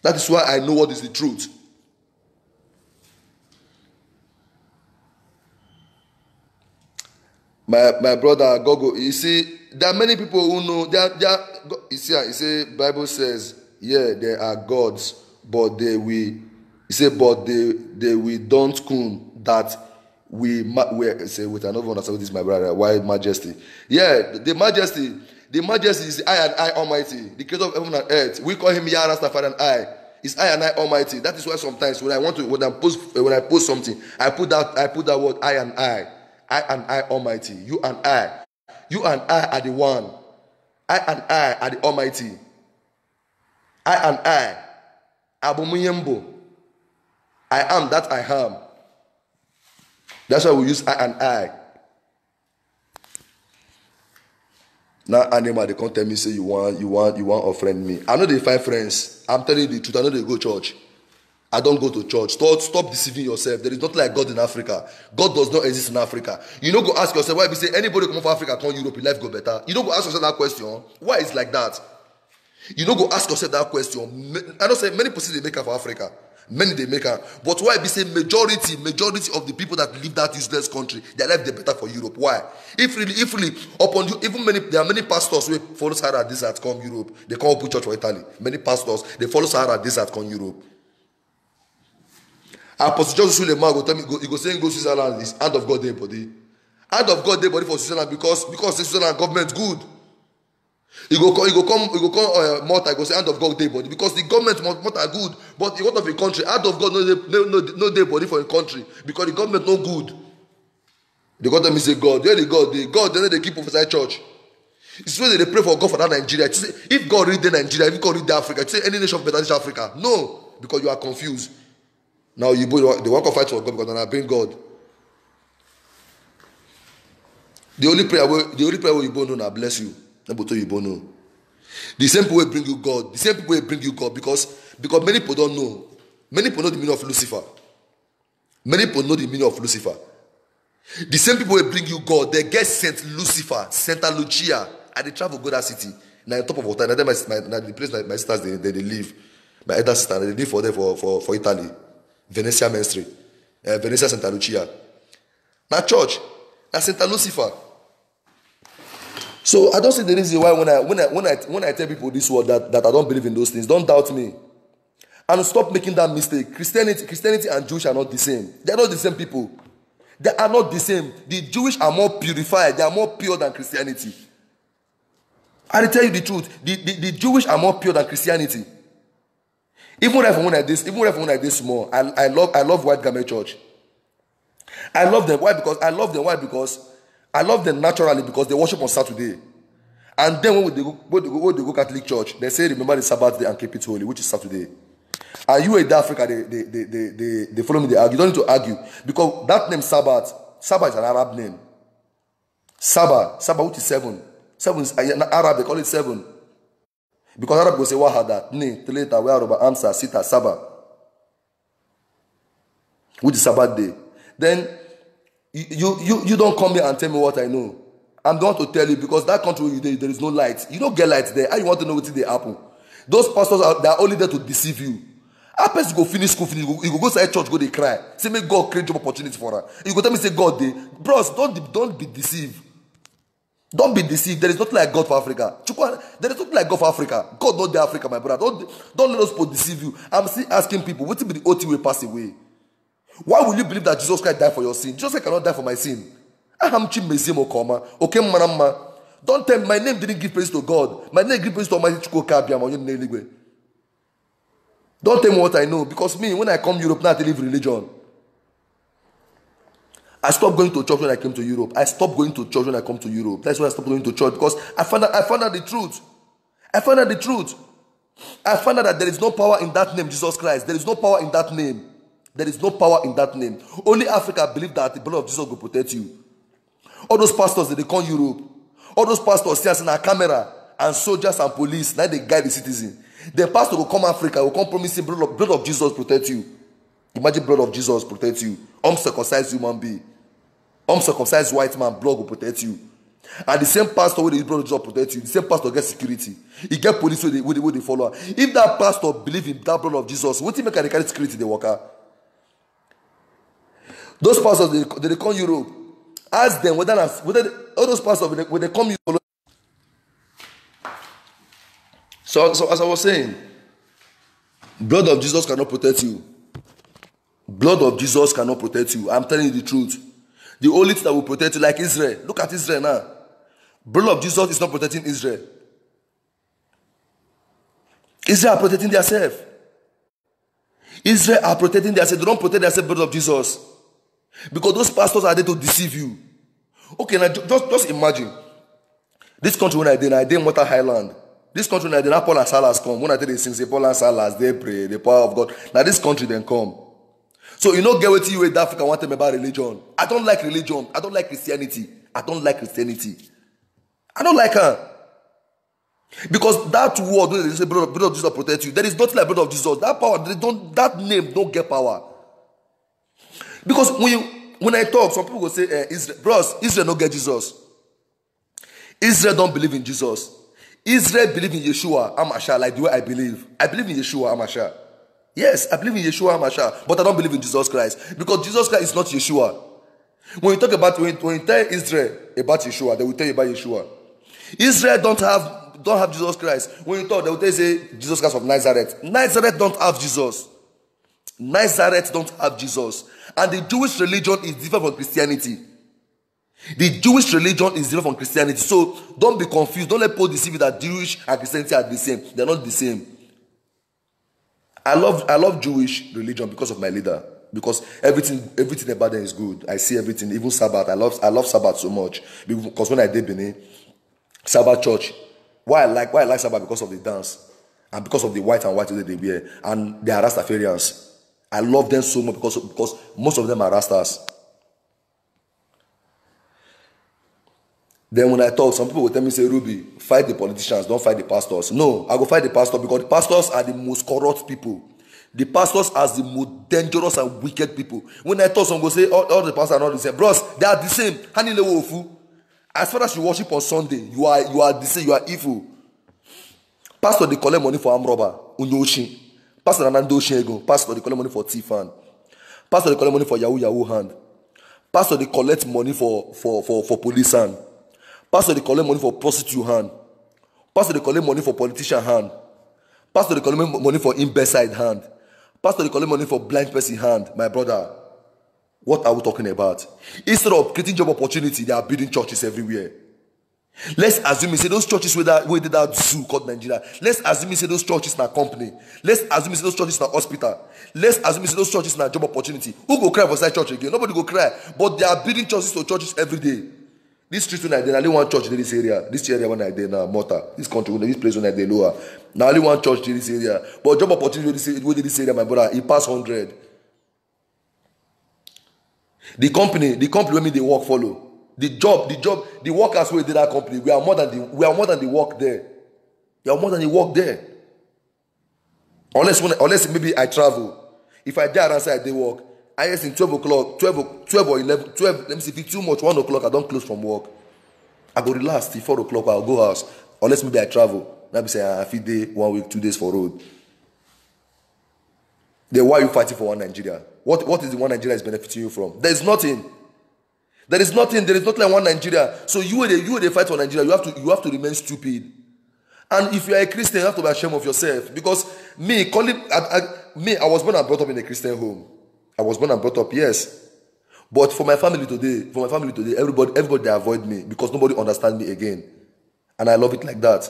That is why I know what is the truth. My, my brother Gogo, you see, there are many people who know. There, there, you see, ah, you see, Bible says, yeah, there are gods, but they we, you say, but they they we don't come that we, we say, wait, I don't understand this, my brother. Why majesty? Yeah, the majesty, the majesty is I and I Almighty, the creator of heaven and earth. We call him Yah Rastafari and I. It's I and I Almighty. That is why sometimes when I want to, when I post, when I post something, I put that, I put that word I and I, I and I Almighty, you and I, you and I are the one, I and I are the Almighty, I and I, Abumuyembo, I am that I am. That's why we use I and I. Now animal they come tell me say you want you want you want offend me. I know they find friends. I'm telling you the truth. I know they go church. I don't go to church. Stop, stop deceiving yourself. There is not like God in Africa. God does not exist in Africa. You don't go ask yourself why we say anybody come from Africa come Europe, life go better. You don't go ask yourself that question. Why is like that? You don't go ask yourself that question. I don't say many people they make up for Africa many dey make am but why be say majority majority of the people that live that useless country their life dey better for europe why if really if really upon you even many there are many pastors wey follow sahara desert come europe they come open church for italy many pastors dey follow sahara desert come europe apostle john suleman go tell me he go say he go switzerland his hand of god dey body hand of god dey body for switzerland because because say switzerland government good You go come, you go come, you go come uh, Malta, you go say hand of God day body because the government Malta good, but what of a country hand of God no no no, no day body for a country because the government no good. The government is a God. Where the God? The God then they keep prophesy church. It's where they pray for God for that Nigeria. It's, if God read the Nigeria, if God read the Africa, say any nation better than Africa. No, because you are confused. Now you the work of fight for God because I bring God. The only prayer, the only prayer you know, now bless you. No but you know. The same people will bring you God. The same people will bring you God because because many people don't know. Many people know the meaning of Lucifer. Many people know the meaning of Lucifer. The same people will bring you God. They get Saint Lucifer, Santa Lucia. I dey travel go that city. Na on top of water. Na there my, my na the place my, my sisters dey dey dey live. My elder sister na dey live for there for for for Italy. Venetia Main Street. Uh, Venetia Santa Lucia. Na church. Na Santa Lucifer. So I don't see the reason why when I when I when I when I tell people this word that, that I don't believe in those things, don't doubt me. And stop making that mistake. Christianity, Christianity and Jewish are not the same. They're not the same people. They are not the same. The Jewish are more purified, they are more pure than Christianity. I tell you the truth, the, the, the Jewish are more pure than Christianity. Even when I when I this, even when I when I this more, I, I love I love White Garment Church. I love them. Why? Because I love them. Why? Because I love them naturally because they worship on Saturday. And then when they go, when they go, when they go Catholic Church, they say, remember the Sabbath day and keep it holy, which is Saturday. And you in Africa, they, they, they, they, they, they follow me, they argue. You don't need to argue. Because that name, Sabbath, Sabbath is an Arab name. Sabbath, Sabbath, which is seven. Seven is uh, Arab, they call it seven. Because Arab will say, Wahada, Tne, Teleta, Waroba, Amsa, Sita, Sabbath. Which is Sabbath day. Then you you you don't come here and tell me what i know i'm going to tell you because that country you there is no light you don't get light there how you want to know wetin the happen those pastors are they are only there to deceive you how person go finish school finish you go go side church go they cry say make god create job opportunity for her. you go tell me say god dey bros don't be deceived not be deceived there is nothing like god for africa there is nothing like god for africa god not dey africa my brother don't let those people deceive you i'm still asking people What be the ot will pass away Why will you believe that Jesus Christ died for your sin? Jesus Christ cannot die for my sin. Aham Chimezim Okoma, Okem Marama. Don't tell me my name didn't give praise to God. My name gave praise to Almighty Chukwuka Abiyama Onye Neligwe. Don't tell me what I know because me, when I come Europe now, I live religion. I stopped going to church when I came to Europe. I stopped going to church when I come to Europe. That's why I stopped going to church because I found out, I found out the truth. I found out the truth. I found out that there is no power in that name, Jesus Christ. There is no power in that name. There is no power in that name. Only Africa believe that the blood of Jesus will protect you. All those pastors that they call Europe, all those pastors see us in our camera and soldiers and police, now they guide the citizen. The pastor will come Africa, will come promising blood of, blood of Jesus protect you. Imagine blood of Jesus protect you. Uncircumcised human being. Uncircumcised white man, blood will protect you. And the same pastor wey dey use blood of Jesus protect you, the same pastor get security. He get police wey dey wey dey follow am. If that pastor believe in that blood of Jesus, wetin make I dey carry security dey waka? Those pastors, they, they come Europe. Ask them whether, whether they, all those pastors, when they, they come Europe. So, so, as I was saying, blood of Jesus cannot protect you. Blood of Jesus cannot protect you. I'm telling you the truth. The only thing that will protect you, like Israel. Look at Israel now. Blood of Jesus is not protecting Israel. Israel are protecting themselves. Israel are protecting themselves. They don't protect themselves, blood of Jesus. Because those pastors are there to deceive you. Okay, now just, just imagine. This country when I did, I did Water Highland. This country when I did, Paul and Salas come. When I tell they sing, say Paul and Salas, they pray, the power of God. Now this country then come. So you know, get with you with Africa, want them about religion. I don't like religion. I don't like Christianity. I don't like Christianity. I don't like her. Because that word, they say, blood of Jesus protect you. There is nothing like brother of Jesus. That power, they don't, that name don't get power. Because when you when I talk, some people will say, eh, Israel, bros, Israel don't get Jesus. Israel don't believe in Jesus. Israel believe in Yeshua Amasha, like the way I believe. I believe in Yeshua Amasha. Yes, I believe in Yeshua Amasha, but I don't believe in Jesus Christ because Jesus Christ is not Yeshua. When you talk about when, when you tell Israel about Yeshua, they will tell you about Yeshua. Israel don't have don't have Jesus Christ. When you talk, they will tell you say Jesus Christ of Nazareth. Nazareth don't have Jesus. Nazareth don't have Jesus. And the Jewish religion is different from Christianity. The Jewish religion is different from Christianity. So don't be confused. Don't let people deceive you that Jewish and Christianity are the same. They're not the same. I love I love Jewish religion because of my leader. Because everything everything about them is good. I see everything, even Sabbath. I love I love Sabbath so much. Because when I did Benin, Sabbath church, why I like why I like Sabbath because of the dance and because of the white and white they wear and they are Rastafarians. I love them so much because, because most of them are rastas. Then when I talk, some people will tell me, say, Ruby, fight the politicians, don't fight the pastors. No, I go fight the pastor because the pastors are the most corrupt people. The pastors are the most dangerous and wicked people. When I talk, some go say, all, all the pastors are not the same. Bros, they are the same. As far as you worship on Sunday, you are you are the same, you are evil. Pastor, they collect money for arm robber, Unyoshin pastor anando shegun pastor dey collect money for thief hand pastor dey collect money for yahoo yahoo hand pastor dey collect money for for for for police hand pastor dey collect money for prostitute hand pastor dey collect money for politician hand pastor dey collect money for imbecile hand pastor dey collect money for blind person hand my brother what are we talking about instead of creating job opportunity they are building churches everywhere Let's assume you say those churches where that, where did that zoo called Nigeria. Let's assume you say those churches na company. Let's assume you say those churches na hospital. Let's assume you say those churches na job opportunity. Who go cry for side church again? Nobody go cry. But they are building churches to churches every day. This street when I did, only one church in this area. This area when I did now, Mota. This country, this place when I did lower. Now only one church in this area. But job opportunity within this area, my brother, it e pass hundred. The company, the company when me they work follow. The job, the job, the workers who did that company, we are more than the we are more than the work there. We are more than the work there. Unless when, unless maybe I travel. If I die around say I dey work, I guess in twelve o'clock, 12, twelve or eleven twelve. let me see if it's too much, One o'clock, I don't close from work. I go relax till four o'clock, I'll go house. Unless maybe I travel. Now be say I fit dey one week, two days for road. Then why you fighting for one Nigeria? What what is the one Nigeria is benefiting you from? There is nothing. There is nothing. There is not like one Nigeria. So you the you the fight for Nigeria. You have to you have to remain stupid. And if you are a Christian, you have to be ashamed of yourself because me calling I, I, me I was born and brought up in a Christian home. I was born and brought up yes, but for my family today, for my family today, everybody everybody they avoid me because nobody understands me again, and I love it like that.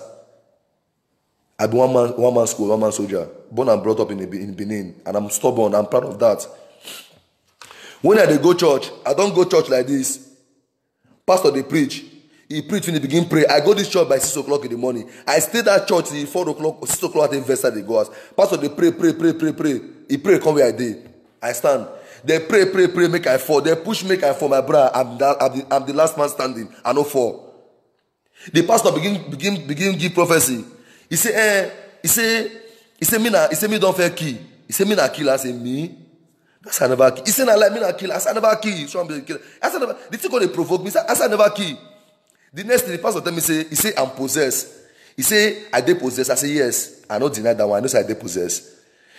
I be one man one man school one man soldier, born and brought up in in Benin, and I'm stubborn. I'm proud of that. wen i dey go church i don go church like dis pastor dey preach e preach when e begin pray i go dis church by six o'clock in the morning i stay dat church di four o'clock or six o'clock dem vex i dey go pastor dey pray pray pray pray pray e pray come where i dey i stand dem pray pray pray make i fall dem push make i fall my bra i'm the i'm di last man standing i no fall di pastor begin begin begin give prophecy e say eh e say e say me na e say me don fail kill e say me na killer say me That's never kill. He said, I like me not kill asanavaki swam never kill So I'm being killed. I said, never. the thing go dey provoke me I said, never kill. the next thing the pastor tell me say he say i'm possessed. he say i dey processed i say yes i no deny that one i know say i dey processed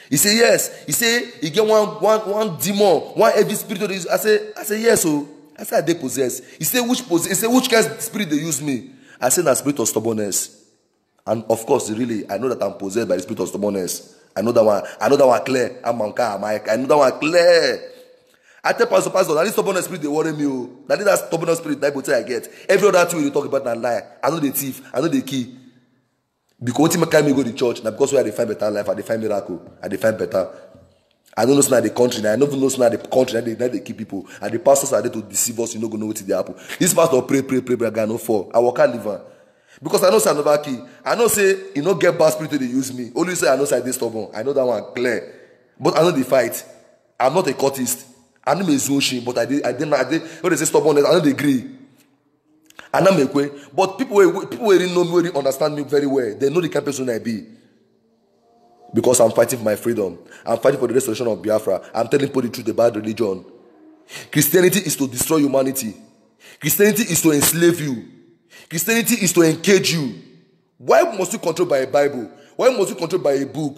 he say yes he say he get one one one demon, one heavy spirit i say i say yes So oh. i say i dey processed he say which possess? he say which kind of spirit they use me i say na spirit of stubbornness and of course really i know that i'm possessed by the spirit of stubbornness. I know that one. I know that one clear. I'm on car. I know that one clear. I tell pastor, pastor, that is stubborn spirit they worry me. Oh. That is that stubborn spirit that people say I get. Every other thing you talk about na lie. I know the thief. I know the key. Because what time me go to church, now because we I find better life, I define miracle, I define better. I don't know the country, I don't even know the country, now they, now they kill people. And the pastors are there to deceive us, you know, go know what they happen. This pastor pray, pray, pray, pray, guy, no fall. I walk out live because i know say i never kill i know say e no get bad spirit wey dey use me only say i know say i dey stubborn i know that one clear but i no dey fight i'm not a cultist i no be zoshi but i dey i dey i dey wey dey say stubbornness i no dey gree anamekwe but people wey people wey really know me wey really understand me very well they know the kind person i be because i'm fighting for my freedom i'm fighting for the restoration of biafra i'm telling people the truth about religion christianity is to destroy humanity christianity is to enslave you Christianity is to engage you. Why must you control by a Bible? Why must you control by a book?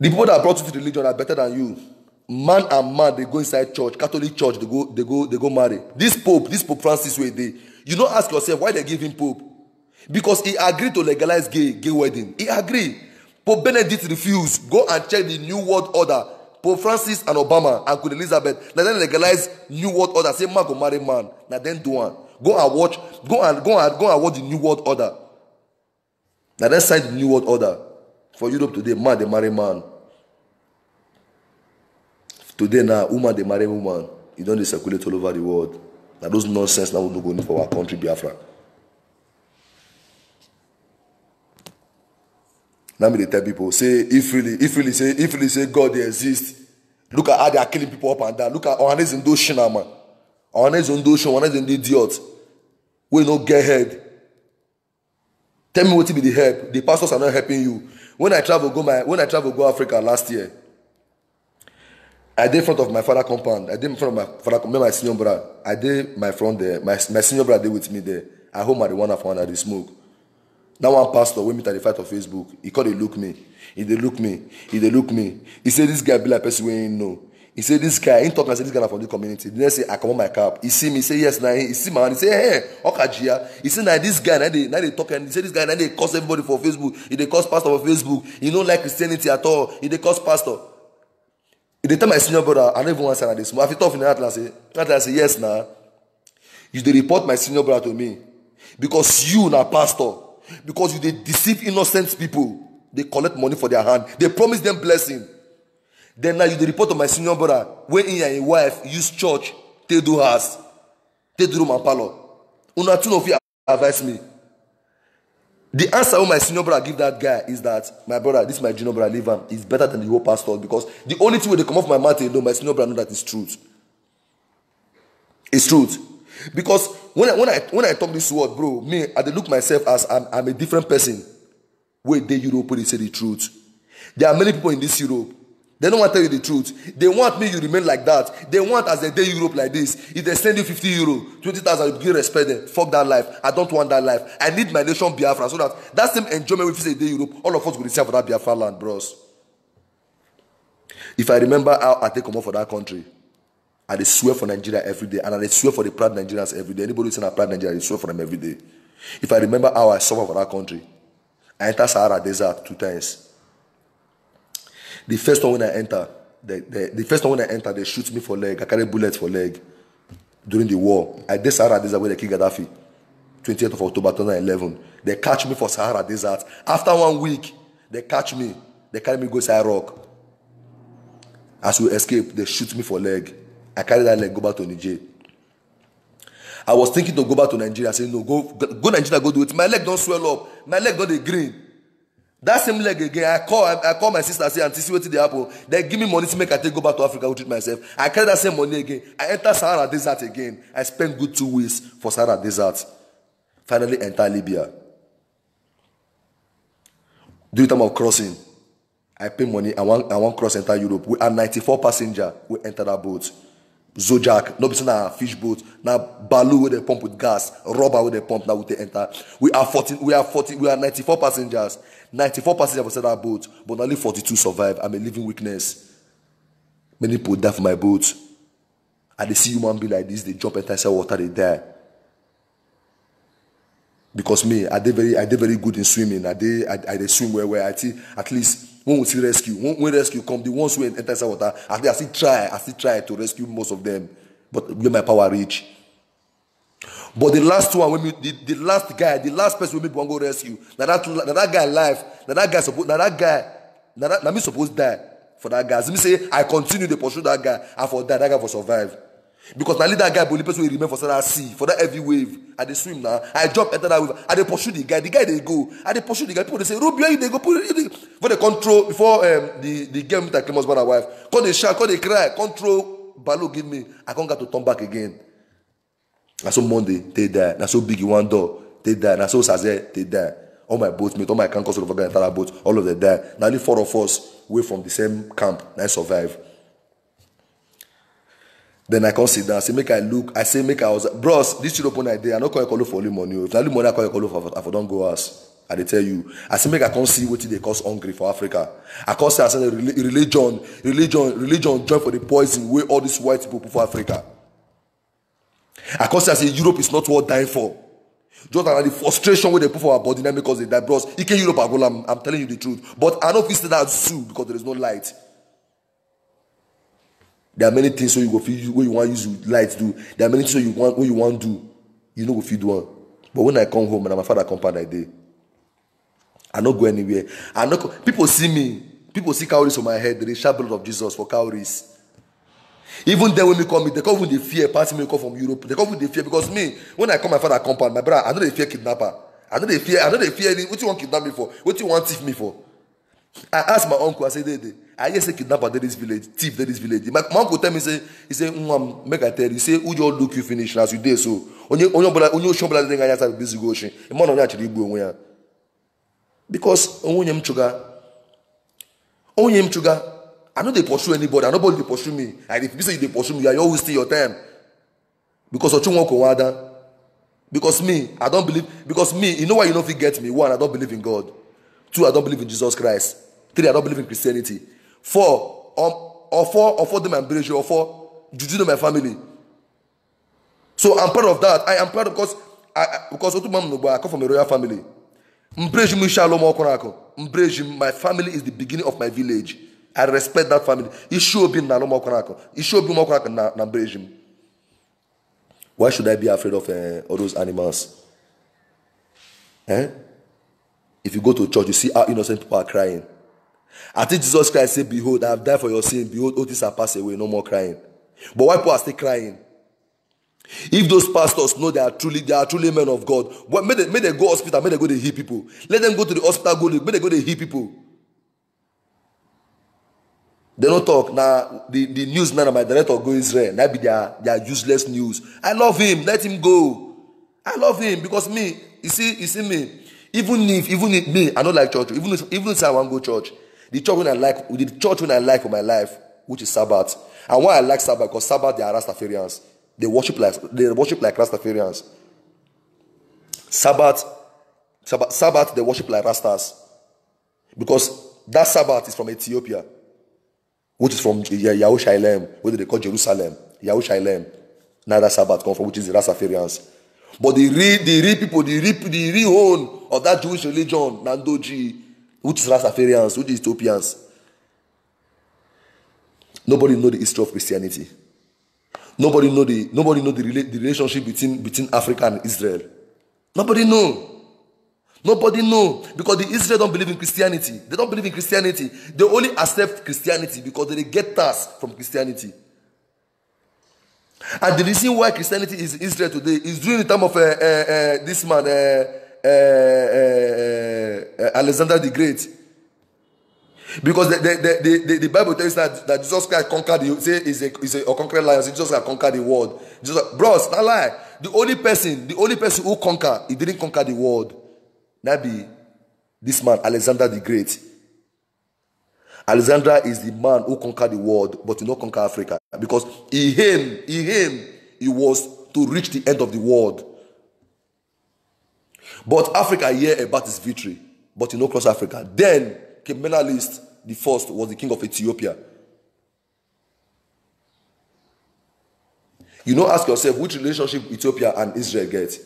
The people that brought you to the religion are better than you. Man and man, they go inside church, Catholic church, they go, they go, they go marry. This Pope, this Pope Francis, where they, e you don't ask yourself why they give him Pope, because he agreed to legalize gay gay wedding. He agreed. Pope Benedict refused. Go and check the New World Order pope francis and obama and queen elizabeth na dem legalize new world order say man go marry man na then do one. go and watch go and go and go and watch the new world order na then sign the new world order for europe today man dey marry man today now woman dey marry woman You don't circulate all over the world Now those nonsense Now we don't go need for our country biafra. now me dey tell pipo say if really if really say if really say God dey exist look at how they are killing pipo up and down look at in the idiot. wey no get head tell me wetin be di help di pastors are not helping you wen I travel go my when I travel go Africa last year I dey front of my father compound I dey in front of my father compound. my senior brother I dey my front there my senior brother dey with me there I hold marijuana for one. I dey smoke. That one pastor when me at the fight on Facebook, he called he look me. He they look me. He they look me. He said this guy be like person we ain't know. He said this guy, he talking, I said this guy from the community. Then I say I come on my cap. He see me, he say yes, now he see my hand. He say hey, okajia. He said, now this guy, now they now they talking. He say this guy, now they curse everybody for Facebook. He they curse pastor for Facebook. He don't like Christianity at all. He they curse pastor. He they tell my senior brother, I don't even want to say this. I he talk in Atlas, say, Atlas say yes, now. Nah. You they report my senior brother to me because you now pastor because if they deceive innocent people. They collect money for their hand. They promise them blessing. Then now you the report of my senior brother when he and his wife use church, they do house, they do room and parlor. Una two of you advise me. The answer when my senior brother give that guy is that my brother, this is my junior brother, leave him. is better than the whole pastor because the only thing where they come off my mouth, they know my senior brother know that is truth. It's truth. because when I when I when I talk this word, bro, me I dey look myself as I'm, I'm a different person. Wait, they Europe they say the truth. There are many people in this Europe. They don't want to tell you the truth. They want me to remain like that. They want as they day Europe like this. If they send you 50 euro, 20,000, you begin respect them. Fuck that life. I don't want that life. I need my nation Biafra so that that same enjoyment we feel day Europe, all of us will receive for that Biafra land, bros. If I remember how I take come up for that country, I swear for Nigeria every day, and I swear for the proud Nigerians every day. Anybody who's in a proud Nigeria, I swear for them every day. If I remember how I suffer for that country, I enter Sahara Desert two times. The first one when I enter, the, the, the first one when I enter, they shoot me for leg. I carry bullets for leg during the war. I did Sahara Desert where they King Gaddafi, 28th of October 2011. They catch me for Sahara Desert. After one week, they catch me. They carry me go Sahara As we escape, they shoot me for leg. I carry that leg go back to Niger. I was thinking to go back to Nigeria. I say no, go go Nigeria, go do it. My leg don't swell up. My leg got dey green. That same leg again, I call I, I call my sister I say anticipate the apple. They give me money to make I take go back to Africa go treat myself. I carry that same money again. I enter Sahara Desert again. I spend good two weeks for Sahara Desert. Finally enter Libya. During time of crossing, I pay money. I want I want cross enter Europe. We are 94 passenger. We enter that boat. Zodiac, no be say na fish boat, na balloon where they pump with gas, rubber where they pump na we they enter. We are 40, we are 40, we are 94 passengers. 94 passengers for that boat, but only 42 survive. I'm a living witness. Many people die for my boat. And they see human being like this, they jump into the water, they die. Because me, I did very, I did very good in swimming. I did, I, I dey swim well, well. I think at least when we see rescue when rescue come the ones wey enter inside water i still i still try i still try to rescue most of them but wey my power reach but the last one wey me the the last guy the last person wey me wan go rescue na that na that guy life na that guy suppose na that guy na that na me suppose die for that guy as me say i continue to pursue that guy i for die that guy for survive. because na only that guy only person wey remain for that sea for that heavy wave i dey swim na i jump enter that wave i dey pursue di guy di guy dey go i dey pursue the guy people dey say rubia where you where you dey go. before they control before um, the the girl meet her claim husband and wife come dey shout come dey cry control balo give me i come get to turn back again na so monday take die na so big one door take die na so saze take die all my boatmates all my camp cousins over entire boat all of them die na only four of us wey from the same camp na survive then i come sit down say make i look i say make i was, bros this children open eye dey i no come ekolo for only money o oh. if na only money i come ekolo for i for don go house. i dey tell you i say make i come see wetin dey cause hungry for africa i come say i say religion religion religion join for the poison wey all these white people put for africa i come say i say europe is not worth dying for just like na the frustration wey dey put for our body na make us dey die bros ike europe agola am am telling you the truth but i no fit say that and because there is no light. there are many things wey you go fit use wey you wan use light do there are many things wey you wan do you no go fit do am but when i come home na my father compound i dey. i no go anywhere i no people see me people see cowries for my head dey shout blood of jesus for cowries even them wey me call me come government dey fear pass me my call from europe come government dey fear because me when i call my father compound my brother i no dey fear kidnapper i no dey fear i no dey fear any wetin wan kidnap me for wetin wan thief me for. i ask my uncle i say dey dey i hear say kidnapper am dey dis village thief dey dis village my my uncle tell me say he say nwa am make i tell you say who yall look you finish as you dey so onye osunbola onye osunbola deng ka yan sabi gbese gosu ima na onye achidi gbuo onwe yan. because onwunye m chuga onwunye m chuga i no dey pursue anybody and nobody dey pursue me and if you say you dey pursue me you always stay your time because ochunwoko wada because me i don believe because me you know why you no fit get me one i don believe in god two i don believe in jesus christ three i don believe in christianity four ọfọ ọfọ dey my village ọfọ juju dey my family so i'm proud of that i am proud because i because otu mam nugba i come from a royal family Mbrejim Shalom Okorako. Mbrejim, my family is the beginning of my village. I respect that family. Ishobin na Lomokorako. Ishobin Mokorako na, na Mbrejim. Why should I be afraid of uh, all those animals? Eh? If you go to church, you see how innocent people are crying. I think Jesus Christ said, Behold, I have died for your sin. Behold, all this are passed away, no more crying. But why people are still crying? If those pastors know they are truly they are truly men of God, well, may, they, may they go hospital, may they go to heal people. Let them go to the hospital, go to, may they go to heal people. They don't talk. Now the, the news man, my director go Israel. That be their, their useless news. I love him. Let him go. I love him because me, you see, you see me. Even if even if me, I don't like church. Even if even if I want to go church, the church when I like the church when I like for my life, which is Sabbath. And why I like Sabbath, because Sabbath they are Rastafarians. they worship like they worship like rastafarians Sabbath, Sabbath they worship like rastas because dat Sabbath is from ethiopia which is from yahushalem lem wey dem call jerusalem yahushalem lem na dat sabat come from which is the rastafarians but di real the real pipo di real the real own of dat jewish religion na which which rastafarians which is ethiopians nobody know the history of christianity. nobody know the nobody know the, rela- the relationship between between africa and israel nobody know nobody know because the israel don believe in christianity they don believe in christianity they only accept christianity because they get tax from christianity and the reason why christianity is israel today is during the time of uh, uh, uh, this man uh, uh, uh, uh, alexander the great Because the, the, the, the, the Bible tells that, that Jesus Christ conquered the say is a, is a, a conquered lion. So Jesus Christ conquered the world. Jesus, bros, not lie. The only person, the only person who conquered, he didn't conquer the world. That be this man, Alexander the Great. Alexander is the man who conquered the world, but he no conquer Africa. Because he him, he him, he was to reach the end of the world. But Africa hear about his victory, but he no cross Africa. Then came Menalist the first was the king of Ethiopia. You now ask yourself which relationship Ethiopia and Israel get.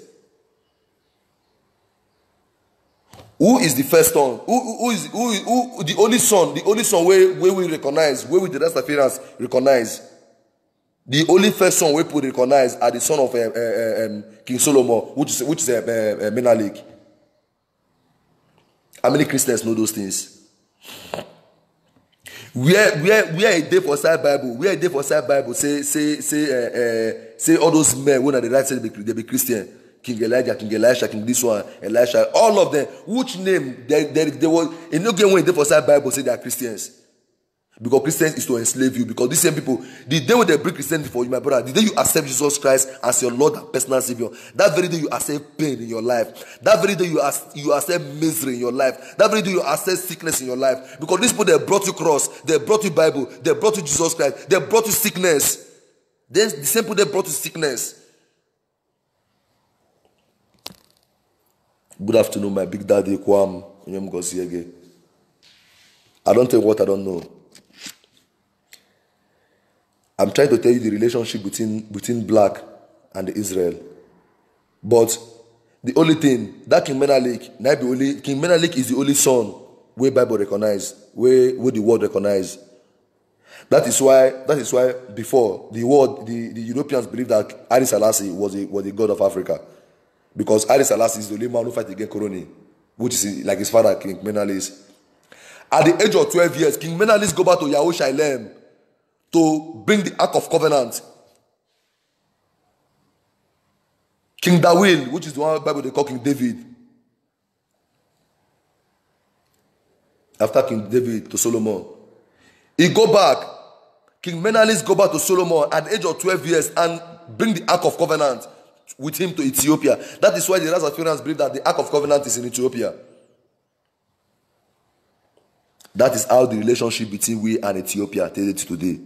Who is the first son? Who, who is who, who the only son? The only son where, where we recognize, where we the rest of parents recognize. The only first son we put recognize are the son of uh, uh, um, King Solomon, which is which is uh, eh, uh, eh, eh, Menelik. How many Christians know those things? where where where e dey for side bible where are dey for side bible say say say uh, uh, say all those men when are the right say they be christian king elijah king elisha king this one elisha all of them which name they they they were e no get one they dey for side bible say they are christians because Christians is to enslave you. Because these same people, the day when they bring Christianity for you, my brother, the day you accept Jesus Christ as your Lord and personal Savior, that very day you accept pain in your life. That very day you, as, you accept misery in your life. That very day you accept sickness in your life. Because these people, they brought you cross, they brought you Bible, they brought you Jesus Christ, they brought you sickness. Then the same people, they brought you sickness. Good afternoon, my big daddy Kwam. I don't tell what I don't know. I'm trying to tell you the relationship between between black and Israel. But the only thing that King Menelik, na be only King Menelik is the only son where Bible recognize, where where the world recognize. That is why that is why before the world the, the Europeans believed that Haile Salasi was a was the god of Africa. Because Haile Salasi is the only man who fight against Koroni, which is like his father King Menelik. At the age of twelve years, King Menelik go back to Yahushalem to bring the Ark of Covenant. King Dawil, which is the one Bible they call King David. After King David to Solomon. He go back. King Menelik go back to Solomon at the age of 12 years and bring the Ark of Covenant with him to Ethiopia. That is why the Rastafarians believe that the Ark of Covenant is in Ethiopia. That is how the relationship between we and Ethiopia is today.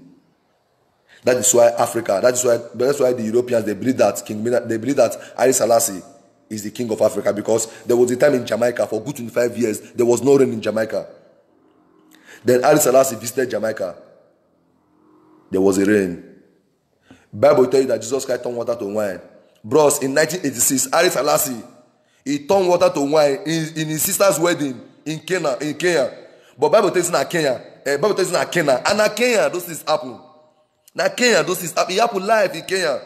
That is why Africa, that is why that's why the Europeans they believe that King they believe that Haile Selassie is the king of Africa because there was a time in Jamaica for good 25 years there was no rain in Jamaica. Then Haile Selassie visited Jamaica. There was a rain. Bible tell you that Jesus Christ turned water to wine. Bros, in 1986, Haile Selassie he turned water to wine in, in his sister's wedding in Kenya in Kenya. But Bible tells not Kenya, uh, Bible tells not Kenya, and not Kenya those things happen na kenya those things it happen live in kenya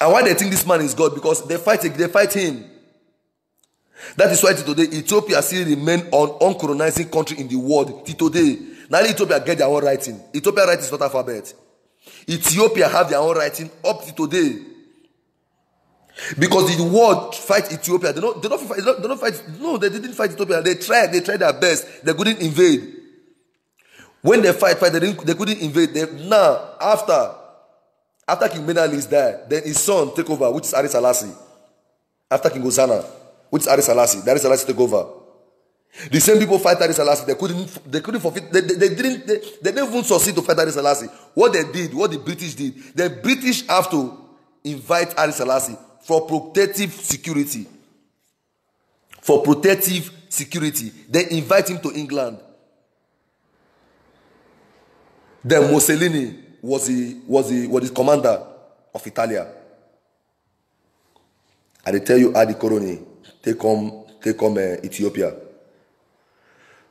and why they think this man is god because they fight they fight him that is why till today ethiopia still remain on uncolonizing country in the world till today na only ethiopia get their own writing ethiopia writing is not alphabet ethiopia have their own writing up till today because the world fight ethiopia they no they no fit fight they no they no fight no they didn't fight ethiopia they try, they try their best they couldn't invade wen dem fight fight dem they couldn't invade dem now after after king menialist die then his son take over which is Ari Selassie. after king gozana which is Ari Selassie, Ari Selassie take over di same pipo fight Ari Selassie. dem couldn't they couldn't forfeit. They, they, they didnt They, they didn't even succeed to fight Ari Selassie. what they did what di british did di british have to invite Ari Selassie for protective security for protective security dem invite him to england. Then Mussolini was the, was the, was the commander of Italia. I dey tell you how the colony take come take come uh, Ethiopia.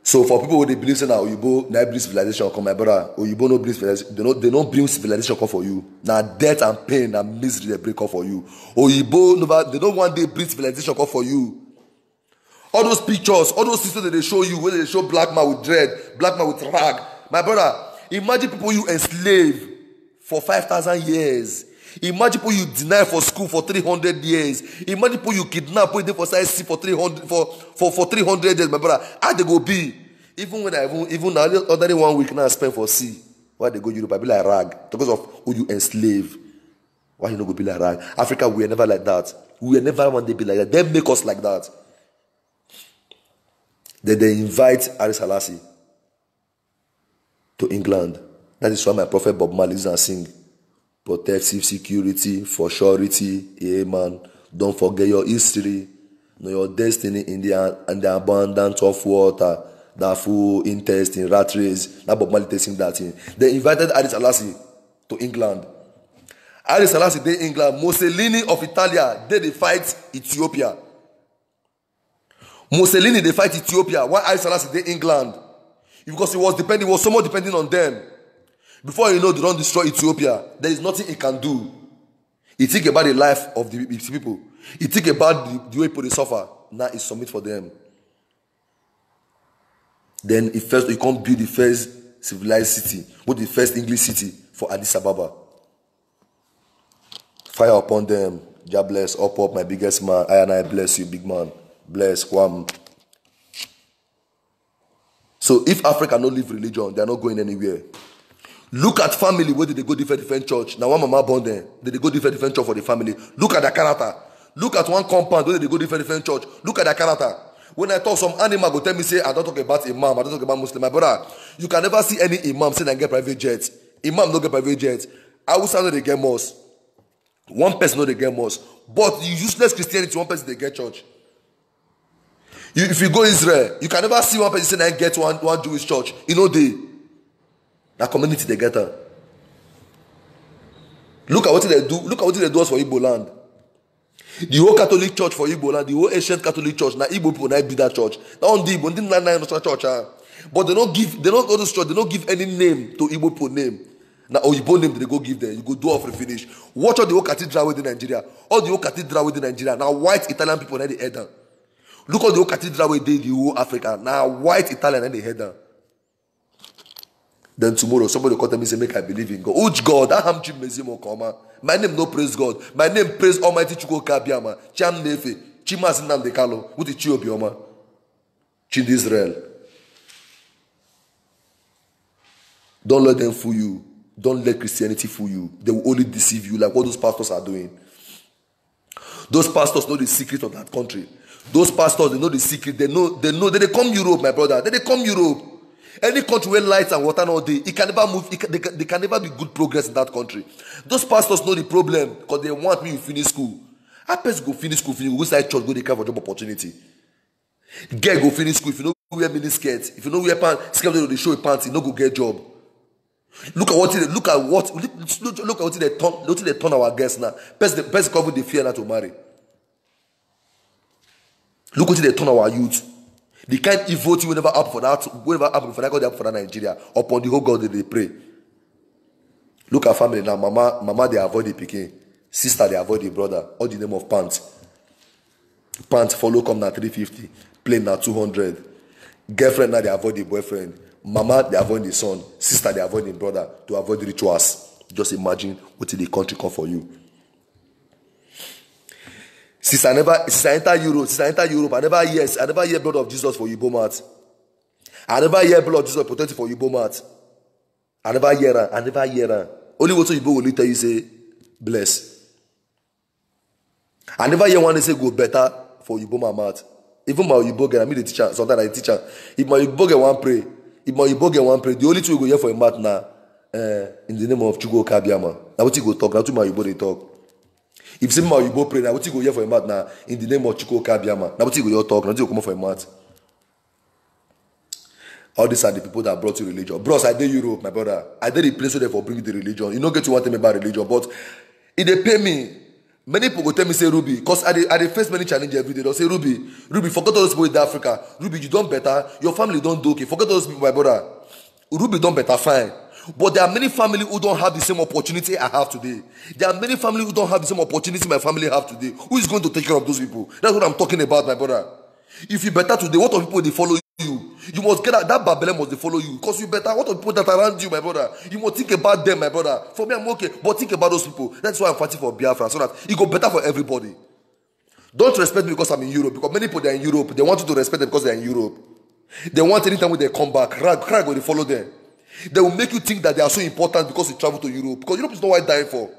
So for people wey dey believe say na oyibo na bring civilization come my brother oyibo no bring civilization they no they no bring civilization come for you na death and pain and misery dey bring come for you oyibo never they no one day bring civilization come for you all those pictures all those things wey dey show you wey dey show black man with dread black man with rag my brother Imagine people you enslave for 5,000 years. Imagine people you deny for school for 300 years. Imagine people you kidnap put them for science for 300 for, for, for 300 years, my brother. How they go be? Even when I even, even now, other one week now I spend for sea. Why they go Europe? I be like rag because of who you enslave. Why you not go be like rag? Africa, we are never like that. We are never one day be like that. They make us like that. Then they invite Aris Halasi to England. That is why my prophet Bob Marley and sing protective security for surety. Amen. Don't forget your history, know your destiny in the and the abundance of water. That full interest in rat race. That Bob Marley sing that thing. They invited Addis Alasi to England. Addis Alasi dey England. Mussolini of Italia dey they fight Ethiopia. Mussolini they fight Ethiopia Why Addis Alasi dey England because he was depending, he was so much depending on them. Before you know, they don't destroy Ethiopia. There is nothing he can do. He think about the life of the people. He think about the, the way people they suffer. Now he submit for them. Then he first he can't build the first civilized city, but the first English city for Addis Ababa. Fire upon them. God bless. Up up, my biggest man. I and I bless you, big man. Bless Kwam. So if Africa no leave religion, they are not going anywhere. Look at family where did they go different different church. Now one mama born there, did they go different different church for the family? Look at their character. Look at one compound where did they go different different church. Look at their character. When I talk some animal go tell me say I don't talk about imam, I don't talk about Muslim. My brother, you can never see any imam saying I get private jets. Imam no get private jets. I will say no they get mosque. One person no they get mosque. But useless Christianity, one person they get church. You, if you go Israel, you can never see one person saying, I get one, one Jewish church. You know, they. That community, they get her. Look at what they do. Look at what they do us for Igbo land. The whole Catholic church for Igbo land, the whole ancient Catholic church, now Igbo people now be that church. Now on the Igbo, they not nine church. Huh? But they don't give, they don't go to church, they don't give any name to Igbo people name. Now Oyibo name they go give them. You go do off finish. Watch all the whole cathedral within Nigeria. All the whole cathedral within Nigeria. Now white Italian people now they head down. Look at the whole cathedral we did the whole Africa. Now white Italian and they head down. Then tomorrow somebody will come to me and say, Make I believe in God. Which God? I am Jim Mezimo Koma. My name no praise God. My name praise Almighty Chuko Kabiama. Cham Nefe. Chimas de Kalo. Uti Chiobioma. Chind Israel. Don't let them fool you. Don't let Christianity fool you. They will only deceive you, like what those pastors are doing. Those pastors know the secret of that country. Those pastors, they know the secret. They know, they know. They, they come Europe, my brother. They, they come Europe. Any country where lights and water all day, it can never move. It can, they, can, they can never be good progress in that country. Those pastors know the problem because they want me to finish school. I person go finish school, finish, go inside church, go dey care for job opportunity. Get go finish school, if you no wear mini skirt, if you no wear pants, skirt wey show a pants, you no go get job. Look at what look at what look, look at what they turn, what they turn our guests now. Best person come with the fear not to marry. Look what they turn our youth. The kind evil voting will never happen for that, will never for that God for that Nigeria upon the whole God that they pray. Look at family now. Mama, mama, they avoid the picking. Sister, they avoid the brother. All the name of pants. Pants follow come now 350. Plane now 200. Girlfriend now they avoid the boyfriend. Mama, they avoid the son. Sister, they avoid the brother to avoid rituals. Just imagine what the country come for you since i never since i enter europe since i enter europe i never hear i never hear blood of jesus for igbo mouth i never hear blood of jesus protecting for igbo mouth i never hear am i never hear am only wetin igbo go tell you say bless i never hear one day say go better for igbo man mouth even my oyibo girl i mean the teacher sometimes i dey teach am if my oyibo girl wan pray if my oyibo girl wan pray the only thing we go hear for im mouth na uh, in the name of chukwuka abiyama na wetin he go talk na wetin my oyibo dey talk if say ma oyibo pray na wetin you go hear for im mouth na in the name of chukwuka biama na wetin you go hear talk na wetin you go comot for im mouth all these are the people that brought you religion bros i dey europe my brother i dey the place wey dem for bring the religion you no get to wan tell me about religion but e dey pay me many people go tell me say ruby because i dey i dey face many challenges every day don say ruby ruby forget all those people wey dey africa ruby you don better your family don dey okay forget all those people my brother ruby don better fine But there are many families who don't have the same opportunity I have today. There are many families who don't have the same opportunity my family have today. Who is going to take care of those people? That's what I'm talking about, my brother. If you better today, what of people they follow you? You must get that, that Babylon must they follow you. Because you better, what of people that around you, my brother? You must think about them, my brother. For me, I'm okay. But think about those people. That's why I'm fighting for Biafra. So that it go better for everybody. Don't respect me because I'm in Europe. Because many people they are in Europe. They want you to respect them because they're in Europe. They want anytime when they come back, crack, crack, when they follow them. They will make you think that they are so important because you travel to Europe. Because Europe is not what I die for.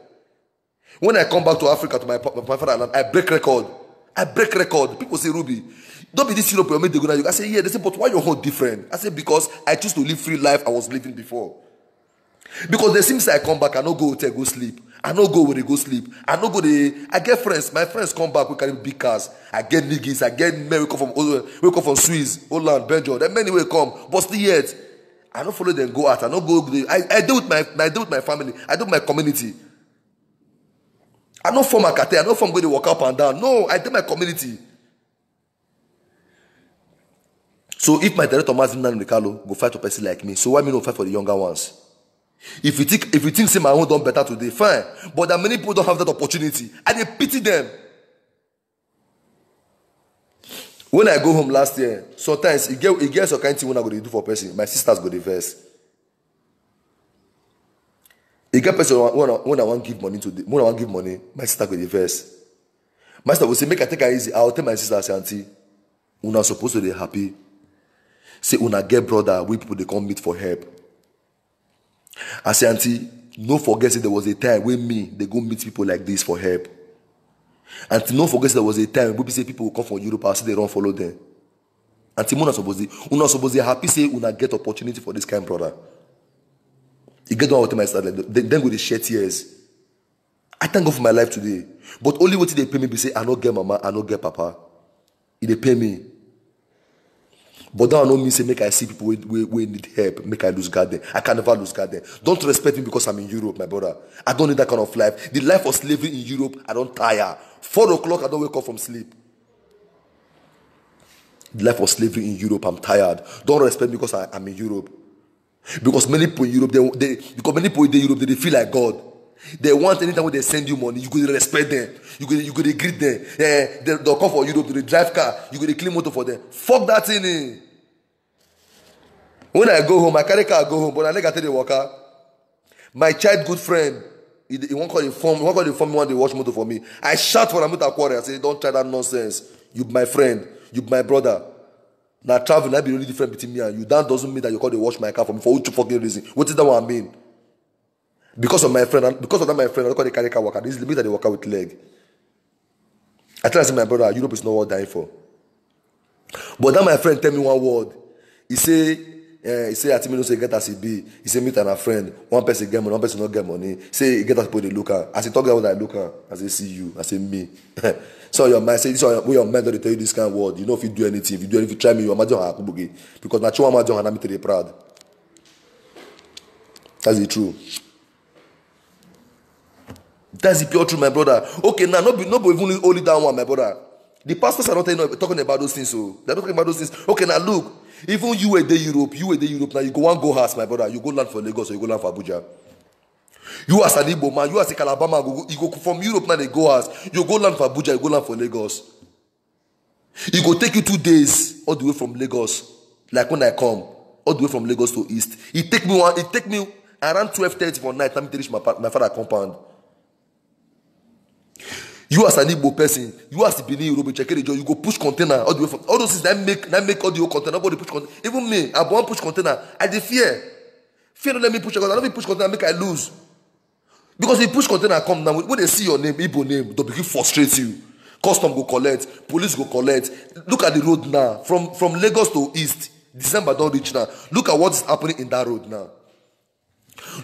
When I come back to Africa, to my, my fatherland, I break record. I break record. People say, Ruby, don't be this Europe you made the good. I say, yeah. They say, but why your whole different? I say, because I choose to live free life I was living before. Because the seems I come back, I no go hotel, go sleep. I no go where they go sleep. I no go they. I get friends. My friends come back. with carry big cars. I get niggas. I get men. We come from we come from Swiss, Holland, Belgium. There many way come, but still yet I don't follow them go out. I don't go. I, I deal with my I deal with my family. I deal with my community. I don't form a cartel. I don't form go dey walk up and down. No, I deal my community. So if my director Mazin Nanikalo go fight for person like me, so why me no fight for the younger ones? If you think if you think say my own done better today, fine. But that many people don't have that opportunity. I dey pity them. when i go home last year sometimes e get e get some kind thing i go dey do for person my sisters go dey vex e get person wey i wan give money today i wan give money my sister go dey vex my sister go say make i take am easy i go tell my sister say aunty una suppose to dey happy say una get brother wey pipo dey come meet for help i say aunty no forget say there was a time wey me dey go meet pipo like dis for help. Until no forget there was a time we say people will come from Europe and say they don't follow them. And we're not suppose to, we're not supposed to happy say we not get opportunity for this kind, brother. You get one out of my start, then, then go to shed tears. I thank God for my life today. But only what they pay me, be say, I don't get mama, I don't get papa. they pay me but that one no mean say make i see people wey wey wey need help make i lose guard dem i can never lose guard dem don't respect me because i'm in europe my brother i don need that kind of life the life of slavery in europe i don tire four o'clock i don wake up from sleep the life of slavery in europe i'm tired Don't respect me because i i'm in europe because many people in europe they they because many people in europe they dey feel like god They want anytime when they send you money, you go respect them. You go, you go to greet them. Eh, they, they'll come for Europe, they drive car. You go to clean motor for them. Fuck that thing. Eh. When I go home, I carry car, go home, but I like I tell the worker, my child good friend, he, he won't call the form, he won't call the form, he want to watch motor for me. I shout for Amita Quarry, I say, don't try that nonsense. You my friend, you my brother. Now travel, that be really different between me and you. That doesn't mean that you call to watch my car for me for which fucking reason. What is that one mean? because of my friend because of that my friend i no come dey carry car waka this make i dey waka with leg i tell am my brother europe is not worth dying for but that my friend tell me one word he say eh he say atimi no say get as e be he say meet na friend one person get money one person no get money say e get as people dey look am as e talk that word i look am i say see you i say me so your mind say this one wey your mind don dey tell you this kind word you no fit do anything if you do anything try me you amadio ha akugboge because na chiwama adio ha na me to dey proud that's the truth. that's the pure truth my brother okay now no be even only that one my brother the pastors are not you talking about those things o oh. they're not talking about those things okay now look even you wey dey europe you were there europe now you go wan go house my brother you go land for lagos or you go land for abuja you as an igbo man you as a you man go go from europe now they go house you go land for abuja you go land for lagos. it go take you two days all the way from lagos like wen i come all the way from lagos to east it take me one it take me around twelve thirty for night Time to reach my father compound. you as an igbo person you as benin yoruba chekerejo you go push container all the way from all those things that make that make all the whole container nobody push container even me i wan push container i dey fear fear no let me push container i no fit push container make i lose because if you push container come now when they see your name igbo name they begin frustrate you custom go collect police go collect look at the road now from from lagos to east december don reach now look at what is happening in that road now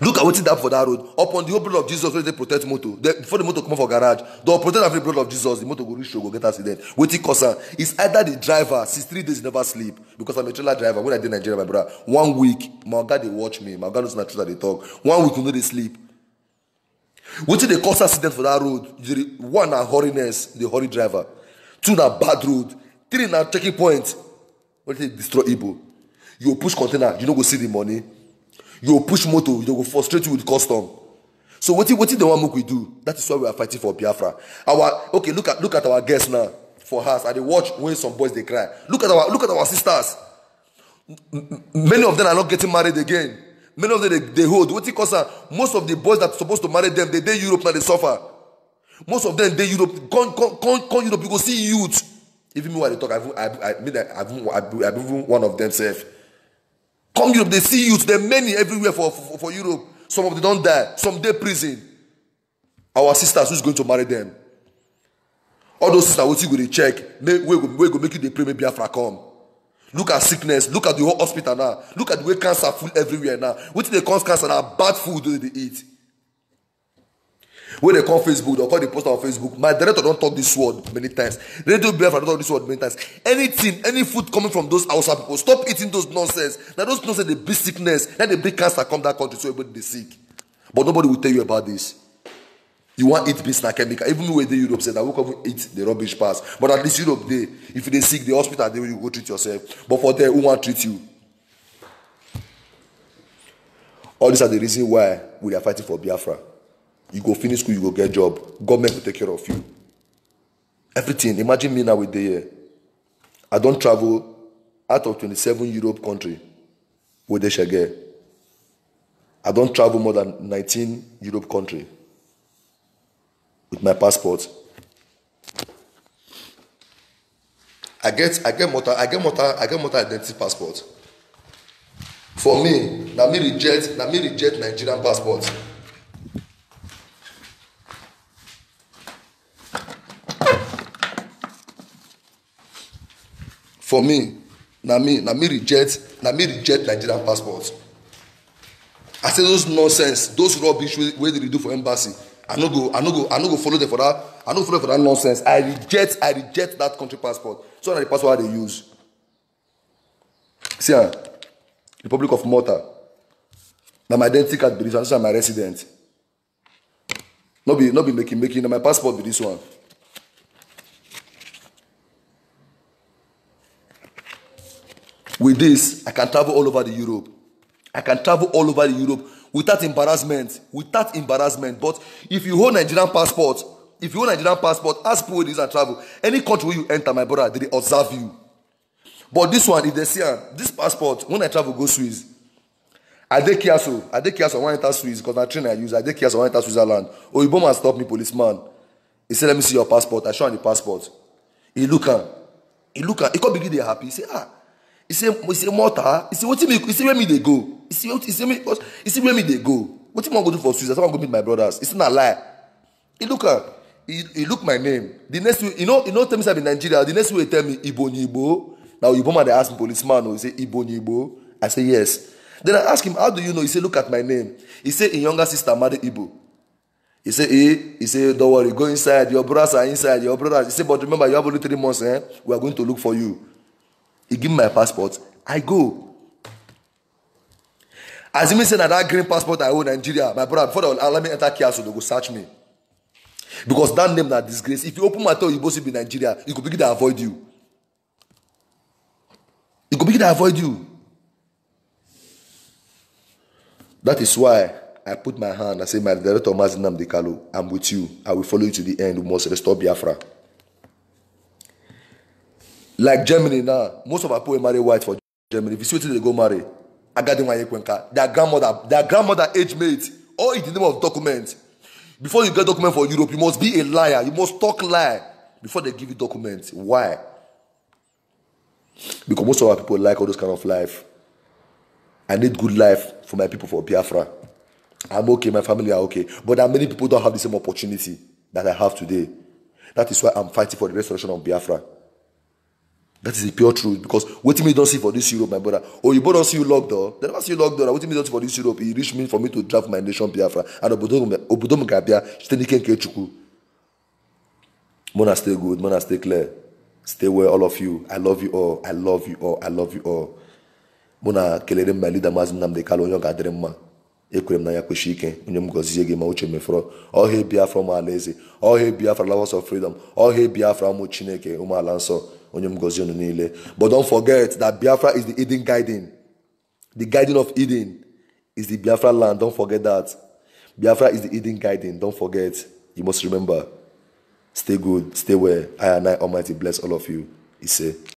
look at wetin happen for that road upon the whole blood of jesus wey dey protect motor the, before the motor comot for garage don protect am from the blood of jesus the motor go reach show go get accident wetin cause am is either the driver since three days he never sleep because i'm a trailer driver when i dey nigeria my brother one week my oga dey watch me my oga knows na truth i dey talk one week we no dey sleep wetin dey cause accident for that road one na hurriness the hurry driver two na bad road three na checking point wetin dey destroy igbo you go push container you no go see the money you push motor you go frustrate you with custom so wetin wetin dem wan make we do that is why we are fighting for biafra our okay look at look at our guests now for house i dey watch when some boys dey cry look at our look at our sisters many of them are not getting married again many of them dey dey hold wetin cause am most of the boys that suppose to marry them dey dey europe now dey suffer most of them dey europe come come come europe you go see youth even me wey i dey talk i i i mean i even i be even one of them sef. Come Europe, they see youth, there are many everywhere for, for, for Europe. Some of them don't die, some they prison. Our sisters who's going to marry them. All those sisters, what you go to check, may, we, go, we go make you the pray, maybe Biafra come. Look at sickness, look at the whole hospital now, look at the way cancer full everywhere now. What they cause cancer now, bad food do they eat wey they call facebook dey call the poster on facebook my director don't talk this word many times radio bf don't talk this word many times anything any food coming from those outside people stop eating those nonsense Now those nonsense dey bring sickness Then dey bring cancer come that country so everybody dey sick but nobody will tell you about this you want eat beans na chemical even wey the europe said that we come eat the rubbish pass but at least europe they if they sick the hospital they will go treat yourself but for them, who wan treat you all these are the reason why we are fighting for biafra you go finish school you go get job government will take care of you everything imagine me now with the. here i don't travel out of 27 europe country wey dey shege i don't travel more than 19 europe country with my passport i get i get motor i get motor i get motor identity passport for me na me reject na me reject nigerian passports. for me na me na me reject na me reject nigerian passport i say those nonsense those rubbish wey wey dey do for embassy i no go i no go i no go follow them for that i no go follow them for that nonsense i reject i reject that country passport so na the passport i dey use see am ah, republic of malta na my identity card be this one this one my resident no be no be making making na my passport be this one With this, I can travel all over the Europe. I can travel all over the Europe without embarrassment. Without embarrassment. But if you hold Nigerian passport, if you hold Nigerian passport, ask people this and travel. Any country you enter, my brother, they observe you. But this one, if they see am, this passport, when I travel, go Swiss. I dey careful. I dey careful. I wan enter Swiss because na train I use. I dey careful. I wan enter Switzerland. Oyibo man stop me, policeman. He say, let me see your passport. I show am the passport. He look am. He look am. He come begin dey happy. He say, ah, e say e say morter e say wetin make e say where me dey go e say wetin make e say where me dey go wetin more go do for swiss as i wan go meet my brothers e still na lie. e look ah e look my name the next week e no e no tell me say i be nigerian the next week e tell me ibonye ibo na we man dey ask me policeman o e say ibonye ibo i say yes then i ask him how do you know he say look at my name he say im younger sister marry ibo. he say eh he say don't worry go inside your brothers are inside your brothers he say but remember you have only three months eh we are going to look for you. e give me my passport i go as e mean say na that green passport i hold nigeria my brother before they allow me enter kia so go search me because that name na disgrace if you open my door you go see be Nigeria e go begin to avoid you e go begin to avoid you. dat is why i put my hand na say my director Mazinam Dekalo, im with you i will follow you to di end we must restore biafra. like germany now most of our people marry white for germany if you see wetin dey go marry agadinwaye kwenka their grandmother their grandmother age mate all in the name of document before you get document for europe you must be a liar you must talk lie before they give you document why because most of our people like all those kind of life i need good life for my people for biafra i'm okay my family are okay but that many people don't have the same opportunity that i have today that is why i'm fighting for the restoration of biafra That is the pure truth because wetin me don't see for this Europe, my brother. Oh, you don't see you locked door. They never see you locked door. Wetin me don't see for this Europe, He reach me for me to draft my nation Biafra and obodo m ga-abịa site n'ike nke Mona stay good, Mona stay clear. Stay well, all of you. I love you all. I love you all. I love you all. Mona kelere my leader Maazị Nnamdi Kalu onye ọ ga-adịrị mma. ekwere m na ya kwesị ike onye m gọzie gị Biafra ụmụ ala eze ọhịa Biafra lovers of freedom All ọhịa Biafra muchineke Chineke ụmụ onye mgozi unu niile but don't forget that biafra is the eden guiding the guiding of eden is the biafra land don't forget that biafra is the eden guiding don't forget you must remember stay good stay well i and i almighty bless all of you ise